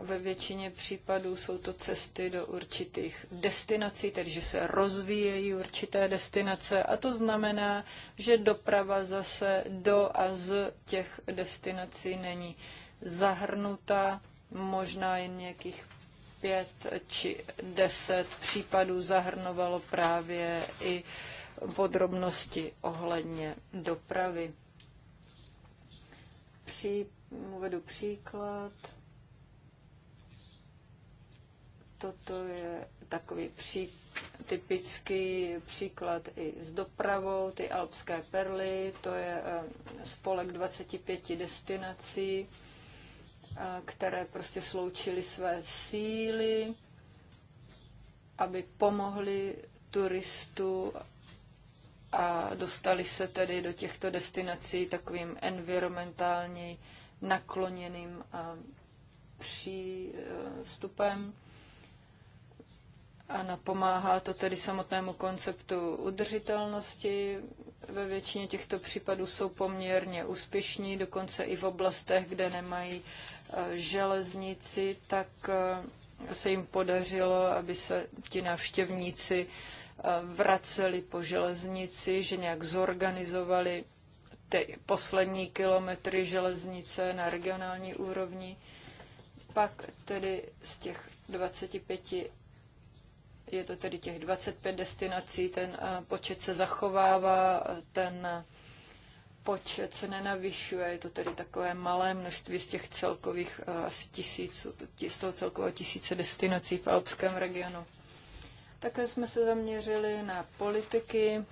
ve většině případů jsou to cesty do určitých destinací, tedy že se rozvíjejí určité destinace a to znamená, že doprava zase do a z těch destinací není zahrnuta, možná jen nějakých pět či deset případů zahrnovalo právě i podrobnosti ohledně dopravy. Při, uvedu příklad. Toto je takový pří, typický příklad i s dopravou, ty alpské perly, to je eh, spolek 25 destinací, eh, které prostě sloučily své síly, aby pomohli turistu a dostali se tedy do těchto destinací takovým environmentálně nakloněným eh, přístupem a napomáhá to tedy samotnému konceptu udržitelnosti. Ve většině těchto případů jsou poměrně úspěšní, dokonce i v oblastech, kde nemají e, železnici, tak e, se jim podařilo, aby se ti návštěvníci e, vraceli po železnici, že nějak zorganizovali ty poslední kilometry železnice na regionální úrovni. Pak tedy z těch 25 je to tedy těch 25 destinací, ten eh, počet se zachovává, eh, ten eh, počet se nenavyšuje, je to tedy takové malé množství z těch celkových asi tisíc, z toho celkového tisíce destinací v alpském regionu. Také jsme se zaměřili na politiky,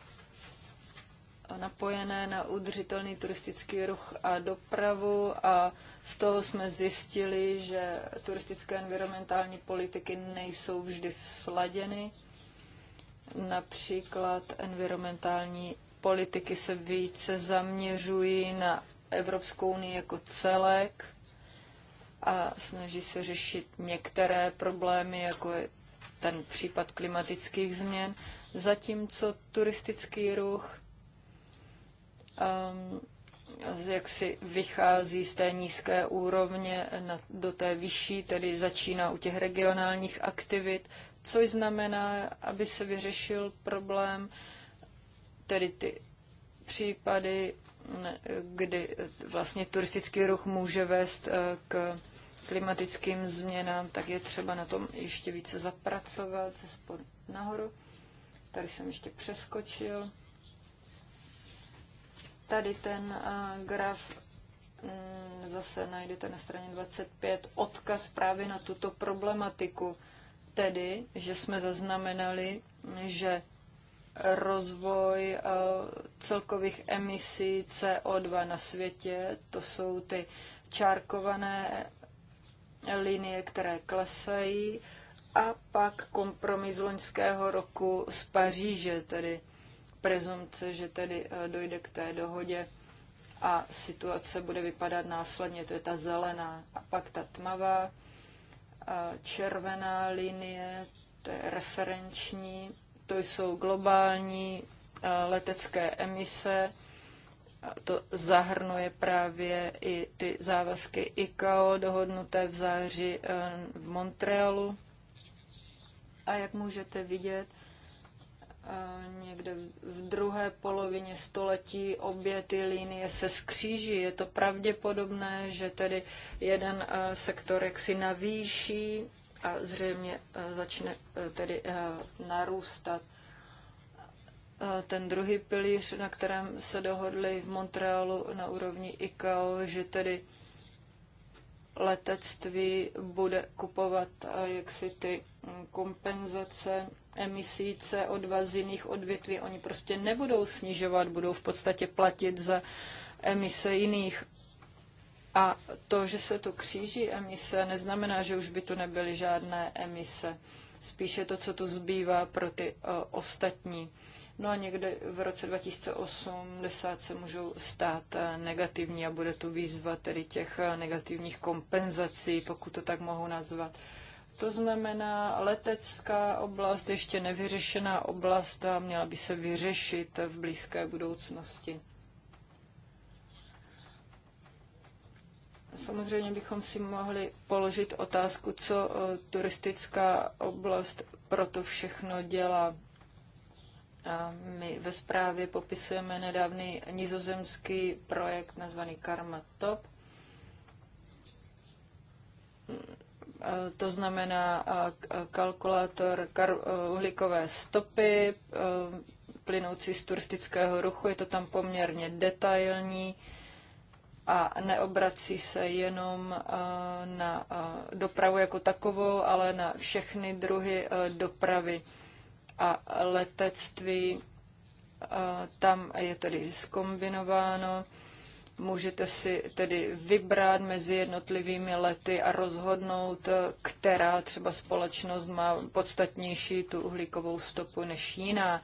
napojené na udržitelný turistický ruch a dopravu a z toho jsme zjistili, že turistické environmentální politiky nejsou vždy sladěny. Například environmentální politiky se více zaměřují na Evropskou unii jako celek a snaží se řešit některé problémy, jako je ten případ klimatických změn, zatímco turistický ruch Ehm, jak si vychází z té nízké úrovně na, do té vyšší, tedy začíná u těch regionálních aktivit, což znamená, aby se vyřešil problém, tedy ty případy, kdy vlastně turistický ruch může vést eh, k klimatickým změnám, tak je třeba na tom ještě více zapracovat ze spodu nahoru. Tady jsem ještě přeskočil. Tady ten eh, graf mm, zase najdete na straně 25 odkaz právě na tuto problematiku. Tedy, že jsme zaznamenali, že rozvoj eh, celkových emisí CO2 na světě, to jsou ty čárkované linie, které klesají, a pak kompromis loňského roku z Paříže, tedy prezumce, že tedy eh, dojde k té dohodě a situace bude vypadat následně. To je ta zelená a pak ta tmavá, červená linie, to je referenční, to jsou globální eh, letecké emise, to zahrnuje právě i ty závazky ICAO dohodnuté v září eh, v Montrealu. A jak můžete vidět, někde v druhé polovině století obě ty linie se skříží. Je to pravděpodobné, že tedy jeden eh, sektor jaksi navýší a zřejmě eh, začne eh, tedy narůstat ten druhý pilíř, na kterém se dohodli v Montrealu na úrovni ICAO, že tedy letectví bude kupovat jaksi ty mm, kompenzace emisí CO2 z jiných odvětví. Oni prostě nebudou snižovat, budou v podstatě platit za emise jiných. A to, že se to kříží emise, neznamená, že už by to nebyly žádné emise. Spíše to, co tu zbývá pro ty o, eh, ostatní. No a někde v roce 2080 se můžou stát eh, negativní a bude tu výzva tedy těch eh, negativních kompenzací, pokud to tak mohu nazvat. To znamená, letecká oblast, ještě nevyřešená oblast a měla by se vyřešit v blízké budoucnosti. Samozřejmě bychom si mohli položit otázku, co eh, turistická oblast pro to všechno dělá. A my ve zprávě popisujeme nedávný nizozemský projekt nazvaný Karma Top Eh, to znamená eh, eh, kalkulátor uhlíkové stopy, plynoucí z turistického ruchu, je to tam poměrně detailní a neobrací se jenom na dopravu jako takovou, ale na všechny druhy dopravy a letectví. Tam je tedy skombinováno Můžete si tedy vybrat mezi jednotlivými lety a rozhodnout, která třeba společnost má podstatnější tu uhlíkovou stopu než jiná.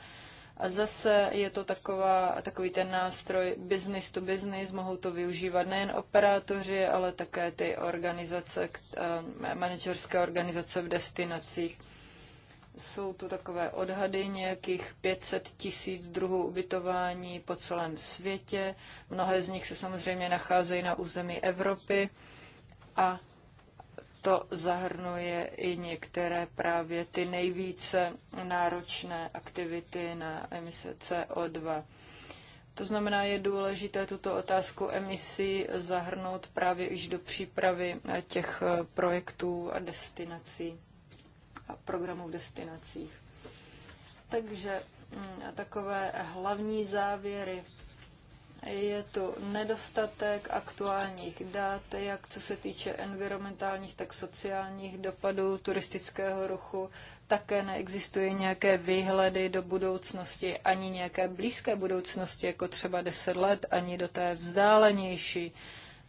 A zase je to taková, takový ten nástroj business to business, mohou to využívat nejen operátoři, ale také ty organizace, eh, manažerské organizace v destinacích. Jsou tu takové odhady nějakých 500 tisíc druhů ubytování po celém světě. Mnohé z nich se samozřejmě nacházejí na území Evropy a to zahrnuje i některé právě ty nejvíce náročné aktivity na emise CO2. To znamená, je důležité tuto otázku emisí zahrnout právě již do přípravy těch projektů a destinací programů v destinacích. Takže mm, takové hlavní závěry. Je tu nedostatek aktuálních dat, jak co se týče environmentálních, tak sociálních dopadů turistického ruchu. Také neexistuje nějaké výhledy do budoucnosti, ani nějaké blízké budoucnosti, jako třeba 10 let, ani do té vzdálenější. Uh,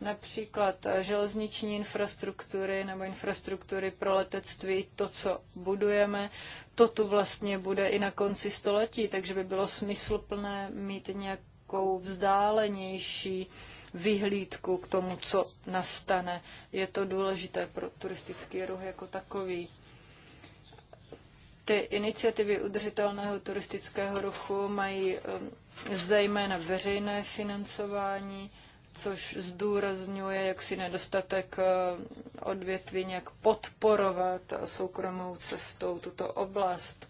například eh, železniční infrastruktury nebo infrastruktury pro letectví, to, co budujeme, to tu vlastně bude i na konci století, takže by bylo smysluplné mít nějakou vzdálenější vyhlídku k tomu, co nastane. Je to důležité pro turistický ruch jako takový ty iniciativy udržitelného turistického ruchu mají eh, zejména veřejné financování což zdůrazňuje jaksi nedostatek eh, odvětví, jak podporovat soukromou cestou tuto oblast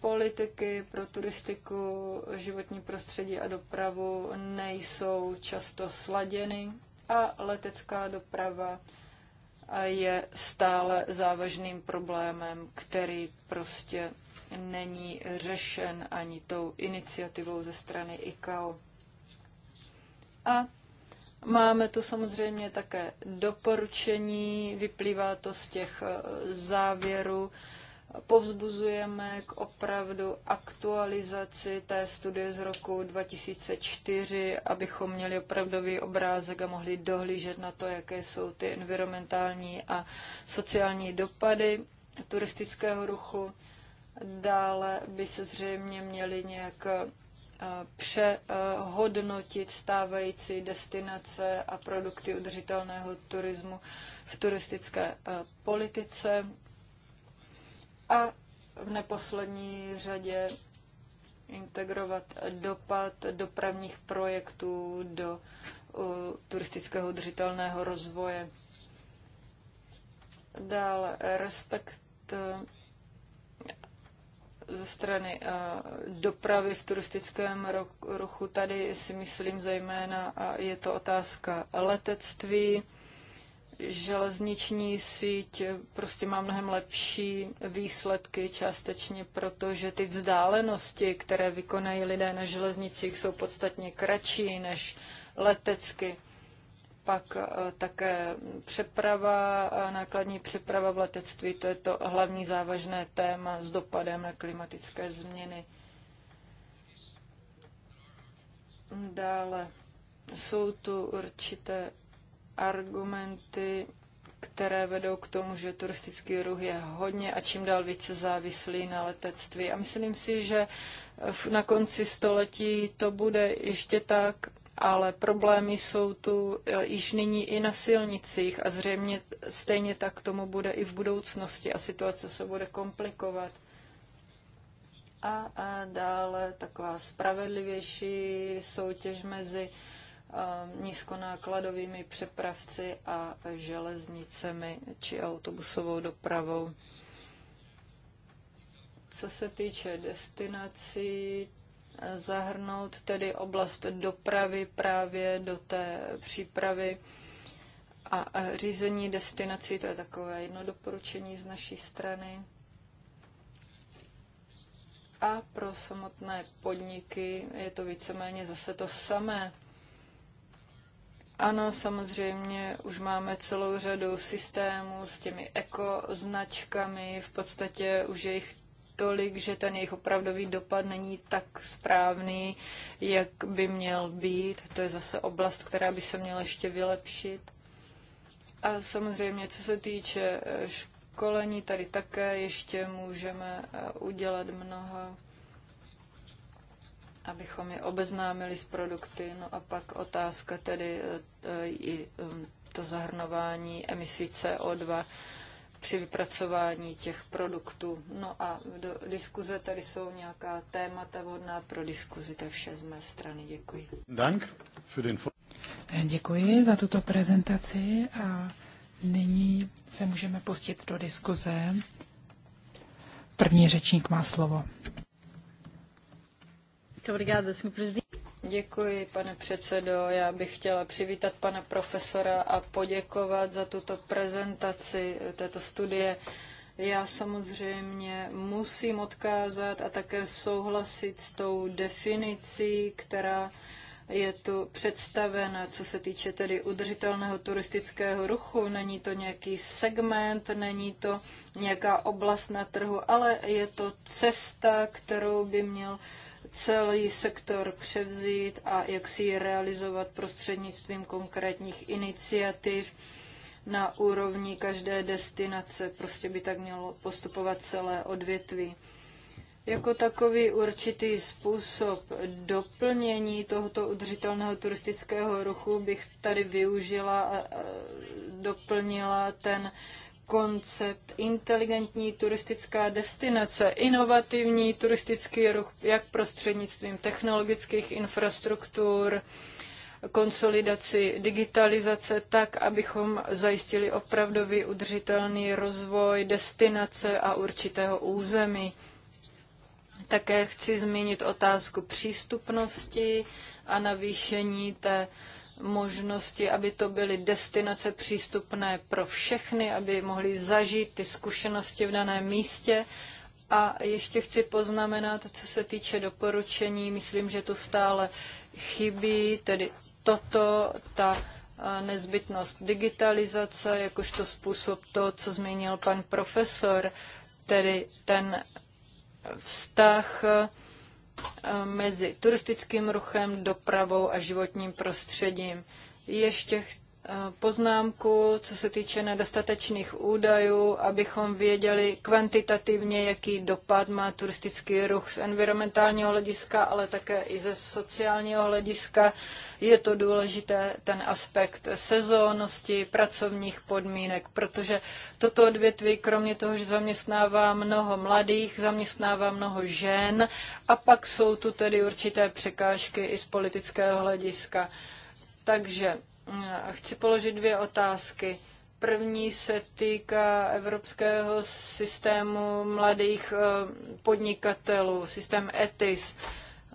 politiky pro turistiku, životní prostředí a dopravu nejsou často sladěny a letecká doprava je stále závažným problémem, který prostě není řešen ani tou iniciativou ze strany ICAO. A Máme tu samozřejmě také doporučení, vyplývá to z těch e, závěrů. Povzbuzujeme k opravdu aktualizaci té studie z roku 2004, abychom měli opravdový obrázek a mohli dohlížet na to, jaké jsou ty environmentální a sociální dopady turistického ruchu. Dále by se zřejmě měly nějak přehodnotit stávající destinace a produkty udržitelného turismu v turistické politice a v neposlední řadě integrovat dopad dopravních projektů do turistického udržitelného rozvoje. Dále respekt ze strany eh, dopravy v turistickém ruchu. Tady si myslím zejména, a je to otázka letectví, železniční síť prostě má mnohem lepší výsledky částečně, protože ty vzdálenosti, které vykonají lidé na železnicích, jsou podstatně kratší než letecky pak eh, také přeprava, eh, nákladní přeprava v letectví, to je to hlavní závažné téma s dopadem na klimatické změny. Dále jsou tu určité argumenty, které vedou k tomu, že turistický ruch je hodně a čím dál více závislý na letectví. A myslím si, že na konci století to bude ještě tak, ale problémy jsou tu e, již nyní i na silnicích a zřejmě stejně tak tomu bude i v budoucnosti a situace se bude komplikovat. A, a dále taková spravedlivější soutěž mezi e, nízkonákladovými přepravci a železnicemi či autobusovou dopravou. Co se týče destinací, zahrnout tedy oblast dopravy právě do té přípravy a řízení destinací. To je takové jedno doporučení z naší strany. A pro samotné podniky je to víceméně zase to samé. Ano, samozřejmě už máme celou řadu systémů s těmi ekoznačkami, v podstatě už je jich tolik, že ten jejich opravdový dopad není tak správný, jak by měl být. To je zase oblast, která by se měla ještě vylepšit. A samozřejmě, co se týče eh, školení, tady také ještě můžeme eh, udělat mnoho abychom je obeznámili s produkty. No a pak otázka tedy eh, i to zahrnování emisí CO2 při vypracování těch produktů. No a do diskuze tady jsou nějaká témata vhodná pro diskuzi. To je vše z mé strany. Děkuji. Dank für den... Děkuji za tuto prezentaci a nyní se můžeme pustit do diskuze. První řečník má slovo. Děkuji, pane předsedo. Já bych chtěla přivítat pana profesora a poděkovat za tuto prezentaci této studie. Já samozřejmě musím odkázat a také souhlasit s tou definicí, která je tu představena, co se týče tedy udržitelného turistického ruchu. Není to nějaký segment, není to nějaká oblast na trhu, ale je to cesta, kterou by měl celý sektor převzít a jak si ji realizovat prostřednictvím konkrétních iniciativ na úrovni každé destinace. Prostě by tak mělo postupovat celé odvětví jako takový určitý způsob doplnění tohoto udržitelného turistického ruchu bych tady využila a doplnila ten koncept inteligentní turistická destinace, inovativní turistický ruch, jak prostřednictvím technologických infrastruktur, konsolidaci digitalizace tak, abychom zajistili opravdový udržitelný rozvoj destinace a určitého území. Také chci zmínit otázku přístupnosti a navýšení té možnosti, aby to byly destinace přístupné pro všechny, aby mohli zažít ty zkušenosti v daném místě. A ještě chci poznamenat, co se týče doporučení, myslím, že to stále chybí, tedy toto, ta nezbytnost digitalizace, jakožto způsob to, co zmínil pan profesor, tedy ten vztah Eh, mezi turistickým ruchem, dopravou a životním prostředím. Ještě Eh, poznámku, co se týče nedostatečných údajů, abychom věděli kvantitativně, jaký dopad má turistický ruch z environmentálního hlediska, ale také i ze sociálního hlediska. Je to důležité, ten aspekt sezónnosti, pracovních podmínek, protože toto odvětví, kromě toho, že zaměstnává mnoho mladých, zaměstnává mnoho žen a pak jsou tu tedy určité překážky i z politického hlediska. Takže Eh, chci položit dvě otázky. První se týká evropského systému mladých eh, podnikatelů, systém ETIS.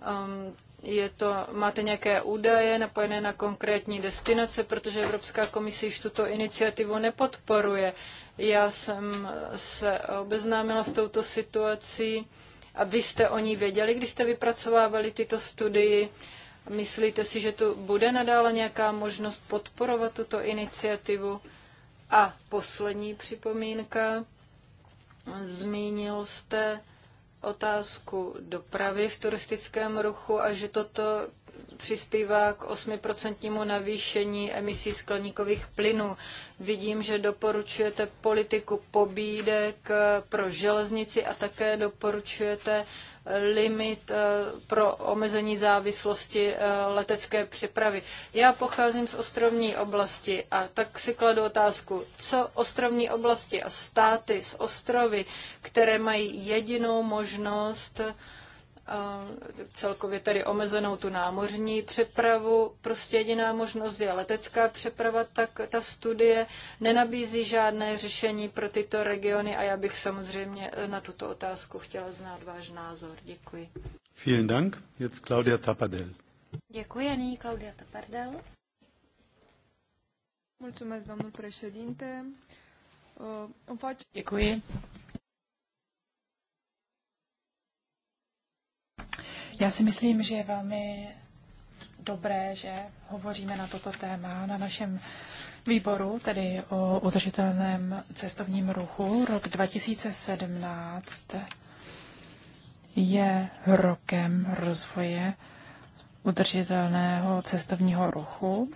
Ehm, je to, máte nějaké údaje napojené na konkrétní destinace, protože Evropská komise již tuto iniciativu nepodporuje. Já jsem se obeznámila s touto situací a vy jste o ní věděli, když jste vypracovávali tyto studii. Myslíte si, že tu bude nadále nějaká možnost podporovat tuto iniciativu? A poslední připomínka. Zmínil jste otázku dopravy v turistickém ruchu a že toto přispívá k 8% navýšení emisí skleníkových plynů. Vidím, že doporučujete politiku pobídek pro železnici a také doporučujete limit eh, pro omezení závislosti eh, letecké přepravy. Já pocházím z ostrovní oblasti a tak si kladu otázku, co ostrovní oblasti a státy z ostrovy, které mají jedinou možnost uh, celkově tedy omezenou tu námořní přepravu. Prostě jediná možnost je letecká přeprava, tak ta studie nenabízí žádné řešení pro tyto regiony a já bych samozřejmě na tuto otázku chtěla znát váš názor. Děkuji. Vielen Dank. Jetzt Claudia Tapadel. Děkuji, nyní Claudia Tapadel. Mulțumesc, domnul președinte. Děkuji. Já si myslím, že je velmi dobré, že hovoříme na toto téma na našem výboru, tedy o udržitelném cestovním ruchu. Rok 2017 je rokem rozvoje udržitelného cestovního ruchu.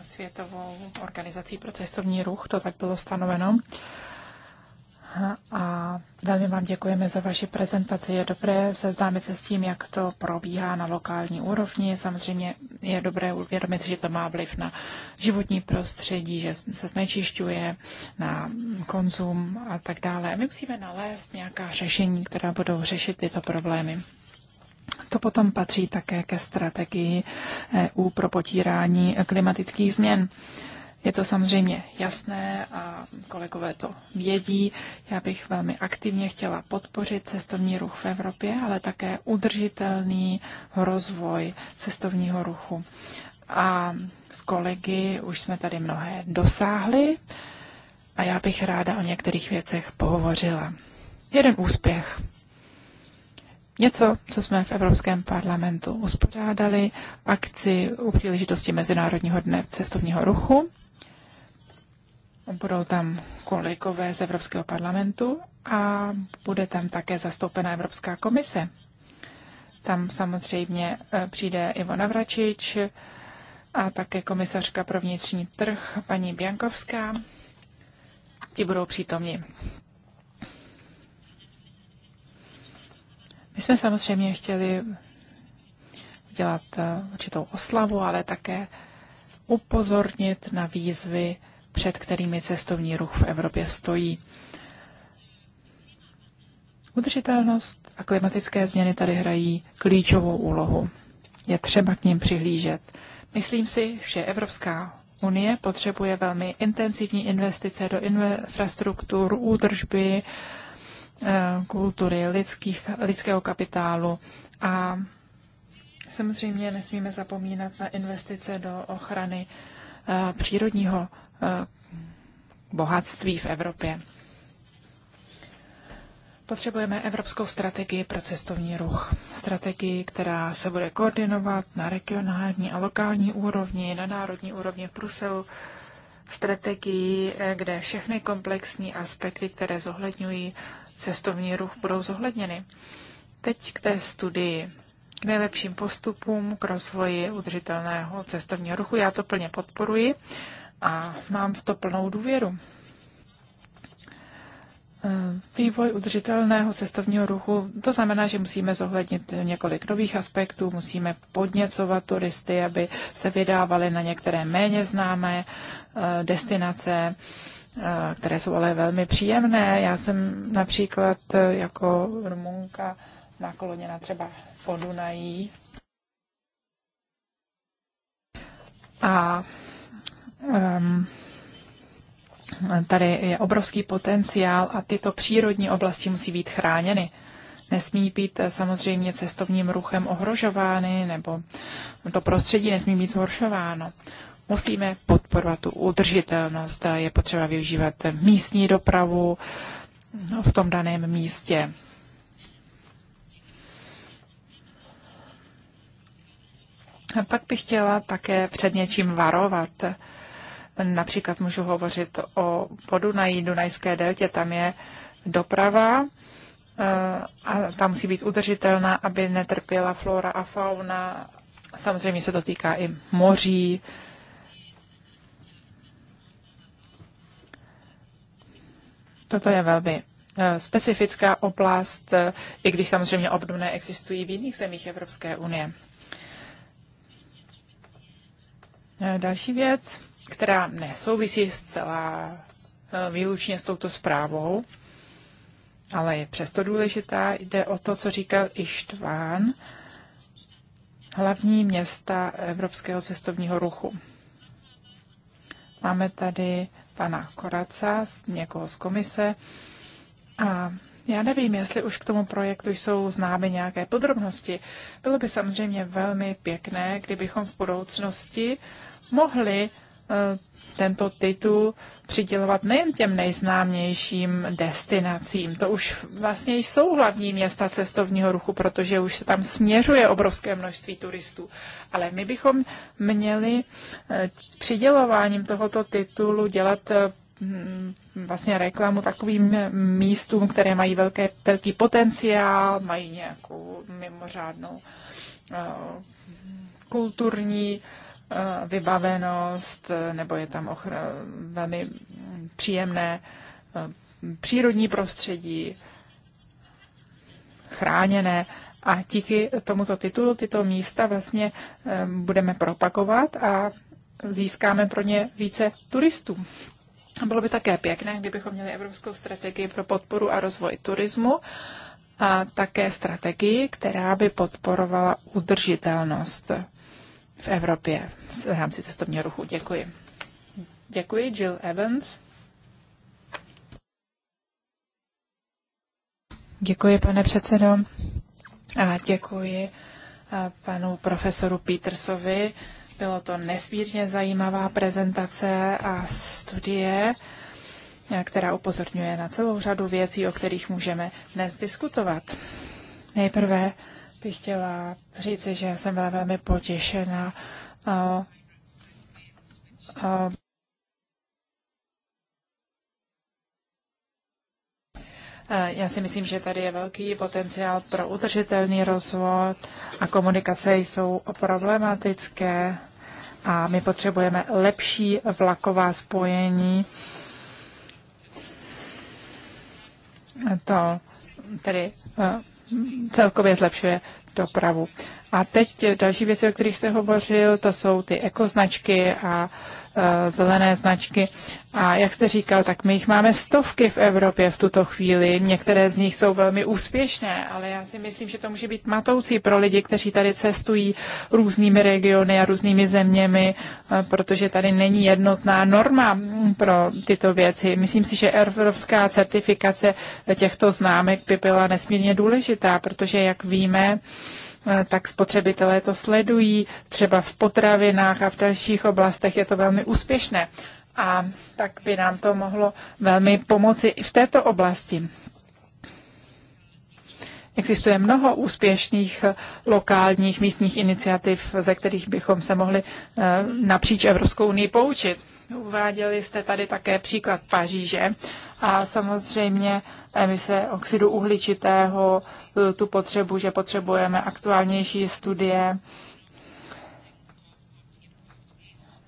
Světovou organizací pro cestovní ruch to tak bylo stanoveno a velmi vám děkujeme za vaši prezentaci. Je dobré seznámit se s tím, jak to probíhá na lokální úrovni. Samozřejmě je dobré uvědomit že to má vliv na životní prostředí, že se znečišťuje, na konzum a tak dále. My musíme nalézt nějaká řešení, která budou řešit tyto problémy. To potom patří také ke strategii EU pro potírání klimatických změn. Je to samozřejmě jasné a kolegové to vědí. Já bych velmi aktivně chtěla podpořit cestovní ruch v Evropě, ale také udržitelný rozvoj cestovního ruchu. A s kolegy už jsme tady mnohé dosáhli a já bych ráda o některých věcech pohovořila. Jeden úspěch. Něco, co jsme v Evropském parlamentu uspořádali, akci u příležitosti Mezinárodního dne cestovního ruchu budou tam kolegové z Evropského parlamentu a bude tam také zastoupena Evropská komise. Tam samozřejmě eh, přijde Ivo Navračič a také komisařka pro vnitřní trh paní Biankovská. Ti budou přítomni. My jsme samozřejmě chtěli udělat eh, určitou oslavu, ale také upozornit na výzvy, před kterými cestovní ruch v Evropě stojí. Udržitelnost a klimatické změny tady hrají klíčovou úlohu. Je třeba k ním přihlížet. Myslím si, že Evropská unie potřebuje velmi intenzivní investice do infrastruktur, údržby, eh, kultury, lidských, lidského kapitálu a samozřejmě nesmíme zapomínat na investice do ochrany eh, přírodního Eh, bohatství v Evropě. Potřebujeme evropskou strategii pro cestovní ruch. Strategii, která se bude koordinovat na regionální a lokální úrovni, na národní úrovni v Bruselu. Strategii, eh, kde všechny komplexní aspekty, které zohledňují cestovní ruch, budou zohledněny. Teď k té studii k nejlepším postupům k rozvoji udržitelného cestovního ruchu. Já to plně podporuji a mám v to plnou důvěru. E, vývoj udržitelného cestovního ruchu, to znamená, že musíme zohlednit několik nových aspektů, musíme podněcovat turisty, aby se vydávali na některé méně známé e, destinace, e, které jsou ale velmi příjemné. Já jsem například jako Rumunka na koloně na třeba Podunají. A um, tady je obrovský potenciál a tyto přírodní oblasti musí být chráněny. Nesmí být eh, samozřejmě cestovním ruchem ohrožovány nebo to prostředí nesmí být zhoršováno. Musíme podporovat tu udržitelnost, eh, je potřeba využívat místní dopravu no, v tom daném místě. A pak bych chtěla také před něčím varovat. Například můžu hovořit o Podunají, Dunajské deltě, tam je doprava eh, a ta musí být udržitelná, aby netrpěla flora a fauna. Samozřejmě se to týká i moří. Toto je velmi eh, specifická oblast, eh, i když samozřejmě obdobné existují v jiných zemích Evropské unie. Další věc která nesouvisí zcela eh, výlučně s touto zprávou, ale je přesto důležitá. Jde o to, co říkal Ištván, hlavní města evropského cestovního ruchu. Máme tady pana Koraca, někoho z komise. A já nevím, jestli už k tomu projektu jsou známy nějaké podrobnosti. Bylo by samozřejmě velmi pěkné, kdybychom v budoucnosti mohli Eh, tento titul přidělovat nejen těm nejznámějším destinacím. To už vlastně jsou hlavní města cestovního ruchu, protože už se tam směřuje obrovské množství turistů. Ale my bychom měli eh, přidělováním tohoto titulu dělat eh, mm, vlastně reklamu takovým místům, které mají velké, velký potenciál, mají nějakou mimořádnou kulturní uh, Eh, vybavenost, eh, nebo je tam ochra- velmi příjemné eh, přírodní prostředí, chráněné. A díky tomuto titulu tyto místa vlastně budeme propagovat a získáme pro ně více turistů. Bylo by také pěkné, kdybychom měli evropskou strategii pro podporu a rozvoj turismu a také strategii, která by podporovala udržitelnost v Evropě v rámci cestovního ruchu. Děkuji. Děkuji, Jill Evans. Děkuji, pane předsedo. A děkuji panu profesoru Petersovi. Bylo to nesmírně zajímavá prezentace a studie, která upozorňuje na celou řadu věcí, o kterých můžeme dnes diskutovat. Nejprve bych chtěla říci, že jsem byla velmi potěšena A, a, Já si myslím, že tady je velký potenciál pro udržitelný rozvoj a komunikace jsou problematické a my potřebujeme lepší vlaková spojení. To tedy celkově zlepšuje dopravu. A teď další věci, o kterých jste hovořil, to jsou ty ekoznačky a e, zelené značky. A jak jste říkal, tak my jich máme stovky v Evropě v tuto chvíli. Některé z nich jsou velmi úspěšné, ale já si myslím, že to může být matoucí pro lidi, kteří tady cestují různými regiony a různými zeměmi, e, protože tady není jednotná norma pro tyto věci. Myslím si, že evropská certifikace těchto známek by byla nesmírně důležitá, protože, jak víme, Eh, tak spotřebitelé to sledují, třeba v potravinách a v dalších oblastech je to velmi úspěšné. A tak by nám to mohlo velmi pomoci i v této oblasti. Existuje mnoho úspěšných lokálních místních iniciativ, ze kterých bychom se mohli eh, napříč Evropskou unii poučit. Uváděli jste tady také příklad Paříže a samozřejmě emise oxidu uhličitého, e, tu potřebu, že potřebujeme aktuálnější studie.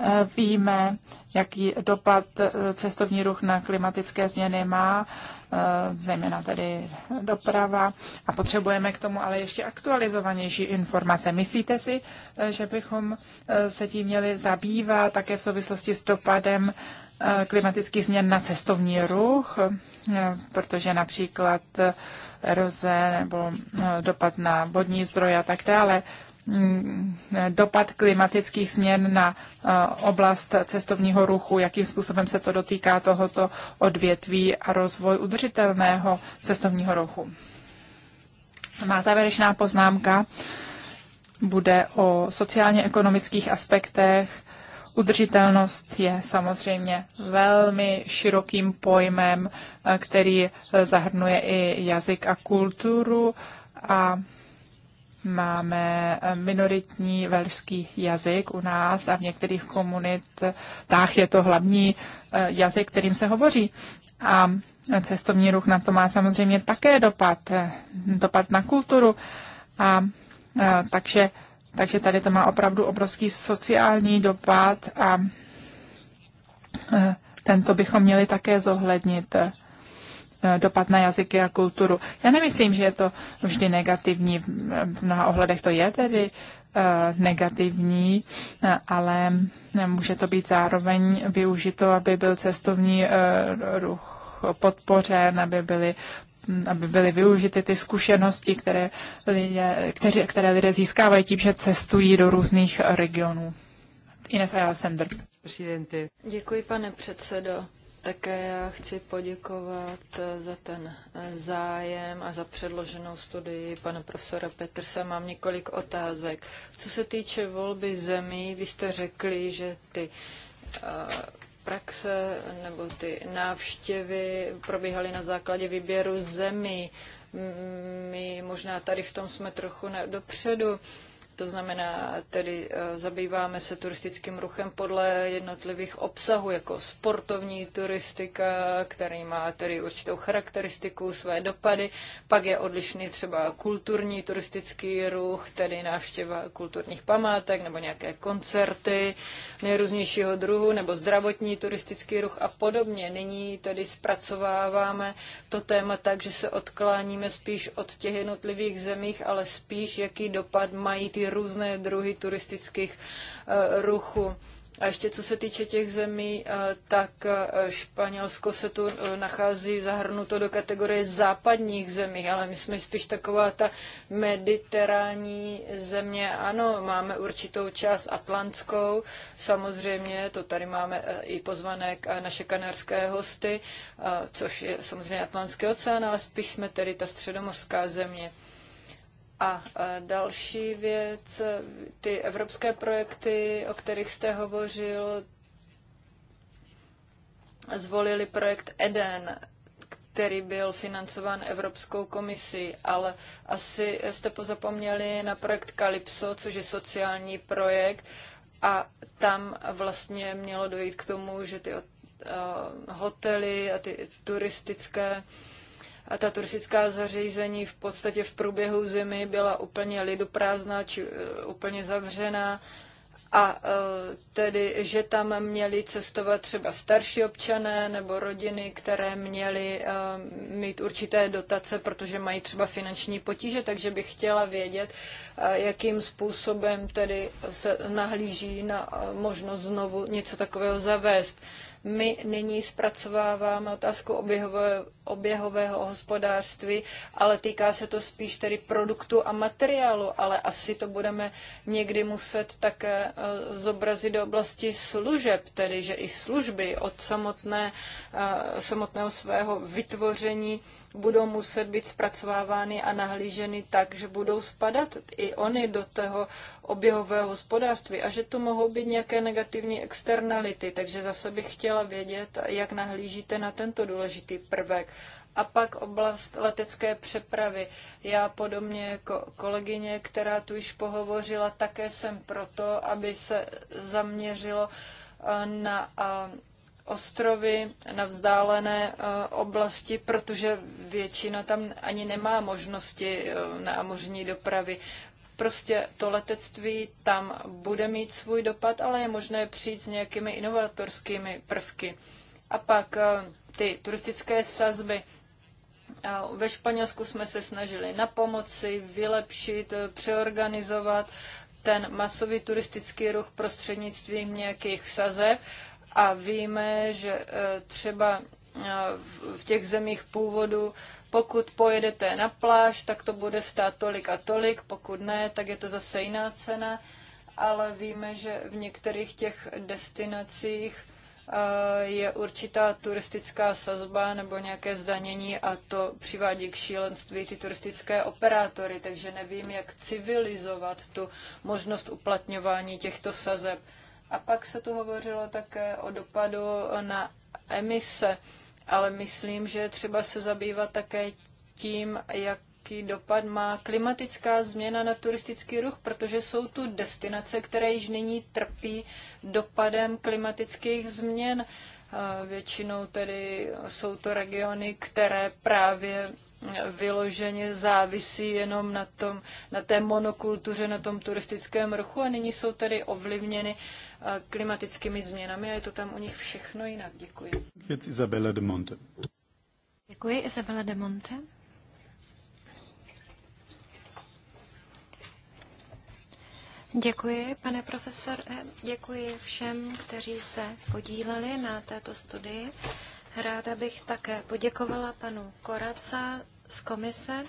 E, víme, jaký dopad e, cestovní ruch na klimatické změny má Eh, zejména tedy doprava. A potřebujeme k tomu ale ještě aktualizovanější informace. Myslíte si, eh, že bychom eh, se tím měli zabývat také v souvislosti s dopadem klimatických změn na cestovní ruch, protože například roze nebo dopad na vodní zdroje a tak dále. Mm, dopad klimatických změn na eh, oblast cestovního ruchu, jakým způsobem se to dotýká tohoto odvětví a rozvoj udržitelného cestovního ruchu. Má závěrečná poznámka bude o sociálně-ekonomických aspektech. Udržitelnost je samozřejmě velmi širokým pojmem, eh, který zahrnuje i jazyk a kulturu a máme eh, minoritní velšský jazyk u nás a v některých komunitách je to hlavní eh, jazyk, kterým se hovoří. A cestovní ruch na to má samozřejmě také dopad, eh, dopad na kulturu. A, a takže, takže tady to má opravdu obrovský sociální dopad a, a tento bychom měli také zohlednit. Eh, dopad na jazyky a kulturu. Já nemyslím, že je to vždy negativní, v mnoha ohledech to je tedy eh, negativní, eh, ale může to být zároveň využito, aby byl cestovní ruch podpořen, aby byly hm, aby byly využity ty zkušenosti, které lidé, kteři, které lidé získávají tím, že cestují do různých regionů. Ines Ayala Sender. Děkuji, pane předsedo. Také já chci poděkovat eh, za ten eh, zájem a za předloženou studii pana profesora Petrsa. Mám několik otázek. Co se týče volby zemí, vy jste řekli, že ty eh, praxe nebo ty návštěvy probíhaly na základě výběru zemí. My možná tady v tom jsme trochu dopředu. To znamená, tedy eh, zabýváme se turistickým ruchem podle jednotlivých obsahů, jako sportovní turistika, který má tedy určitou charakteristiku, své dopady. Pak je odlišný třeba kulturní turistický ruch, tedy návštěva kulturních památek nebo nějaké koncerty nejrůznějšího druhu, nebo zdravotní turistický ruch a podobně. Nyní tedy zpracováváme to téma tak, že se odkláníme spíš od těch jednotlivých zemích, ale spíš, jaký dopad mají ty různé druhy turistických eh, ruchů. A ještě co se týče těch zemí, eh, tak eh, Španělsko se tu nachází zahrnuto do kategorie západních zemí, ale my jsme spíš taková ta mediteránní země. Ano, máme určitou část atlantskou, samozřejmě, to tady máme i pozvané k naše kanárské hosty, což je samozřejmě Atlantský oceán, ale spíš jsme tedy ta středomořská země. A další věc, ty evropské projekty, o kterých jste hovořil, zvolili projekt EDEN, který byl financován Evropskou komisí, ale asi jste pozapomněli na projekt Calypso, což je sociální projekt a tam vlastně mělo dojít k tomu, že ty hotely a ty turistické uh, a ta turistická zařízení v podstatě v průběhu zimy byla úplně lidoprázdná či e, úplně zavřená a e, tedy, že tam měli cestovat třeba starší občané nebo rodiny, které měly e, mít určité dotace, protože mají třeba finanční potíže, takže bych chtěla vědět, jakým způsobem tedy se nahlíží na možnost znovu něco takového zavést. My nyní zpracováváme otázku oběhové, oběhového hospodářství, ale týká se to spíš tedy produktu a materiálu, ale asi to budeme někdy muset také eh, zobrazit do oblasti služeb, tedy že i služby od samotné, eh, samotného svého vytvoření budou muset být zpracovávány a nahlíženy tak, že budou spadat i oni do toho oběhového hospodářství a že tu mohou být nějaké negativní externality. Takže zase bych chtěla vědět, jak nahlížíte na tento důležitý prvek. A pak oblast letecké přepravy. Já podobně jako kolegyně, která tu již pohovořila, také jsem proto, aby se zaměřilo eh, na eh, ostrovy, na vzdálené eh, oblasti, protože většina tam ani nemá možnosti eh, námořní dopravy. Prostě to letectví tam bude mít svůj dopad, ale je možné přijít s nějakými inovatorskými prvky. A pak eh, ty turistické sazby. Ve Španělsku jsme se snažili na pomoci, vylepšit, přeorganizovat ten masový turistický ruch prostřednictvím nějakých sazeb a víme, že e, třeba e, v těch zemích původu, pokud pojedete na pláž, tak to bude stát tolik a tolik, pokud ne, tak je to zase jiná cena, ale víme, že v některých těch destinacích e, je určitá turistická sazba nebo nějaké zdanění a to přivádí k šílenství ty turistické operátory, takže nevím, jak civilizovat tu možnost uplatňování těchto sazeb. A pak se tu hovořilo také o dopadu na emise, ale myslím, že je třeba se zabývat také tím, jak jaký dopad má klimatická změna na turistický ruch, protože jsou tu destinace, které již nyní trpí dopadem klimatických změn. Většinou tedy jsou to regiony, které právě vyloženě závisí jenom na, tom, na té monokultuře, na tom turistickém ruchu a nyní jsou tedy ovlivněny Eh, klimatickými změnami a je to tam u nich všechno jinak. Děkuji. Isabella de Monte. Děkuji, Isabela de Monte. Děkuji, pane profesor. Eh, děkuji všem, kteří se podíleli na této studii. Ráda bych také poděkovala panu Koraca z komise.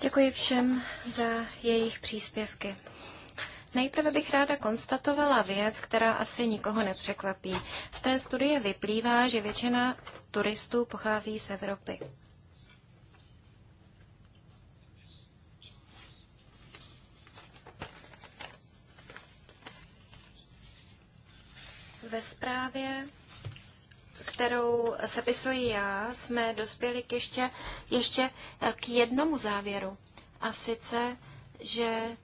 Děkuji všem za jejich příspěvky. Nejprve bych ráda konstatovala věc, která asi nikoho nepřekvapí. Z té studie vyplývá, že většina turistů pochází z Evropy. Ve zprávě kterou sepisuji já, jsme dospěli k ještě, ještě k jednomu závěru. A sice, že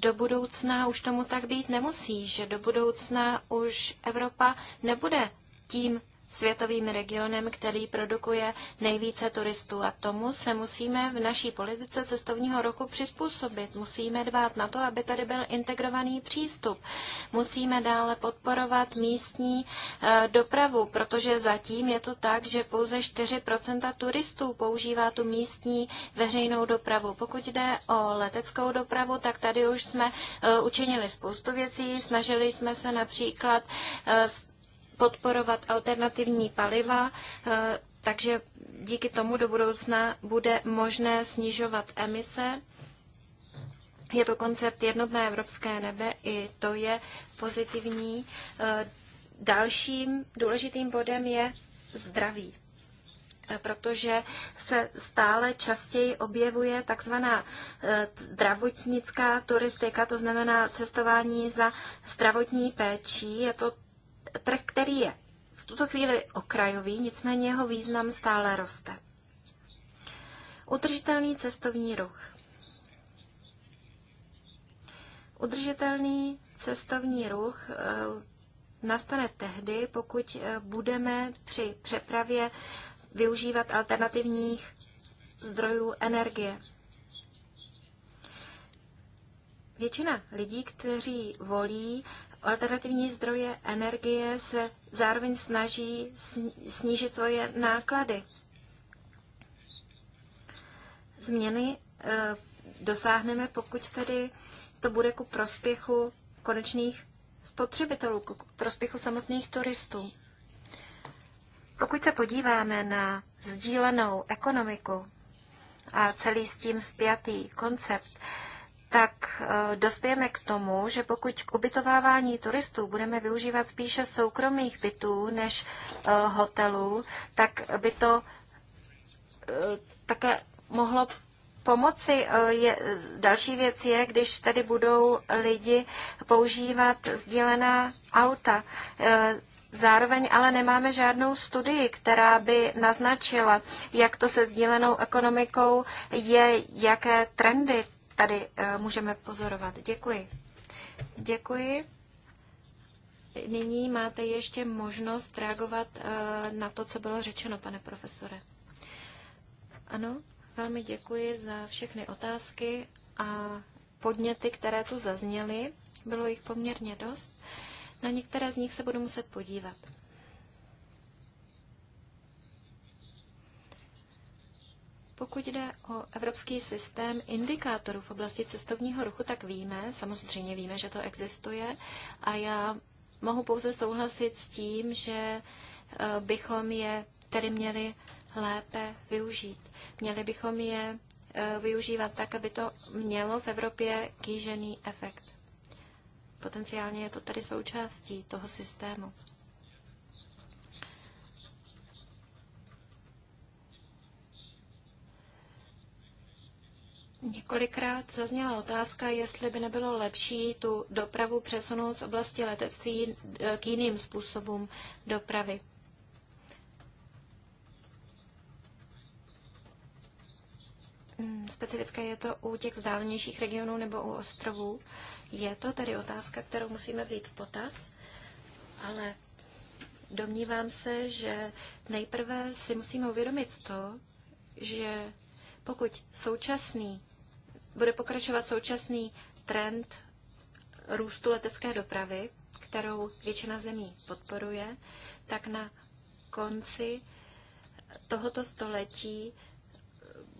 do budoucna už tomu tak být nemusí, že do budoucna už Evropa nebude tím světovým regionem, který produkuje nejvíce turistů. A tomu se musíme v naší politice cestovního roku přizpůsobit. Musíme dbát na to, aby tady byl integrovaný přístup. Musíme dále podporovat místní eh, dopravu, protože zatím je to tak, že pouze 4 turistů používá tu místní veřejnou dopravu. Pokud jde o leteckou dopravu, tak tady už jsme eh, učinili spoustu věcí. Snažili jsme se například eh, podporovat alternativní paliva, eh, takže díky tomu do budoucna bude možné snižovat emise. Je to koncept jednotné evropské nebe, i to je pozitivní. Eh, dalším důležitým bodem je zdraví, eh, protože se stále častěji objevuje takzvaná zdravotnická turistika, to znamená cestování za zdravotní péčí. Je to trh, který je v tuto chvíli okrajový, nicméně jeho význam stále roste. Udržitelný cestovní ruch. Udržitelný cestovní ruch eh, nastane tehdy, pokud eh, budeme při přepravě využívat alternativních zdrojů energie. Většina lidí, kteří volí alternativní zdroje energie se zároveň snaží snížit svoje náklady. Změny e, dosáhneme, pokud tedy to bude ku prospěchu konečných spotřebitelů, ku prospěchu samotných turistů. Pokud se podíváme na sdílenou ekonomiku a celý s tím spjatý koncept, tak eh, dospějeme k tomu, že pokud k ubytovávání turistů budeme využívat spíše soukromých bytů než eh, hotelů, tak by to eh, také mohlo pomoci. Je, další věc je, když tady budou lidi používat sdílená auta. Zároveň ale nemáme žádnou studii, která by naznačila, jak to se sdílenou ekonomikou je, jaké trendy tady eh, můžeme pozorovat. Děkuji. Děkuji. Nyní máte ještě možnost reagovat eh, na to, co bylo řečeno, pane profesore. Ano, velmi děkuji za všechny otázky a podněty, které tu zazněly. Bylo jich poměrně dost. Na některé z nich se budu muset podívat. Pokud jde o evropský systém indikátorů v oblasti cestovního ruchu, tak víme, samozřejmě víme, že to existuje a já mohu pouze souhlasit s tím, že eh, bychom je tedy měli lépe využít. Měli bychom je eh, využívat tak, aby to mělo v Evropě kýžený efekt. Potenciálně je to tady součástí toho systému. Několikrát zazněla otázka, jestli by nebylo lepší tu dopravu přesunout z oblasti letectví eh, k jiným způsobům dopravy. Hmm, specifické je to u těch vzdálenějších regionů nebo u ostrovů. Je to tedy otázka, kterou musíme vzít v potaz, ale domnívám se, že nejprve si musíme uvědomit to, že pokud současný bude pokračovat současný trend růstu letecké dopravy, kterou většina zemí podporuje, tak na konci tohoto století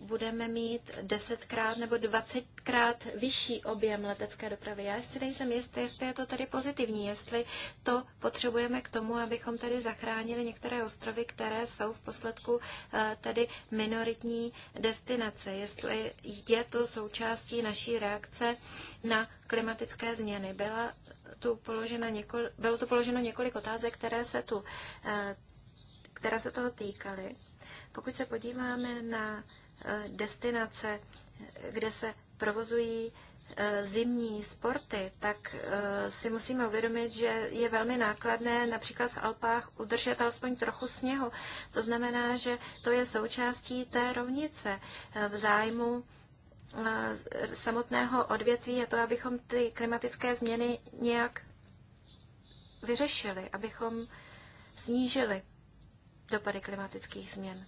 budeme mít desetkrát nebo dvacetkrát vyšší objem letecké dopravy. Já si nejsem jistý, jestli je to tady pozitivní, jestli to potřebujeme k tomu, abychom tady zachránili některé ostrovy, které jsou v posledku eh, tedy minoritní destinace, jestli je to součástí naší reakce na klimatické změny. Byla tu položena několik, bylo tu položeno několik otázek, které se tu eh, které se toho týkaly. Pokud se podíváme na Eh, destinace, kde se provozují eh, zimní sporty, tak eh, si musíme uvědomit, že je velmi nákladné například v Alpách udržet alespoň trochu sněhu. To znamená, že to je součástí té rovnice v zájmu samotného odvětví a to, abychom ty klimatické změny nějak vyřešili, abychom snížili dopady klimatických změn.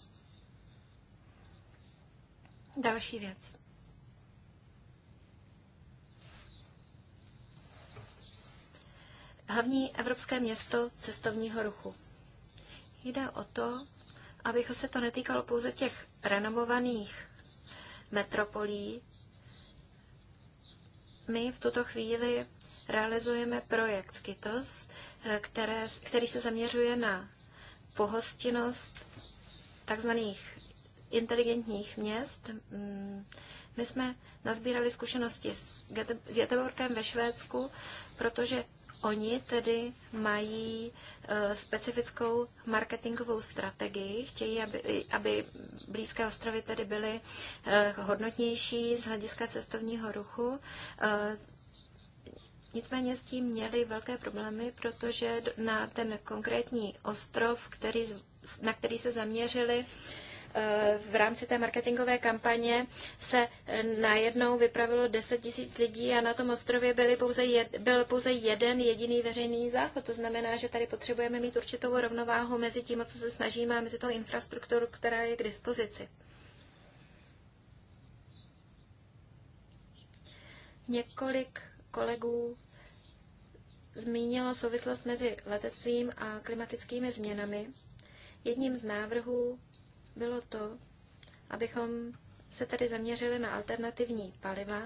Další věc. Hlavní evropské město cestovního ruchu. Jde o to, aby se to netýkalo pouze těch renomovaných metropolí. My v tuto chvíli realizujeme projekt Kytos, eh, které, který se zaměřuje na pohostinnost takzvaných inteligentních měst. Mm, my jsme nazbírali zkušenosti s Göteborgem ve Švédsku, protože oni tedy mají e, specifickou marketingovou strategii, chtějí, aby, aby blízké ostrovy tedy byly e, hodnotnější z hlediska cestovního ruchu. E, nicméně s tím měli velké problémy, protože na ten konkrétní ostrov, který, na který se zaměřili, v rámci té marketingové kampaně se najednou vypravilo 10 tisíc lidí a na tom ostrově byly pouze jed, byl pouze jeden jediný veřejný záchod. To znamená, že tady potřebujeme mít určitou rovnováhu mezi tím, o co se snažíme a mezi tou infrastrukturou, která je k dispozici. Několik kolegů zmínilo souvislost mezi letectvím a klimatickými změnami. Jedním z návrhů bylo to, abychom se tady zaměřili na alternativní paliva.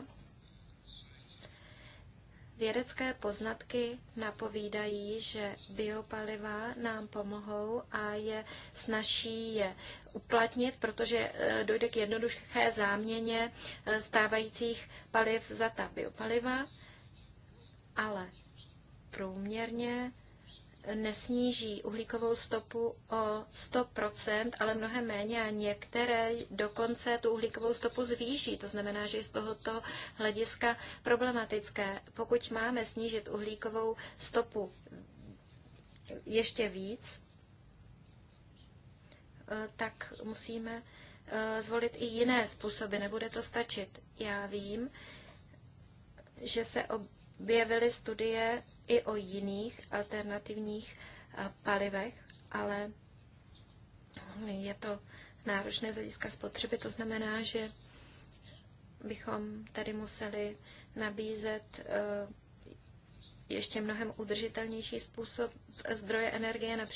Vědecké poznatky napovídají, že biopaliva nám pomohou a je snaží je uplatnit, protože eh, dojde k jednoduché záměně eh, stávajících paliv za ta biopaliva, ale průměrně nesníží uhlíkovou stopu o 100%, ale mnohem méně a některé dokonce tu uhlíkovou stopu zvýší. To znamená, že je z tohoto hlediska problematické. Pokud máme snížit uhlíkovou stopu ještě víc, eh, tak musíme eh, zvolit i jiné způsoby. Nebude to stačit. Já vím, že se objevily studie i o jiných alternativních palivech, ale je to náročné z hlediska spotřeby. To znamená, že bychom tady museli nabízet e, ještě mnohem udržitelnější způsob zdroje energie, například